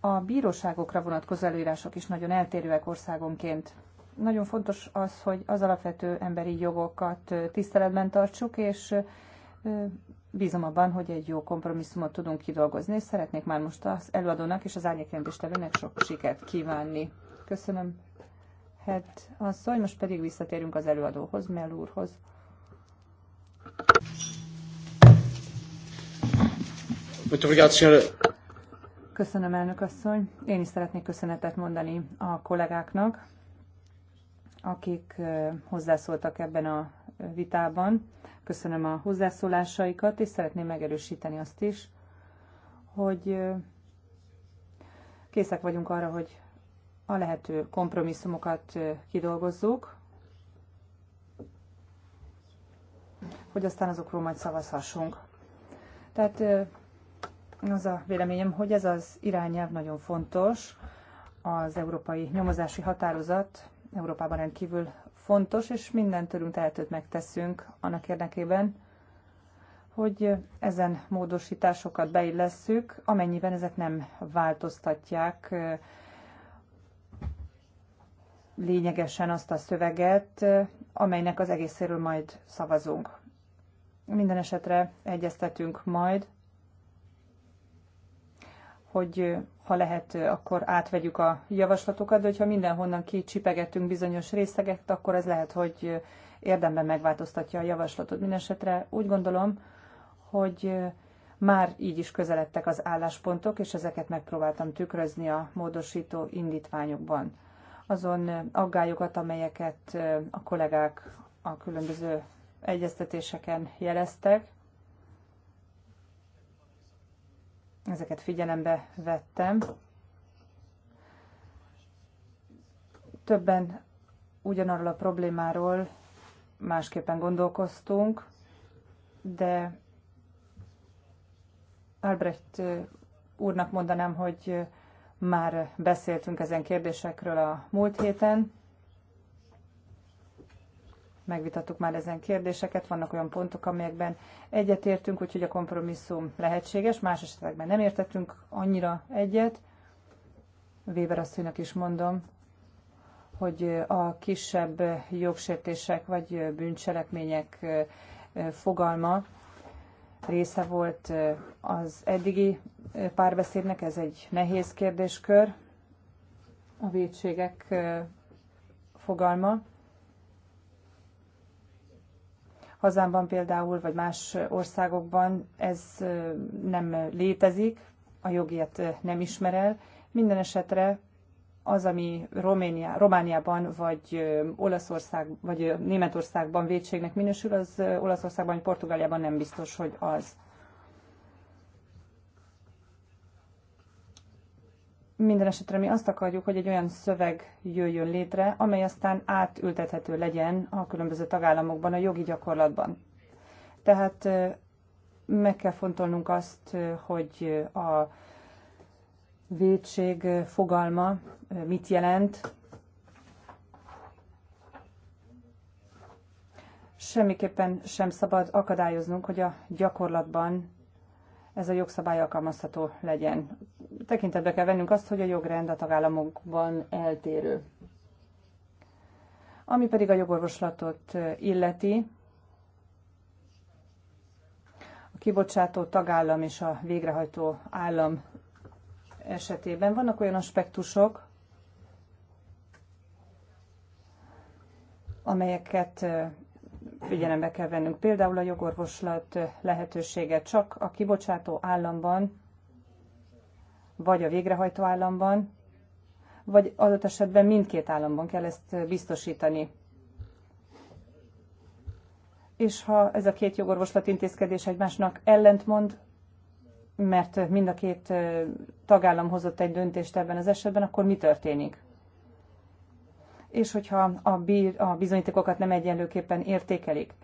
a bíróságokra vonatkozó előírások is nagyon eltérőek országonként nagyon fontos az, hogy az alapvető emberi jogokat tiszteletben tartsuk, és bízom abban, hogy egy jó kompromisszumot tudunk kidolgozni, és szeretnék már most az előadónak és az árnyékjelentéstevőnek sok sikert kívánni. Köszönöm. Hát asszony, most pedig visszatérünk az előadóhoz, Mel úrhoz. Köszönöm, elnök asszony. Én is szeretnék köszönetet mondani a kollégáknak akik hozzászóltak ebben a vitában. Köszönöm a hozzászólásaikat, és szeretném megerősíteni azt is, hogy készek vagyunk arra, hogy a lehető kompromisszumokat kidolgozzuk, hogy aztán azokról majd szavazhassunk. Tehát az a véleményem, hogy ez az irányelv nagyon fontos, az európai nyomozási határozat Európában rendkívül fontos, és minden tőlünk tehetőt megteszünk annak érdekében, hogy ezen módosításokat beillesszük, amennyiben ezek nem változtatják lényegesen azt a szöveget, amelynek az egészéről majd szavazunk. Minden esetre egyeztetünk majd, hogy ha lehet, akkor átvegyük a javaslatokat, de hogyha mindenhonnan kicsipegettünk bizonyos részeget, akkor ez lehet, hogy érdemben megváltoztatja a javaslatot. Mindenesetre úgy gondolom, hogy már így is közeledtek az álláspontok, és ezeket megpróbáltam tükrözni a módosító indítványokban. Azon aggályokat, amelyeket a kollégák a különböző egyeztetéseken jeleztek, ezeket figyelembe vettem. Többen ugyanarról a problémáról másképpen gondolkoztunk, de Albrecht úrnak mondanám, hogy már beszéltünk ezen kérdésekről a múlt héten, megvitattuk már ezen kérdéseket, vannak olyan pontok, amelyekben egyetértünk, úgyhogy a kompromisszum lehetséges, más esetekben nem értettünk annyira egyet. Weber asszonynak is mondom, hogy a kisebb jogsértések vagy bűncselekmények fogalma része volt az eddigi párbeszédnek, ez egy nehéz kérdéskör, a védségek fogalma. Hazámban például, vagy más országokban ez nem létezik, a jogiet nem ismer el. Minden esetre az, ami Roménia, Romániában vagy Olaszország, vagy Németországban védségnek minősül, az Olaszországban vagy Portugáliában nem biztos, hogy az. Minden esetre mi azt akarjuk, hogy egy olyan szöveg jöjjön létre, amely aztán átültethető legyen a különböző tagállamokban, a jogi gyakorlatban. Tehát meg kell fontolnunk azt, hogy a védség fogalma mit jelent. Semmiképpen sem szabad akadályoznunk, hogy a gyakorlatban ez a jogszabály alkalmazható legyen tekintetbe kell vennünk azt, hogy a jogrend a tagállamokban eltérő. Ami pedig a jogorvoslatot illeti, a kibocsátó tagállam és a végrehajtó állam esetében vannak olyan aspektusok, amelyeket figyelembe kell vennünk. Például a jogorvoslat lehetősége csak a kibocsátó államban vagy a végrehajtó államban, vagy adott esetben mindkét államban kell ezt biztosítani. És ha ez a két jogorvoslat intézkedés egymásnak ellentmond, mert mind a két tagállam hozott egy döntést ebben az esetben, akkor mi történik? És hogyha a, bír, a bizonyítékokat nem egyenlőképpen értékelik.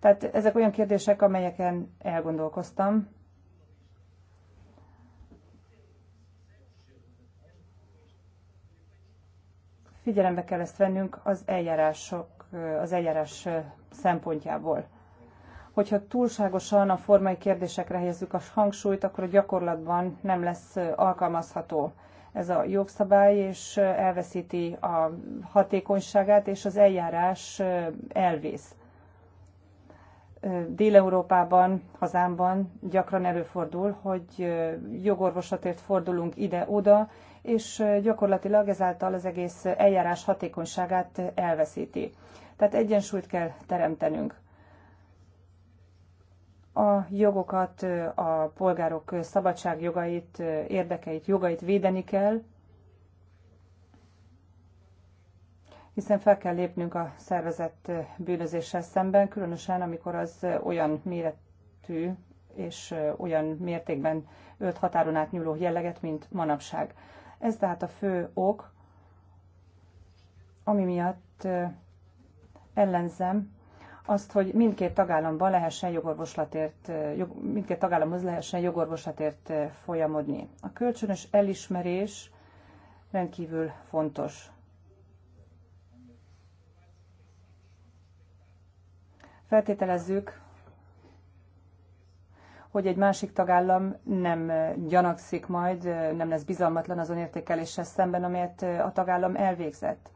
Tehát ezek olyan kérdések, amelyeken elgondolkoztam, Figyelembe kell ezt vennünk az eljárások, az eljárás szempontjából. Hogyha túlságosan a formai kérdésekre helyezzük a hangsúlyt, akkor a gyakorlatban nem lesz alkalmazható ez a jogszabály, és elveszíti a hatékonyságát, és az eljárás elvész. Dél-Európában, hazámban gyakran előfordul, hogy jogorvosatért fordulunk ide-oda, és gyakorlatilag ezáltal az egész eljárás hatékonyságát elveszíti. Tehát egyensúlyt kell teremtenünk. A jogokat, a polgárok szabadságjogait, érdekeit, jogait védeni kell, hiszen fel kell lépnünk a szervezett bűnözéssel szemben, különösen amikor az olyan méretű és olyan mértékben ölt határon átnyúló jelleget, mint manapság. Ez tehát a fő ok, ami miatt ellenzem azt, hogy mindkét tagállamban lehessen jogorvoslatért, jog, mindkét tagállamhoz lehessen jogorvoslatért folyamodni. A kölcsönös elismerés rendkívül fontos. Feltételezzük, hogy egy másik tagállam nem gyanakszik majd, nem lesz bizalmatlan azon értékeléssel szemben, amelyet a tagállam elvégzett.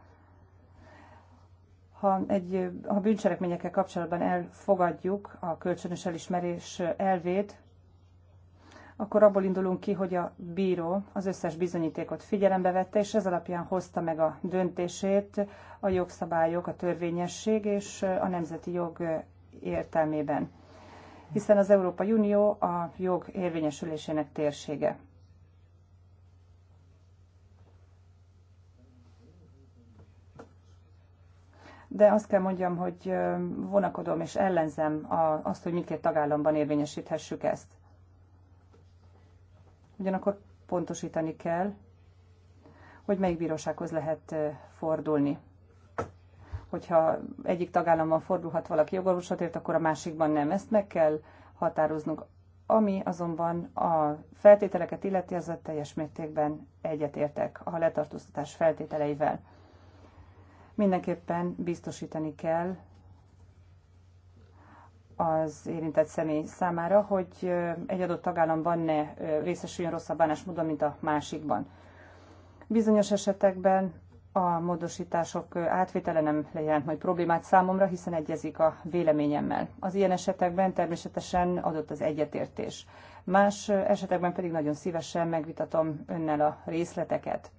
Ha, egy, ha bűncselekményekkel kapcsolatban elfogadjuk a kölcsönös elismerés elvét, akkor abból indulunk ki, hogy a bíró az összes bizonyítékot figyelembe vette, és ez alapján hozta meg a döntését a jogszabályok, a törvényesség és a nemzeti jog értelmében hiszen az Európai Unió a jog érvényesülésének térsége. de azt kell mondjam, hogy vonakodom és ellenzem azt, hogy mindkét tagállamban érvényesíthessük ezt. Ugyanakkor pontosítani kell, hogy melyik bírósághoz lehet fordulni hogyha egyik tagállamban fordulhat valaki jogorvosatért, akkor a másikban nem. Ezt meg kell határoznunk. Ami azonban a feltételeket illeti, az a teljes mértékben egyetértek a letartóztatás feltételeivel. Mindenképpen biztosítani kell az érintett személy számára, hogy egy adott tagállamban ne részesüljön rosszabb bánásmódon, mint a másikban. Bizonyos esetekben a módosítások átvitele nem jelent majd problémát számomra, hiszen egyezik a véleményemmel. Az ilyen esetekben természetesen adott az egyetértés. Más esetekben pedig nagyon szívesen megvitatom önnel a részleteket.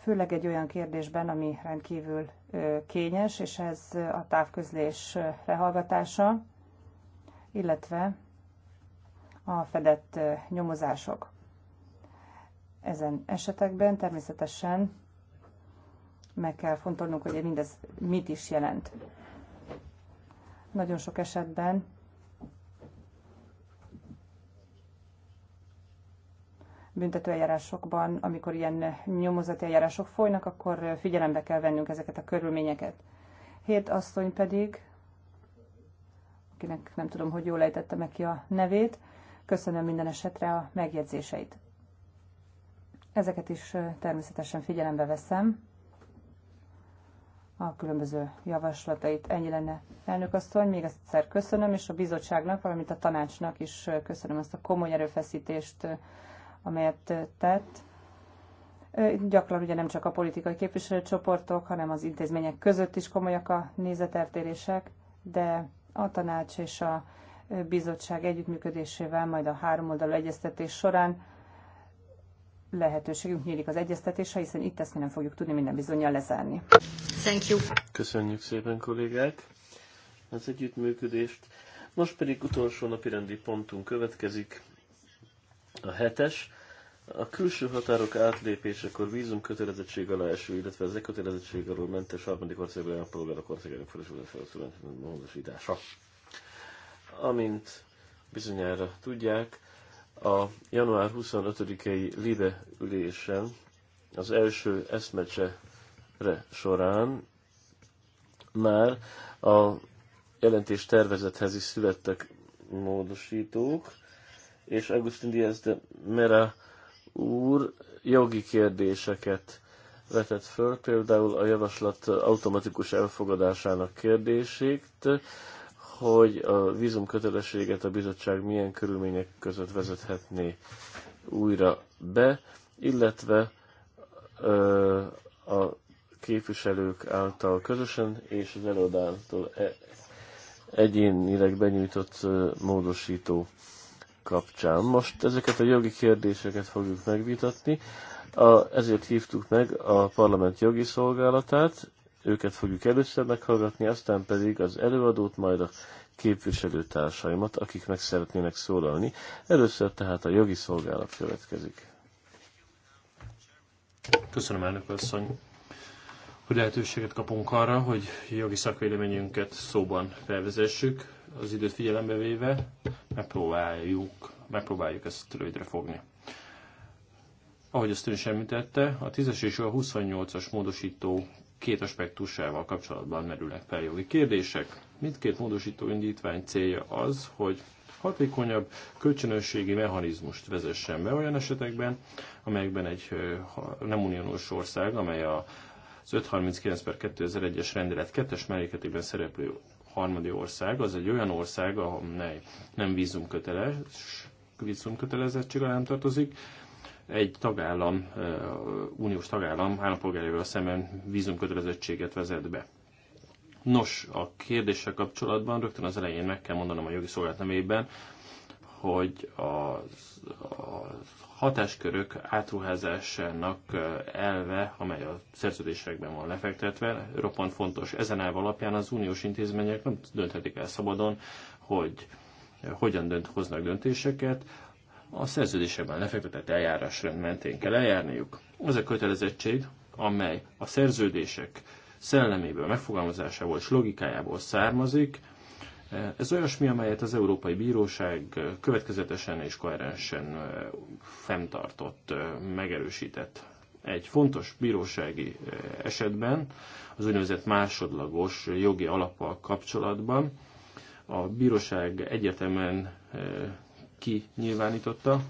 Főleg egy olyan kérdésben, ami rendkívül kényes, és ez a távközlés lehallgatása, illetve a fedett nyomozások. Ezen esetekben természetesen meg kell fontolnunk, hogy mindez mit is jelent. Nagyon sok esetben büntetőeljárásokban, amikor ilyen nyomozati eljárások folynak, akkor figyelembe kell vennünk ezeket a körülményeket. Hét asszony pedig, akinek nem tudom, hogy jól ejtettem -e ki a nevét, köszönöm minden esetre a megjegyzéseit. Ezeket is természetesen figyelembe veszem a különböző javaslatait. Ennyi lenne. Elnök asszony, még egyszer köszönöm, és a bizottságnak, valamint a tanácsnak is köszönöm azt a komoly erőfeszítést, amelyet tett. Gyakran ugye nem csak a politikai képviselőcsoportok, hanem az intézmények között is komolyak a nézeteltérések, de a tanács és a bizottság együttműködésével, majd a háromoldalú egyeztetés során lehetőségünk nyílik az egyeztetésre, hiszen itt ezt mi nem fogjuk tudni minden bizonyal lezárni. Thank you. Köszönjük szépen, kollégák, az együttműködést. Most pedig utolsó napi rendi pontunk következik, a hetes. A külső határok átlépésekor vízum kötelezettség alá eső, illetve az e kötelezettség alól mentes harmadik országban olyan polgárok országának felesleges módosítása. Amint bizonyára tudják, a január 25-i LIDE ülésen az első eszmecsere során már a jelentés tervezethez is születtek módosítók, és Agustin Diaz de Mera úr jogi kérdéseket vetett föl, például a javaslat automatikus elfogadásának kérdését, hogy a vízumkötelességet a bizottság milyen körülmények között vezethetné újra be, illetve ö, a képviselők által közösen és az előadától e, egyénileg benyújtott módosító kapcsán. Most ezeket a jogi kérdéseket fogjuk megvitatni, a, ezért hívtuk meg a parlament jogi szolgálatát, őket fogjuk először meghallgatni, aztán pedig az előadót, majd a képviselőtársaimat, akik meg szeretnének szólalni. Először tehát a jogi szolgálat következik. Köszönöm, elnök asszony, hogy lehetőséget kapunk arra, hogy jogi szakvéleményünket szóban felvezessük, az időt figyelembe véve megpróbáljuk, megpróbáljuk ezt rövidre fogni. Ahogy azt ön is említette, a 10-es és a 28-as módosító két aspektusával kapcsolatban merülnek fel jogi kérdések. Mindkét módosító indítvány célja az, hogy hatékonyabb kölcsönösségi mechanizmust vezessen be olyan esetekben, amelyekben egy nem uniós ország, amely a az 539 per 2001-es rendelet kettes melléketében szereplő harmadik ország, az egy olyan ország, amely nem vízumköteles, vízumkötelezettség alá nem tartozik, egy tagállam, uniós tagállam állampolgárjával szemben vízumkötelezettséget vezet be. Nos, a kérdéssel kapcsolatban rögtön az elején meg kell mondanom a jogi szolgálat nevében, hogy a, a hatáskörök átruházásának elve, amely a szerződésekben van lefektetve, roppant fontos. Ezen elv alapján az uniós intézmények nem dönthetik el szabadon, hogy hogyan dönt, hoznak döntéseket a szerződésekben lefektetett eljárásrend mentén kell eljárniuk. Az a kötelezettség, amely a szerződések szelleméből, megfogalmazásából és logikájából származik, ez olyasmi, amelyet az Európai Bíróság következetesen és koherensen fenntartott, megerősített. Egy fontos bírósági esetben, az úgynevezett másodlagos jogi alappal kapcsolatban a bíróság egyértelműen ki nyilvánította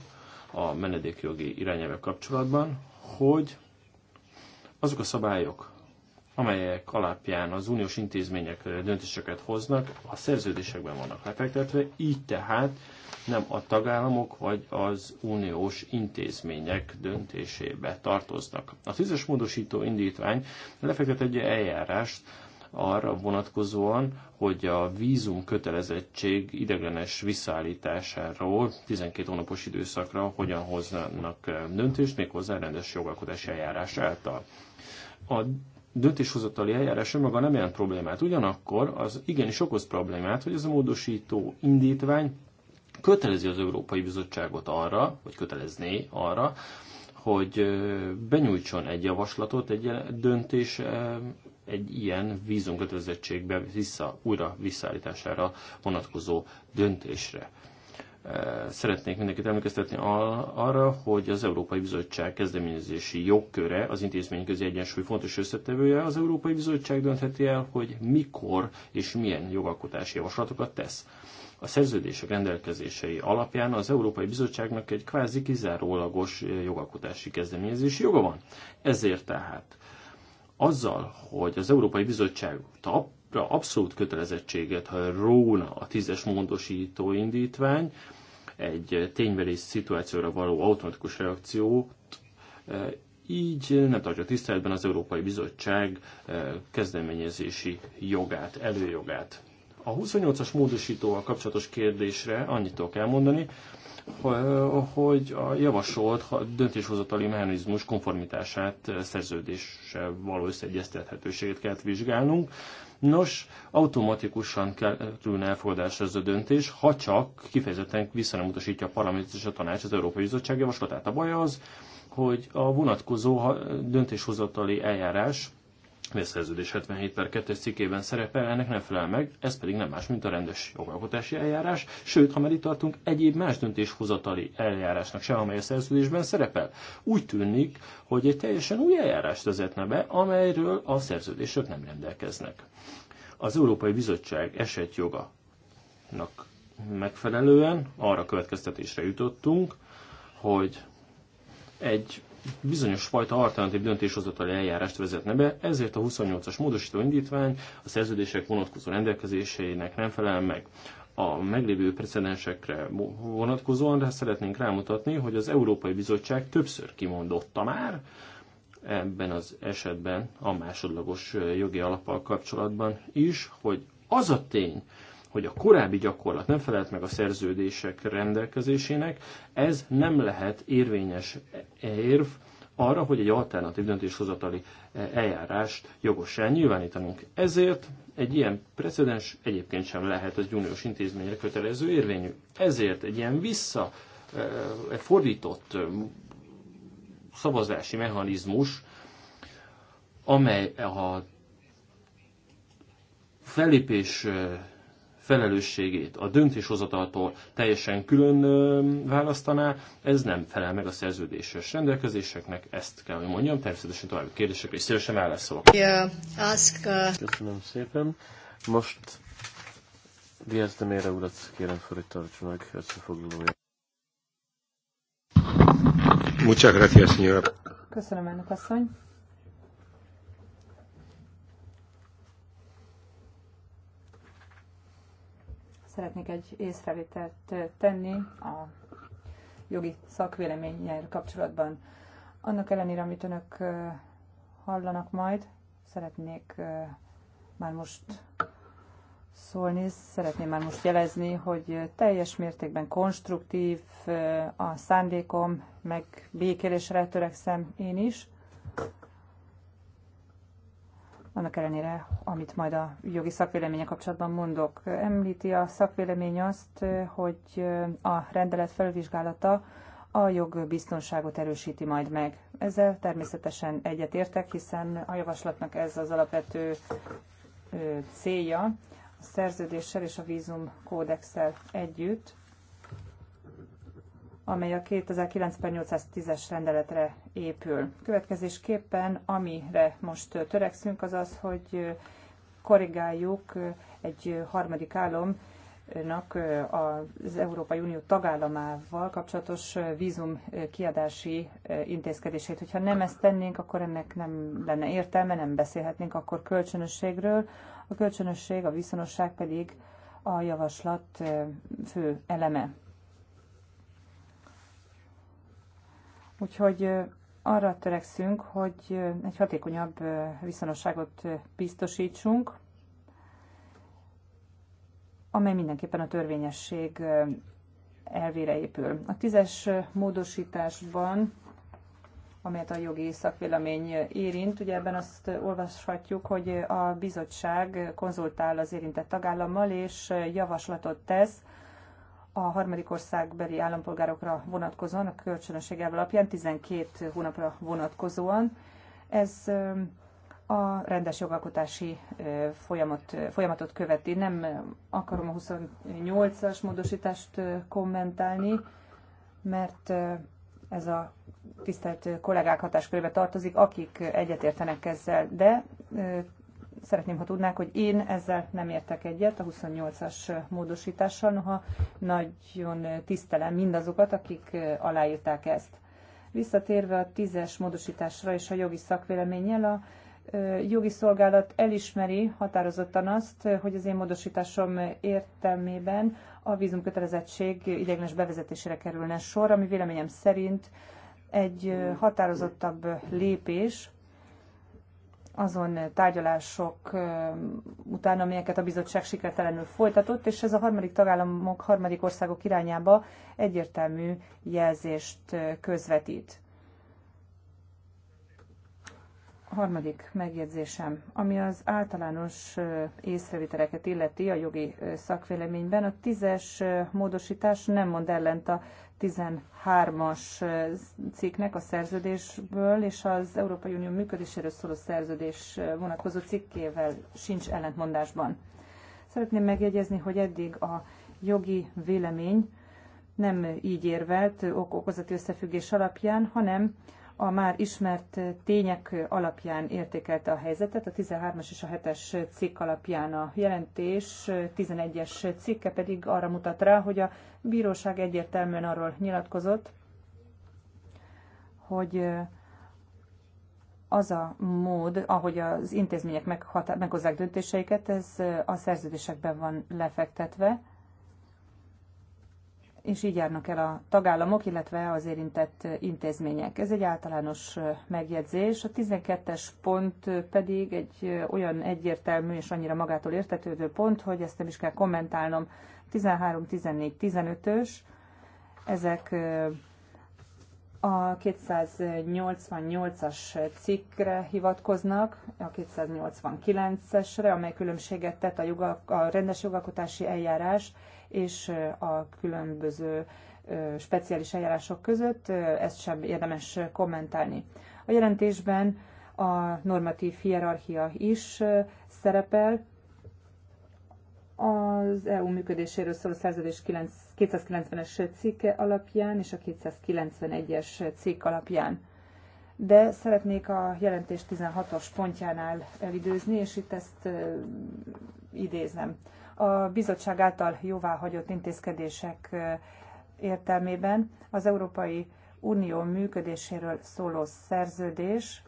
a menedékjogi irányelvek kapcsolatban, hogy azok a szabályok, amelyek alapján az uniós intézmények döntéseket hoznak, a szerződésekben vannak lefektetve, így tehát nem a tagállamok vagy az uniós intézmények döntésébe tartoznak. A tízes módosító indítvány lefektet egy eljárást, arra vonatkozóan, hogy a vízum kötelezettség ideglenes visszaállításáról 12 hónapos időszakra hogyan hoznának eh, döntést, méghozzá rendes jogalkotási eljárás által. A döntéshozatali eljárás önmaga nem jelent problémát, ugyanakkor az igenis okoz problémát, hogy ez a módosító indítvány kötelezi az Európai Bizottságot arra, vagy kötelezné arra, hogy eh, benyújtson egy javaslatot, egy döntés eh, egy ilyen vízumkötelezettségbe vissza, újra visszaállítására vonatkozó döntésre. Szeretnék mindenkit emlékeztetni arra, hogy az Európai Bizottság kezdeményezési jogköre az intézményközi egyensúly fontos összetevője. Az Európai Bizottság döntheti el, hogy mikor és milyen jogalkotási javaslatokat tesz. A szerződések rendelkezései alapján az Európai Bizottságnak egy kvázi kizárólagos jogalkotási kezdeményezési joga van. Ezért tehát azzal, hogy az Európai Bizottság abszolút kötelezettséget róna a tízes módosító indítvány, egy tényverés szituációra való automatikus reakciót, e, így nem tartja tiszteletben az Európai Bizottság e, kezdeményezési jogát, előjogát. A 28-as módosítóval kapcsolatos kérdésre annyit tudok elmondani, hogy a javasolt döntéshozatali mechanizmus konformitását eh, szerződéssel való összeegyeztethetőségét kellett vizsgálnunk. Nos, automatikusan eh, kerülne elfogadásra ez a döntés, ha csak kifejezetten vissza utasítja a parlament és a tanács az Európai Bizottság javaslatát. A baj az, hogy a vonatkozó döntéshozatali eljárás vagy a szerződés 77 per 2-es cikkében szerepel, ennek nem felel meg, ez pedig nem más, mint a rendes jogalkotási eljárás, sőt, ha már itt tartunk, egyéb más döntéshozatali eljárásnak sem, amely a szerződésben szerepel. Úgy tűnik, hogy egy teljesen új eljárást vezetne be, amelyről a szerződések nem rendelkeznek. Az Európai Bizottság esetjogaknak megfelelően arra következtetésre jutottunk, hogy egy bizonyos fajta alternatív döntéshozatali eljárást vezetne be, ezért a 28-as módosító indítvány a szerződések vonatkozó rendelkezéseinek nem felel meg. A meglévő precedensekre vonatkozóan de hát szeretnénk rámutatni, hogy az Európai Bizottság többször kimondotta már, ebben az esetben a másodlagos jogi alappal kapcsolatban is, hogy az a tény, hogy a korábbi gyakorlat nem felelt meg a szerződések rendelkezésének, ez nem lehet érvényes érv arra, hogy egy alternatív döntéshozatali e, eljárást jogosan nyilvánítanunk. Ezért egy ilyen precedens egyébként sem lehet az uniós intézményre kötelező érvényű. Ezért egy ilyen vissza e, e, fordított szavazási mechanizmus, amely a felépés felelősségét a döntéshozataltól teljesen külön választaná, ez nem felel meg a szerződéses rendelkezéseknek, ezt kell, hogy mondjam, természetesen további kérdésekre is szívesen válaszolok. Yeah, ask, uh... Köszönöm szépen. Most Diaz de Mére urat kérem fel, hogy tartsa meg összefoglalója. Muchas gracias, señora. Köszönöm, elnök asszony. szeretnék egy észrevételt tenni a jogi szakvéleményel kapcsolatban. Annak ellenére, amit önök hallanak majd, szeretnék már most szólni, szeretném már most jelezni, hogy teljes mértékben konstruktív a szándékom, meg békélésre törekszem én is annak ellenére, amit majd a jogi szakvéleménye kapcsolatban mondok. Említi a szakvélemény azt, hogy a rendelet felvizsgálata a jogbiztonságot erősíti majd meg. Ezzel természetesen egyetértek, hiszen a javaslatnak ez az alapvető célja a szerződéssel és a vízum együtt amely a 2009-810-es rendeletre épül. Következésképpen, amire most törekszünk, az az, hogy korrigáljuk egy harmadik állom, az Európai Unió tagállamával kapcsolatos vízum kiadási intézkedését. Hogyha nem ezt tennénk, akkor ennek nem lenne értelme, nem beszélhetnénk akkor kölcsönösségről. A kölcsönösség, a viszonosság pedig a javaslat fő eleme. Úgyhogy arra törekszünk, hogy egy hatékonyabb viszonosságot biztosítsunk, amely mindenképpen a törvényesség elvére épül. A tízes módosításban, amelyet a jogi szakvélemény érint, ugye ebben azt olvashatjuk, hogy a bizottság konzultál az érintett tagállammal, és javaslatot tesz a harmadik országbeli állampolgárokra vonatkozóan, a kölcsönösség alapján 12 hónapra vonatkozóan. Ez a rendes jogalkotási folyamat, folyamatot követi. Nem akarom a 28-as módosítást kommentálni, mert ez a tisztelt kollégák hatáskörébe tartozik, akik egyetértenek ezzel, de szeretném, ha tudnák, hogy én ezzel nem értek egyet, a 28-as módosítással, noha nagyon tisztelem mindazokat, akik aláírták ezt. Visszatérve a 10-es módosításra és a jogi szakvéleménnyel, a jogi szolgálat elismeri határozottan azt, hogy az én módosításom értelmében a vízumkötelezettség ideiglenes bevezetésére kerülne sor, ami véleményem szerint egy határozottabb lépés, azon tárgyalások után, amelyeket a bizottság sikertelenül folytatott, és ez a harmadik tagállamok, harmadik országok irányába egyértelmű jelzést közvetít. A harmadik megjegyzésem, ami az általános észrevételeket illeti a jogi szakvéleményben, a tízes módosítás nem mond ellent a 13-as eh, cikknek a szerződésből és az Európai Unió működéséről szóló szerződés eh, vonatkozó cikkével sincs ellentmondásban. Szeretném megjegyezni, hogy eddig a jogi vélemény nem így érvelt ok-okozati összefüggés alapján, hanem a már ismert tények alapján értékelte a helyzetet. A 13-as és a 7-es cikk alapján a jelentés 11-es cikke pedig arra mutat rá, hogy a bíróság egyértelműen arról nyilatkozott, hogy az a mód, ahogy az intézmények meghozzák döntéseiket, ez a szerződésekben van lefektetve, és így járnak el a tagállamok, illetve az érintett intézmények. Ez egy általános megjegyzés. A 12-es pont pedig egy olyan egyértelmű és annyira magától értetődő pont, hogy ezt nem is kell kommentálnom. 13, 14, 15-ös, ezek a 288-as cikkre hivatkoznak, a 289-esre, amely különbséget tett a, joga, a rendes jogalkotási eljárás és a különböző speciális eljárások között, ezt sem érdemes kommentálni. A jelentésben a normatív hierarchia is szerepel, az EU működéséről szóló szerződés 290-es cikke alapján és a 291-es cikk alapján. De szeretnék a jelentés 16-os pontjánál elidőzni, és itt ezt idézem a bizottság által jóváhagyott intézkedések értelmében az Európai Unió működéséről szóló szerződés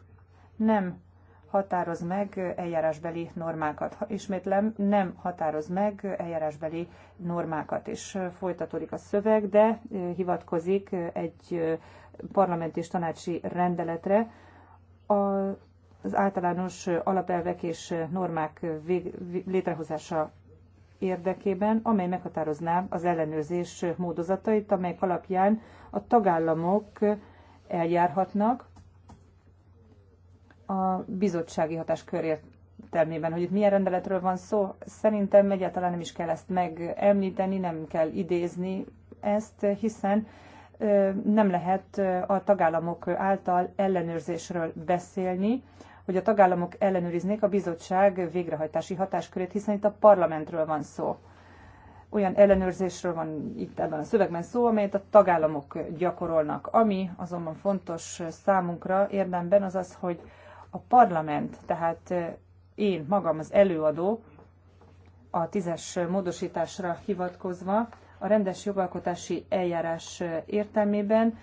nem határoz meg eljárásbeli normákat. Ismétlem, nem határoz meg eljárásbeli normákat, és folytatódik a szöveg, de hivatkozik egy parlament és tanácsi rendeletre az általános alapelvek és normák létrehozása érdekében, amely meghatározná az ellenőrzés módozatait, amelyek alapján a tagállamok eljárhatnak a bizottsági hatáskör értelmében, hogy itt milyen rendeletről van szó. Szerintem egyáltalán nem is kell ezt megemlíteni, nem kell idézni ezt, hiszen nem lehet a tagállamok által ellenőrzésről beszélni, hogy a tagállamok ellenőriznék a bizottság végrehajtási hatáskörét, hiszen itt a parlamentről van szó. Olyan ellenőrzésről van itt ebben a szövegben szó, amelyet a tagállamok gyakorolnak. Ami azonban fontos számunkra érdemben az az, hogy a parlament, tehát én magam az előadó, a tízes módosításra hivatkozva, a rendes jogalkotási eljárás értelmében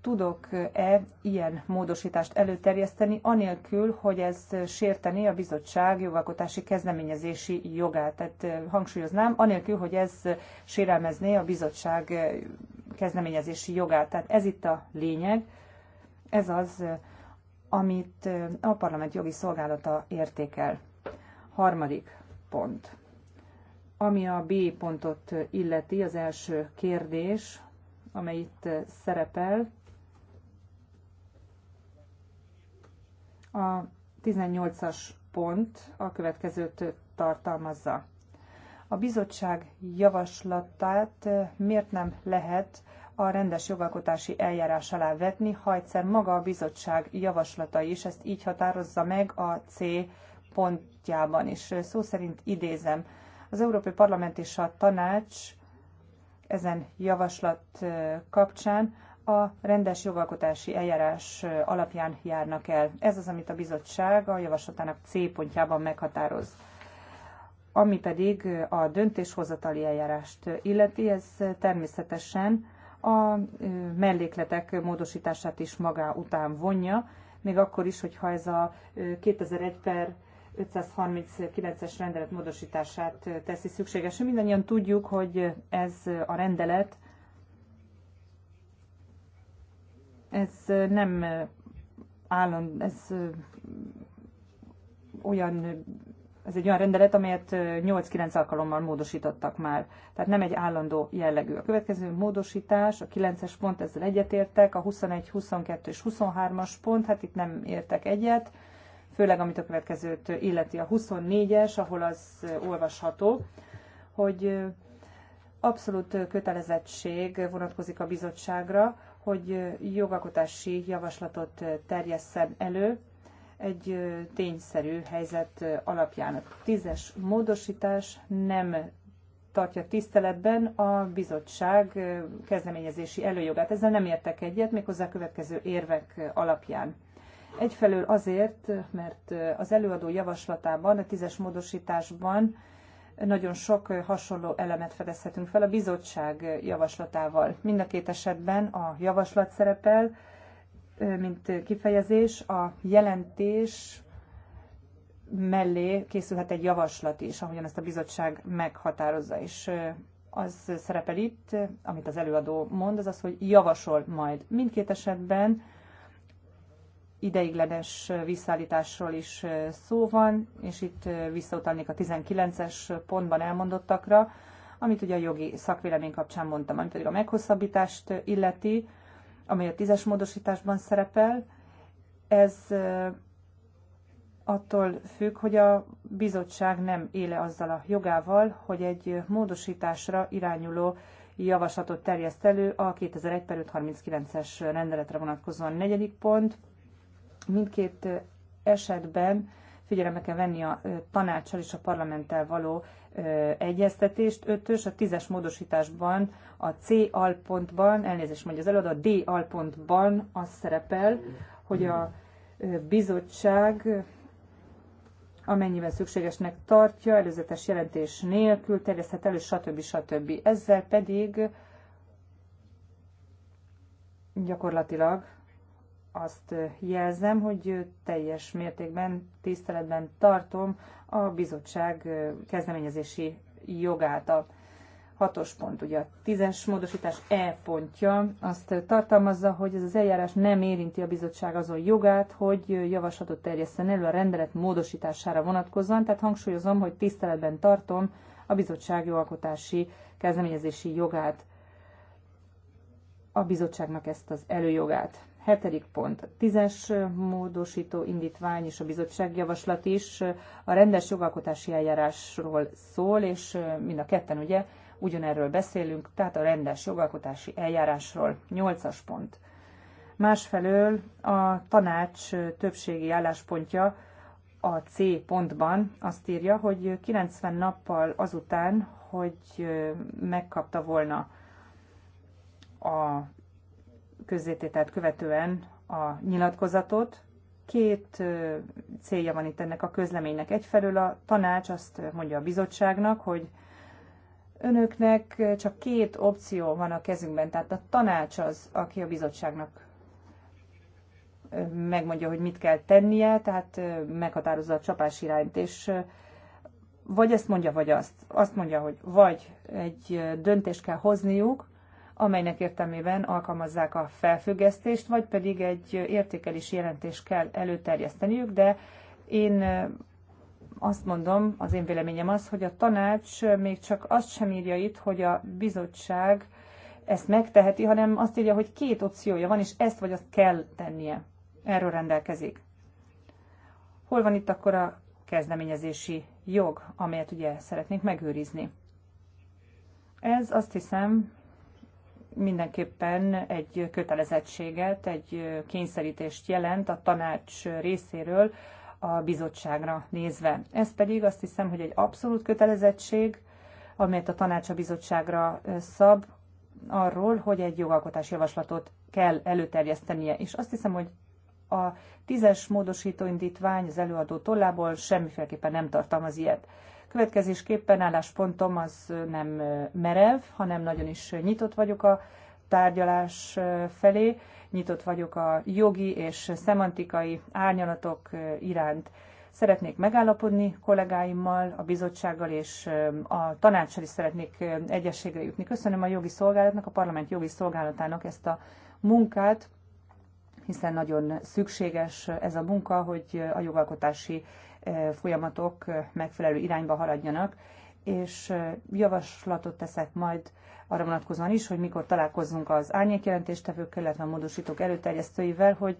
tudok-e ilyen módosítást előterjeszteni, anélkül, hogy ez sértené a bizottság jogalkotási kezdeményezési jogát. Tehát hangsúlyoznám, anélkül, hogy ez sérelmezné a bizottság kezdeményezési jogát. Tehát ez itt a lényeg, ez az, amit a parlament jogi szolgálata értékel. Harmadik pont. Ami a B pontot illeti, az első kérdés, amely itt eh, szerepel, a 18-as pont a következőt eh, tartalmazza. A bizottság javaslatát eh, miért nem lehet a rendes jogalkotási eljárás alá vetni, ha egyszer maga a bizottság javaslata is ezt így határozza meg a C pontjában is. Szó szerint idézem. Az Európai Parlament és a Tanács ezen javaslat kapcsán a rendes jogalkotási eljárás alapján járnak el. Ez az, amit a bizottság a javaslatának C pontjában meghatároz. Ami pedig a döntéshozatali eljárást illeti, ez természetesen a mellékletek módosítását is magá után vonja, még akkor is, hogyha ez a 2001 per 539-es rendelet módosítását teszi szükséges. Mindannyian tudjuk, hogy ez a rendelet ez nem állandó, ez olyan, ez egy olyan rendelet, amelyet 8-9 alkalommal módosítottak már. Tehát nem egy állandó jellegű. A következő módosítás, a 9-es pont, ezzel egyetértek, a 21, 22 és 23-as pont, hát itt nem értek egyet főleg amit a következőt illeti a 24-es, ahol az olvasható, hogy abszolút kötelezettség vonatkozik a bizottságra, hogy jogalkotási javaslatot terjesszen elő egy tényszerű helyzet alapján. A tízes módosítás nem tartja tiszteletben a bizottság kezdeményezési előjogát. Ezzel nem értek egyet, méghozzá a következő érvek alapján. Egyfelől azért, mert az előadó javaslatában, a tízes módosításban nagyon sok hasonló elemet fedezhetünk fel a bizottság javaslatával. Mind a két esetben a javaslat szerepel, mint kifejezés, a jelentés mellé készülhet egy javaslat is, ahogyan ezt a bizottság meghatározza, és az szerepel itt, amit az előadó mond, az az, hogy javasol majd. Mindkét esetben ideiglenes visszaállításról is szó van, és itt visszautalnék a 19-es pontban elmondottakra, amit ugye a jogi szakvélemény kapcsán mondtam, ami pedig a meghosszabbítást illeti, amely a tízes módosításban szerepel. Ez attól függ, hogy a bizottság nem éle azzal a jogával, hogy egy módosításra irányuló javaslatot terjeszt elő a 2001 39-es rendeletre vonatkozóan negyedik pont. Mindkét esetben figyelembe kell venni a tanácssal és a parlamenttel való egyeztetést. Ötös, a tízes módosításban, a C alpontban, elnézést mondja az előadó, a D alpontban az szerepel, hogy a bizottság amennyiben szükségesnek tartja, előzetes jelentés nélkül terjeszthet elő, stb. stb. Ezzel pedig gyakorlatilag azt jelzem, hogy teljes mértékben tiszteletben tartom a bizottság kezdeményezési jogát. A hatos pont, ugye a tízes módosítás E pontja azt tartalmazza, hogy ez az eljárás nem érinti a bizottság azon jogát, hogy javaslatot terjesszen elő a rendelet módosítására vonatkozóan, tehát hangsúlyozom, hogy tiszteletben tartom a bizottság jogalkotási kezdeményezési jogát, a bizottságnak ezt az előjogát. Hetedik pont. Tízes módosító indítvány és a bizottság javaslat is a rendes jogalkotási eljárásról szól, és mind a ketten ugye ugyanerről beszélünk, tehát a rendes jogalkotási eljárásról. Nyolcas pont. Másfelől a tanács többségi álláspontja a C pontban azt írja, hogy 90 nappal azután, hogy megkapta volna a közzétételt követően a nyilatkozatot. Két célja van itt ennek a közleménynek. Egyfelől a tanács azt mondja a bizottságnak, hogy önöknek csak két opció van a kezünkben, tehát a tanács az, aki a bizottságnak megmondja, hogy mit kell tennie, tehát meghatározza a csapás irányt, és vagy ezt mondja, vagy azt. Azt mondja, hogy vagy egy döntést kell hozniuk, amelynek értelmében alkalmazzák a felfüggesztést, vagy pedig egy értékelési jelentést kell előterjeszteniük, de én azt mondom, az én véleményem az, hogy a tanács még csak azt sem írja itt, hogy a bizottság ezt megteheti, hanem azt írja, hogy két opciója van, és ezt vagy azt kell tennie. Erről rendelkezik. Hol van itt akkor a kezdeményezési jog, amelyet ugye szeretnénk megőrizni? Ez azt hiszem mindenképpen egy kötelezettséget, egy kényszerítést jelent a tanács részéről a bizottságra nézve. Ez pedig azt hiszem, hogy egy abszolút kötelezettség, amelyet a tanács a bizottságra szab, arról, hogy egy jogalkotás javaslatot kell előterjesztenie. És azt hiszem, hogy a tízes módosítóindítvány az előadó tollából semmiféleképpen nem tartalmaz ilyet. Következésképpen álláspontom az nem merev, hanem nagyon is nyitott vagyok a tárgyalás felé, nyitott vagyok a jogi és szemantikai árnyalatok iránt. Szeretnék megállapodni kollégáimmal, a bizottsággal és a tanácssal is szeretnék egyességre jutni. Köszönöm a jogi szolgálatnak, a parlament jogi szolgálatának ezt a munkát, hiszen nagyon szükséges ez a munka, hogy a jogalkotási folyamatok megfelelő irányba haladjanak, és javaslatot teszek majd arra vonatkozóan is, hogy mikor találkozunk az árnyékjelentéstevőkkel, illetve a módosítók előterjesztőivel, hogy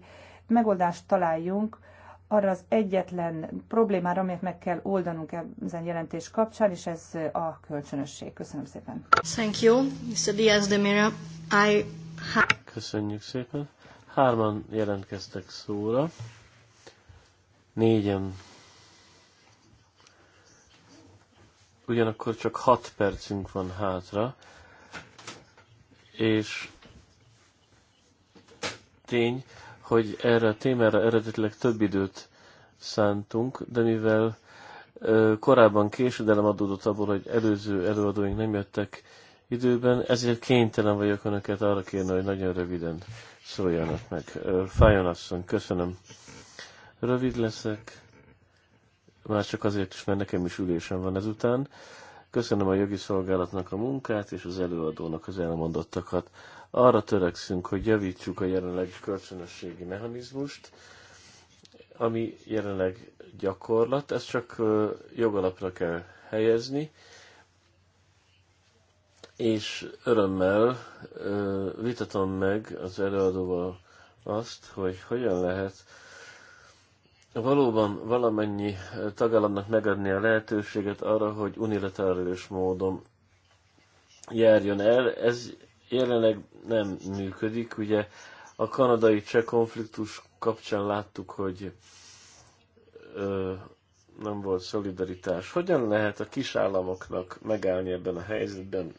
megoldást találjunk arra az egyetlen problémára, amit meg kell oldanunk ezen jelentés kapcsán, és ez a kölcsönösség. Köszönöm szépen. Thank you, Mr. Diaz de Mira. I ha- Köszönjük szépen. Hárman jelentkeztek szóra. Négyen ugyanakkor csak 6 percünk van hátra, és tény, hogy erre a témára eredetileg több időt szántunk, de mivel korábban késedelem adódott abból, hogy előző előadóink nem jöttek időben, ezért kénytelen vagyok önöket arra kérni, hogy nagyon röviden szóljanak meg. Fájon asszony, köszönöm. Rövid leszek. Már csak azért is, mert nekem is ülésem van ezután. Köszönöm a jogi szolgálatnak a munkát és az előadónak az elmondottakat. Arra törekszünk, hogy javítsuk a jelenlegi kölcsönösségi mechanizmust, ami jelenleg gyakorlat, ezt csak jogalapra kell helyezni, és örömmel vitatom meg az előadóval azt, hogy hogyan lehet valóban valamennyi tagállamnak megadni a lehetőséget arra, hogy unilaterális módon járjon el. Ez jelenleg nem működik. Ugye a kanadai cseh konfliktus kapcsán láttuk, hogy ö, nem volt szolidaritás. Hogyan lehet a kisállamoknak megállni ebben a helyzetben?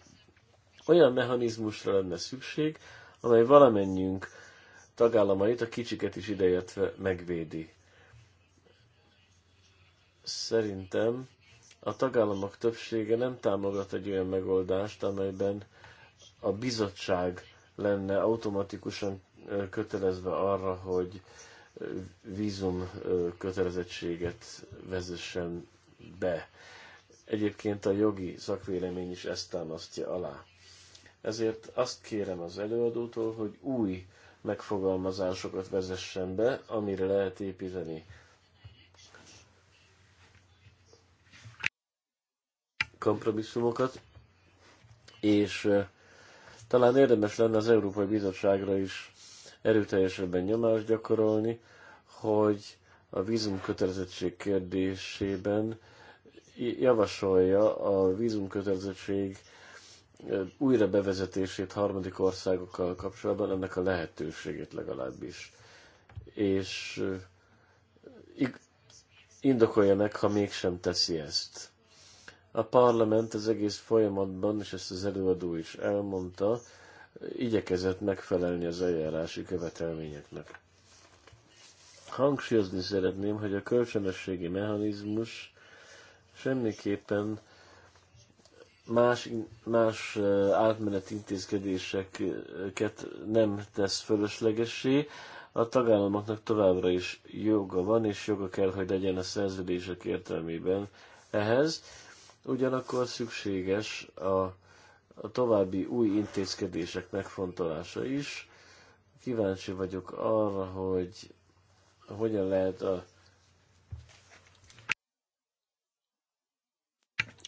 Olyan mechanizmusra lenne szükség, amely valamennyiünk tagállamait, a kicsiket is ideértve megvédi szerintem a tagállamok többsége nem támogat egy olyan megoldást, amelyben a bizottság lenne automatikusan kötelezve arra, hogy vízum kötelezettséget vezessen be. Egyébként a jogi szakvélemény is ezt támasztja alá. Ezért azt kérem az előadótól, hogy új megfogalmazásokat vezessen be, amire lehet építeni kompromisszumokat, és talán érdemes lenne az Európai Bizottságra is erőteljesebben nyomást gyakorolni, hogy a vízumkötelezettség kérdésében javasolja a vízumkötelezettség újra bevezetését harmadik országokkal kapcsolatban, ennek a lehetőségét legalábbis. És indokolja meg, ha mégsem teszi ezt a parlament az egész folyamatban, és ezt az előadó is elmondta, igyekezett megfelelni az eljárási követelményeknek. Hangsúlyozni szeretném, hogy a kölcsönösségi mechanizmus semmiképpen más, más eh, átmeneti intézkedéseket nem tesz fölöslegessé, a tagállamoknak továbbra is joga van, és joga kell, hogy legyen a szerződések értelmében ehhez. Ugyanakkor szükséges a, a további új intézkedések megfontolása is. Kíváncsi vagyok arra, hogy hogyan lehet a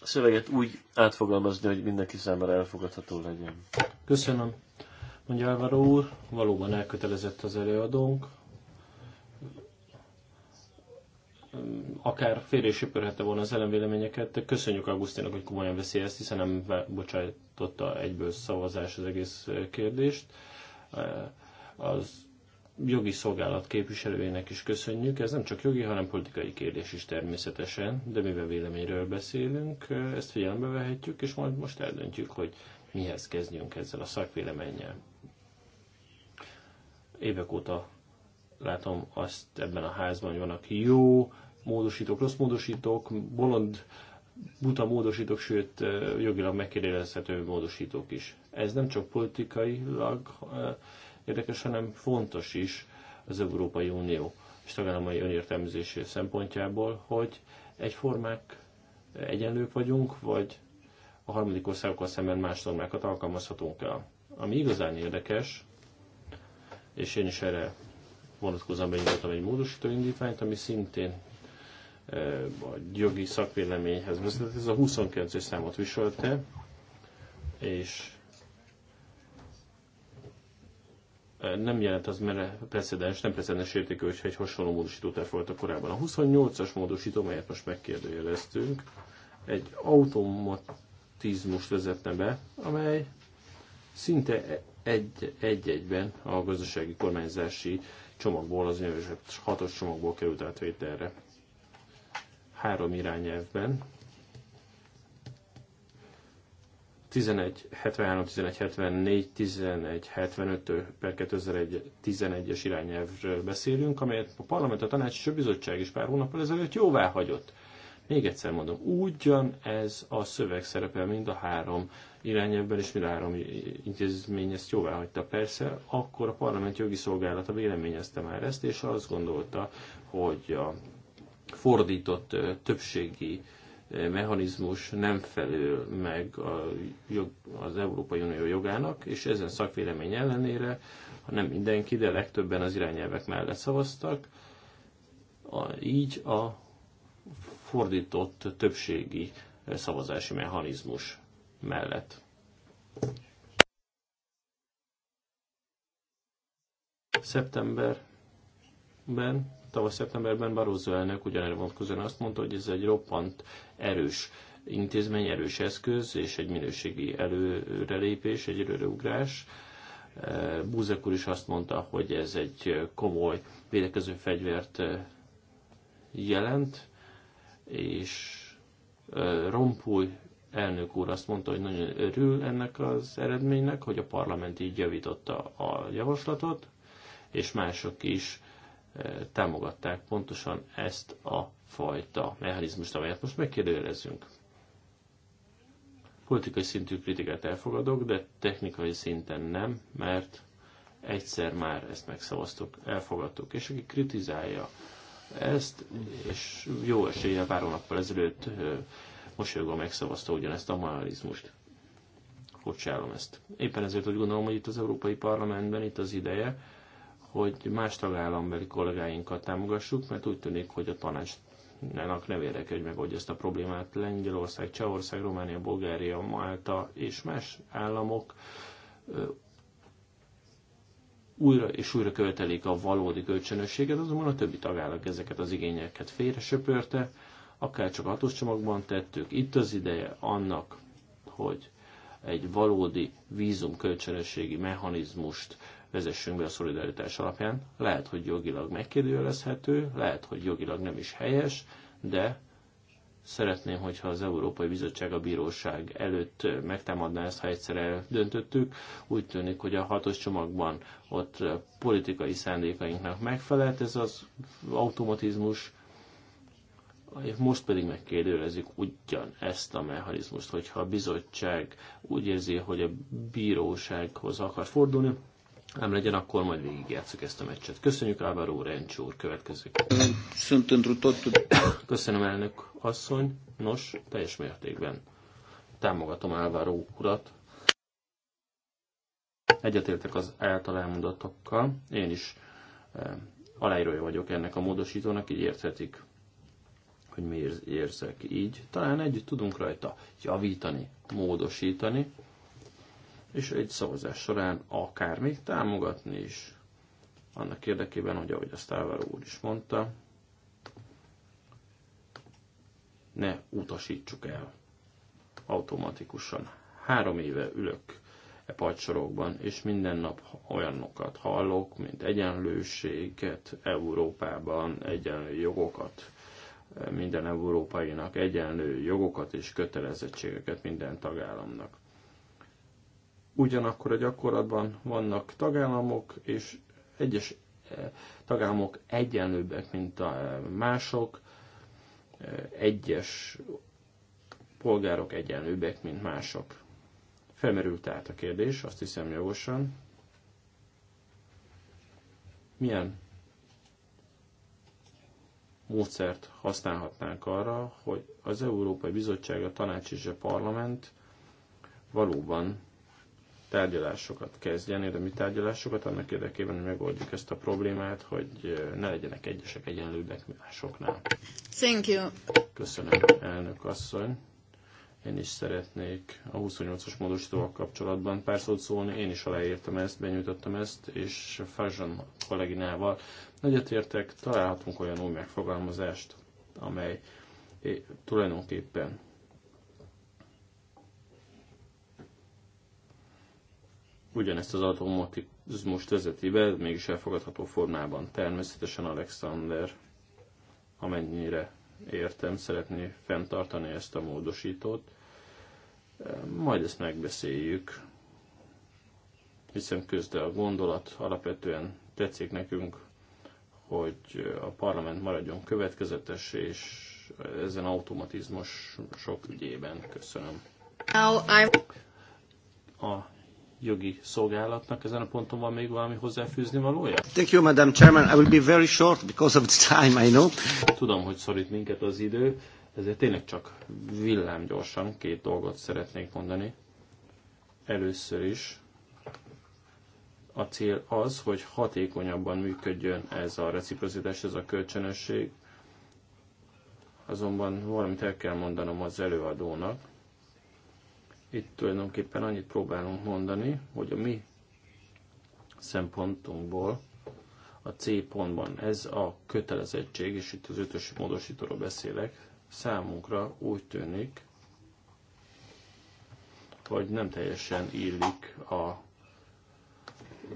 szöveget úgy átfogalmazni, hogy mindenki számára elfogadható legyen. Köszönöm. Mondja Álvaro úr, valóban elkötelezett az előadónk, akár félre is söpörhette volna az ellenvéleményeket, köszönjük Augustinak, hogy komolyan veszi ezt, hiszen nem bocsájtotta egyből szavazás az egész kérdést. Az jogi szolgálat képviselőjének is köszönjük. Ez nem csak jogi, hanem politikai kérdés is természetesen, de mivel véleményről beszélünk, ezt figyelembe vehetjük, és majd most eldöntjük, hogy mihez kezdjünk ezzel a szakvéleménnyel. Évek óta látom azt ebben a házban, hogy vannak jó módosítók, rossz módosítók, bolond, buta módosítók, sőt jogilag megkérdezhető módosítók is. Ez nem csak politikailag érdekes, hanem fontos is az Európai Unió és tagállamai önértelmezési szempontjából, hogy egyformák egyenlők vagyunk, vagy a harmadik országokkal szemben más normákat alkalmazhatunk el. Ami igazán érdekes, és én is erre vonatkozóan hogy egy módosító indítványt, ami szintén vagy jogi szakvéleményhez vezetett. Ez a 29 számot viselte, és nem jelent az mere precedens, nem precedens értékű, hogyha egy hasonló módosítót a korábban. A 28-as módosító, melyet most megkérdőjeleztünk, egy automatizmus vezetne be, amely szinte egy-egyben a gazdasági kormányzási csomagból, az úgynevezett hatos csomagból került átvételre három irányelvben. 1173, 1174, 1175 per 2001, 11-es irányelvről beszélünk, amelyet a Parlament, a Tanács és a Bizottság is pár hónappal ezelőtt jóvá hagyott. Még egyszer mondom, ugyan ez a szöveg szerepel mind a három irányelvben, és mind a három intézmény ezt jóvá hagyta. Persze, akkor a parlament jogi szolgálata véleményezte már ezt, és azt gondolta, hogy a fordított többségi mechanizmus nem felül meg a jog, az Európai Unió jogának, és ezen szakvélemény ellenére, ha nem mindenki, de legtöbben az irányelvek mellett szavaztak, a, így a fordított többségi szavazási mechanizmus mellett. Szeptemberben Tavaly szeptemberben Barroso elnök ugyanerre vonatkozóan azt mondta, hogy ez egy roppant erős intézmény, erős eszköz és egy minőségi előrelépés, egy előreugrás. Eh, Búzek úr is azt mondta, hogy ez egy komoly védekező fegyvert eh, jelent, és eh, Rompuy elnök úr azt mondta, hogy nagyon örül ennek az eredménynek, hogy a parlament így javította a javaslatot, és mások is Eh, támogatták pontosan ezt a fajta mechanizmust, amelyet most megkérdőjelezünk. Politikai szintű kritikát elfogadok, de technikai szinten nem, mert egyszer már ezt megszavaztuk, elfogadtuk. És aki kritizálja ezt, és jó eséllyel pár hónappal ezelőtt eh, mosolyogva megszavazta ugyanezt a mechanizmust. Kocsálom ezt. Éppen ezért úgy gondolom, hogy itt az Európai Parlamentben itt az ideje, hogy más tagállambeli kollégáinkat támogassuk, mert úgy tűnik, hogy a Nának nem érdekel, hogy megoldja ezt a problémát. Lengyelország, Csehország, Románia, Bulgária, Málta és más államok újra és újra követelik a valódi kölcsönösséget, azonban a többi tagállam ezeket az igényeket söpörte, akár csak hatós csomagban tettük. Itt az ideje annak, hogy egy valódi vízum kölcsönösségi mechanizmust vezessünk be a szolidaritás alapján. Lehet, hogy jogilag megkérdőjelezhető, lehet, hogy jogilag nem is helyes, de szeretném, hogyha az Európai Bizottság a bíróság előtt megtámadná ezt, ha egyszer eldöntöttük. Úgy tűnik, hogy a hatos csomagban ott politikai szándékainknak megfelelt ez az automatizmus, most pedig megkérdőlezik ugyan ezt a mechanizmust, hogyha a bizottság úgy érzi, hogy a bírósághoz akar fordulni, nem legyen, akkor majd végigjátszuk ezt a meccset. Köszönjük, Álvaro Rencsó úr, következik. Köszönöm, elnök asszony. Nos, teljes mértékben támogatom Álvaro urat. Egyetértek az által elmondatokkal. Én is e, aláírója vagyok ennek a módosítónak, így érthetik, hogy miért érzek így. Talán együtt tudunk rajta javítani, módosítani és egy szavazás során akár még támogatni is. Annak érdekében, hogy ahogy azt Álvaro úr is mondta, ne utasítsuk el automatikusan. Három éve ülök e padsorokban, és minden nap olyanokat hallok, mint egyenlőséget Európában, egyenlő jogokat, e, minden európainak egyenlő jogokat és kötelezettségeket minden tagállamnak. Ugyanakkor a gyakorlatban vannak tagállamok, és egyes eh, tagállamok egyenlőbbek, mint a eh, mások, eh, egyes polgárok egyenlőbbek, mint mások. Felmerült át a kérdés, azt hiszem jogosan, milyen módszert használhatnánk arra, hogy az Európai Bizottság, a Tanács és a Parlament valóban tárgyalásokat kezdjen, érdemi tárgyalásokat annak érdekében, hogy megoldjuk ezt a problémát, hogy ne legyenek egyesek egyenlőbbek másoknál. Thank you. Köszönöm, elnök asszony. Én is szeretnék a 28-as módosítóval kapcsolatban pár szót szólni. Én is aláírtam ezt, benyújtottam ezt, és Fajzson kolléginával egyetértek, találhatunk olyan új megfogalmazást, amely tulajdonképpen ugyanezt az automatizmust vezeti be, mégis elfogadható formában. Természetesen Alexander, amennyire értem, szeretné fenntartani ezt a módosítót. Majd ezt megbeszéljük, hiszen közde a gondolat alapvetően tetszik nekünk, hogy a parlament maradjon következetes, és ezen automatizmus sok ügyében. Köszönöm. A jogi szolgálatnak ezen a ponton van még valami hozzáfűzni valója? Thank you, Madam Chairman. I will be very short because of the time, I know. Tudom, hogy szorít minket az idő, ezért tényleg csak villámgyorsan két dolgot szeretnék mondani. Először is a cél az, hogy hatékonyabban működjön ez a reciprocitás, ez a kölcsönösség. Azonban valamit el kell mondanom az előadónak, itt tulajdonképpen annyit próbálunk mondani, hogy a mi szempontunkból a C pontban ez a kötelezettség, és itt az ötös módosítóról beszélek, számunkra úgy tűnik, hogy nem teljesen illik a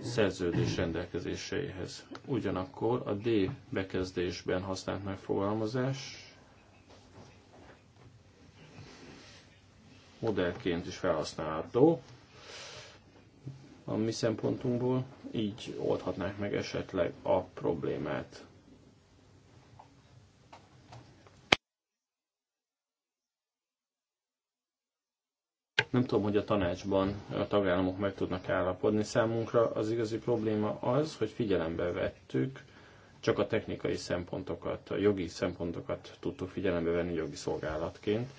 szerződés rendelkezéseihez. Ugyanakkor a D bekezdésben használt megfogalmazás modellként is felhasználható a mi szempontunkból, így oldhatnák meg esetleg a problémát. Nem tudom, hogy a tanácsban a tagállamok meg tudnak állapodni. Számunkra az igazi probléma az, hogy figyelembe vettük, csak a technikai szempontokat, a jogi szempontokat tudtuk figyelembe venni jogi szolgálatként,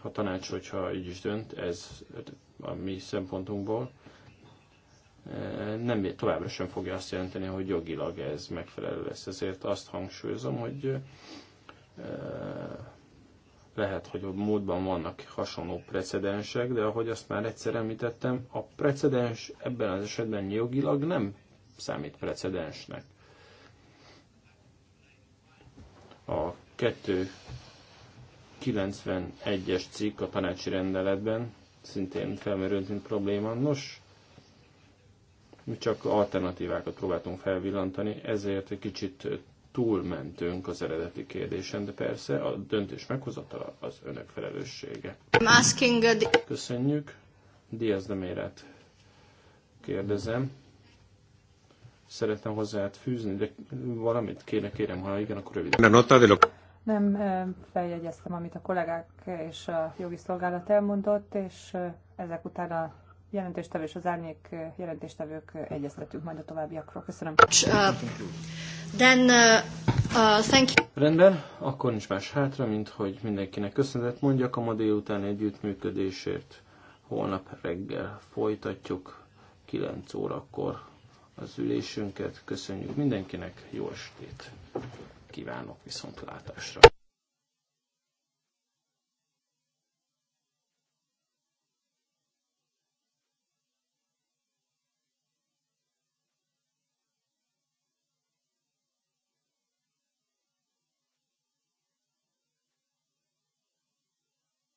ha tanács, hogyha így is dönt, ez a mi szempontunkból e, nem, továbbra sem fogja azt jelenteni, hogy jogilag ez megfelelő lesz. Ezért azt hangsúlyozom, hogy e, lehet, hogy a módban vannak hasonló precedensek, de ahogy azt már egyszer említettem, a precedens ebben az esetben jogilag nem számít precedensnek. A kettő 91-es cikk a tanácsi rendeletben, szintén felmerült, mint probléma. Nos, mi csak alternatívákat próbáltunk felvillantani, ezért egy kicsit túlmentünk az eredeti kérdésen, de persze a döntés meghozatala az önök felelőssége. Köszönjük. Diaz de méret kérdezem. Szeretném hozzád fűzni, de valamit kéne kérem, ha igen, akkor röviden. Nem feljegyeztem, amit a kollégák és a jogi szolgálat elmondott, és ezek után a jelentéstevő és az árnyék jelentéstevők egyeztetünk majd a továbbiakról. Köszönöm. Uh, then, uh, uh, thank you. Rendben, akkor nincs más hátra, mint hogy mindenkinek köszönetet mondjak a ma délután együttműködésért. Holnap reggel folytatjuk 9 órakor az ülésünket. Köszönjük mindenkinek, jó estét! kívánok viszontlátásra.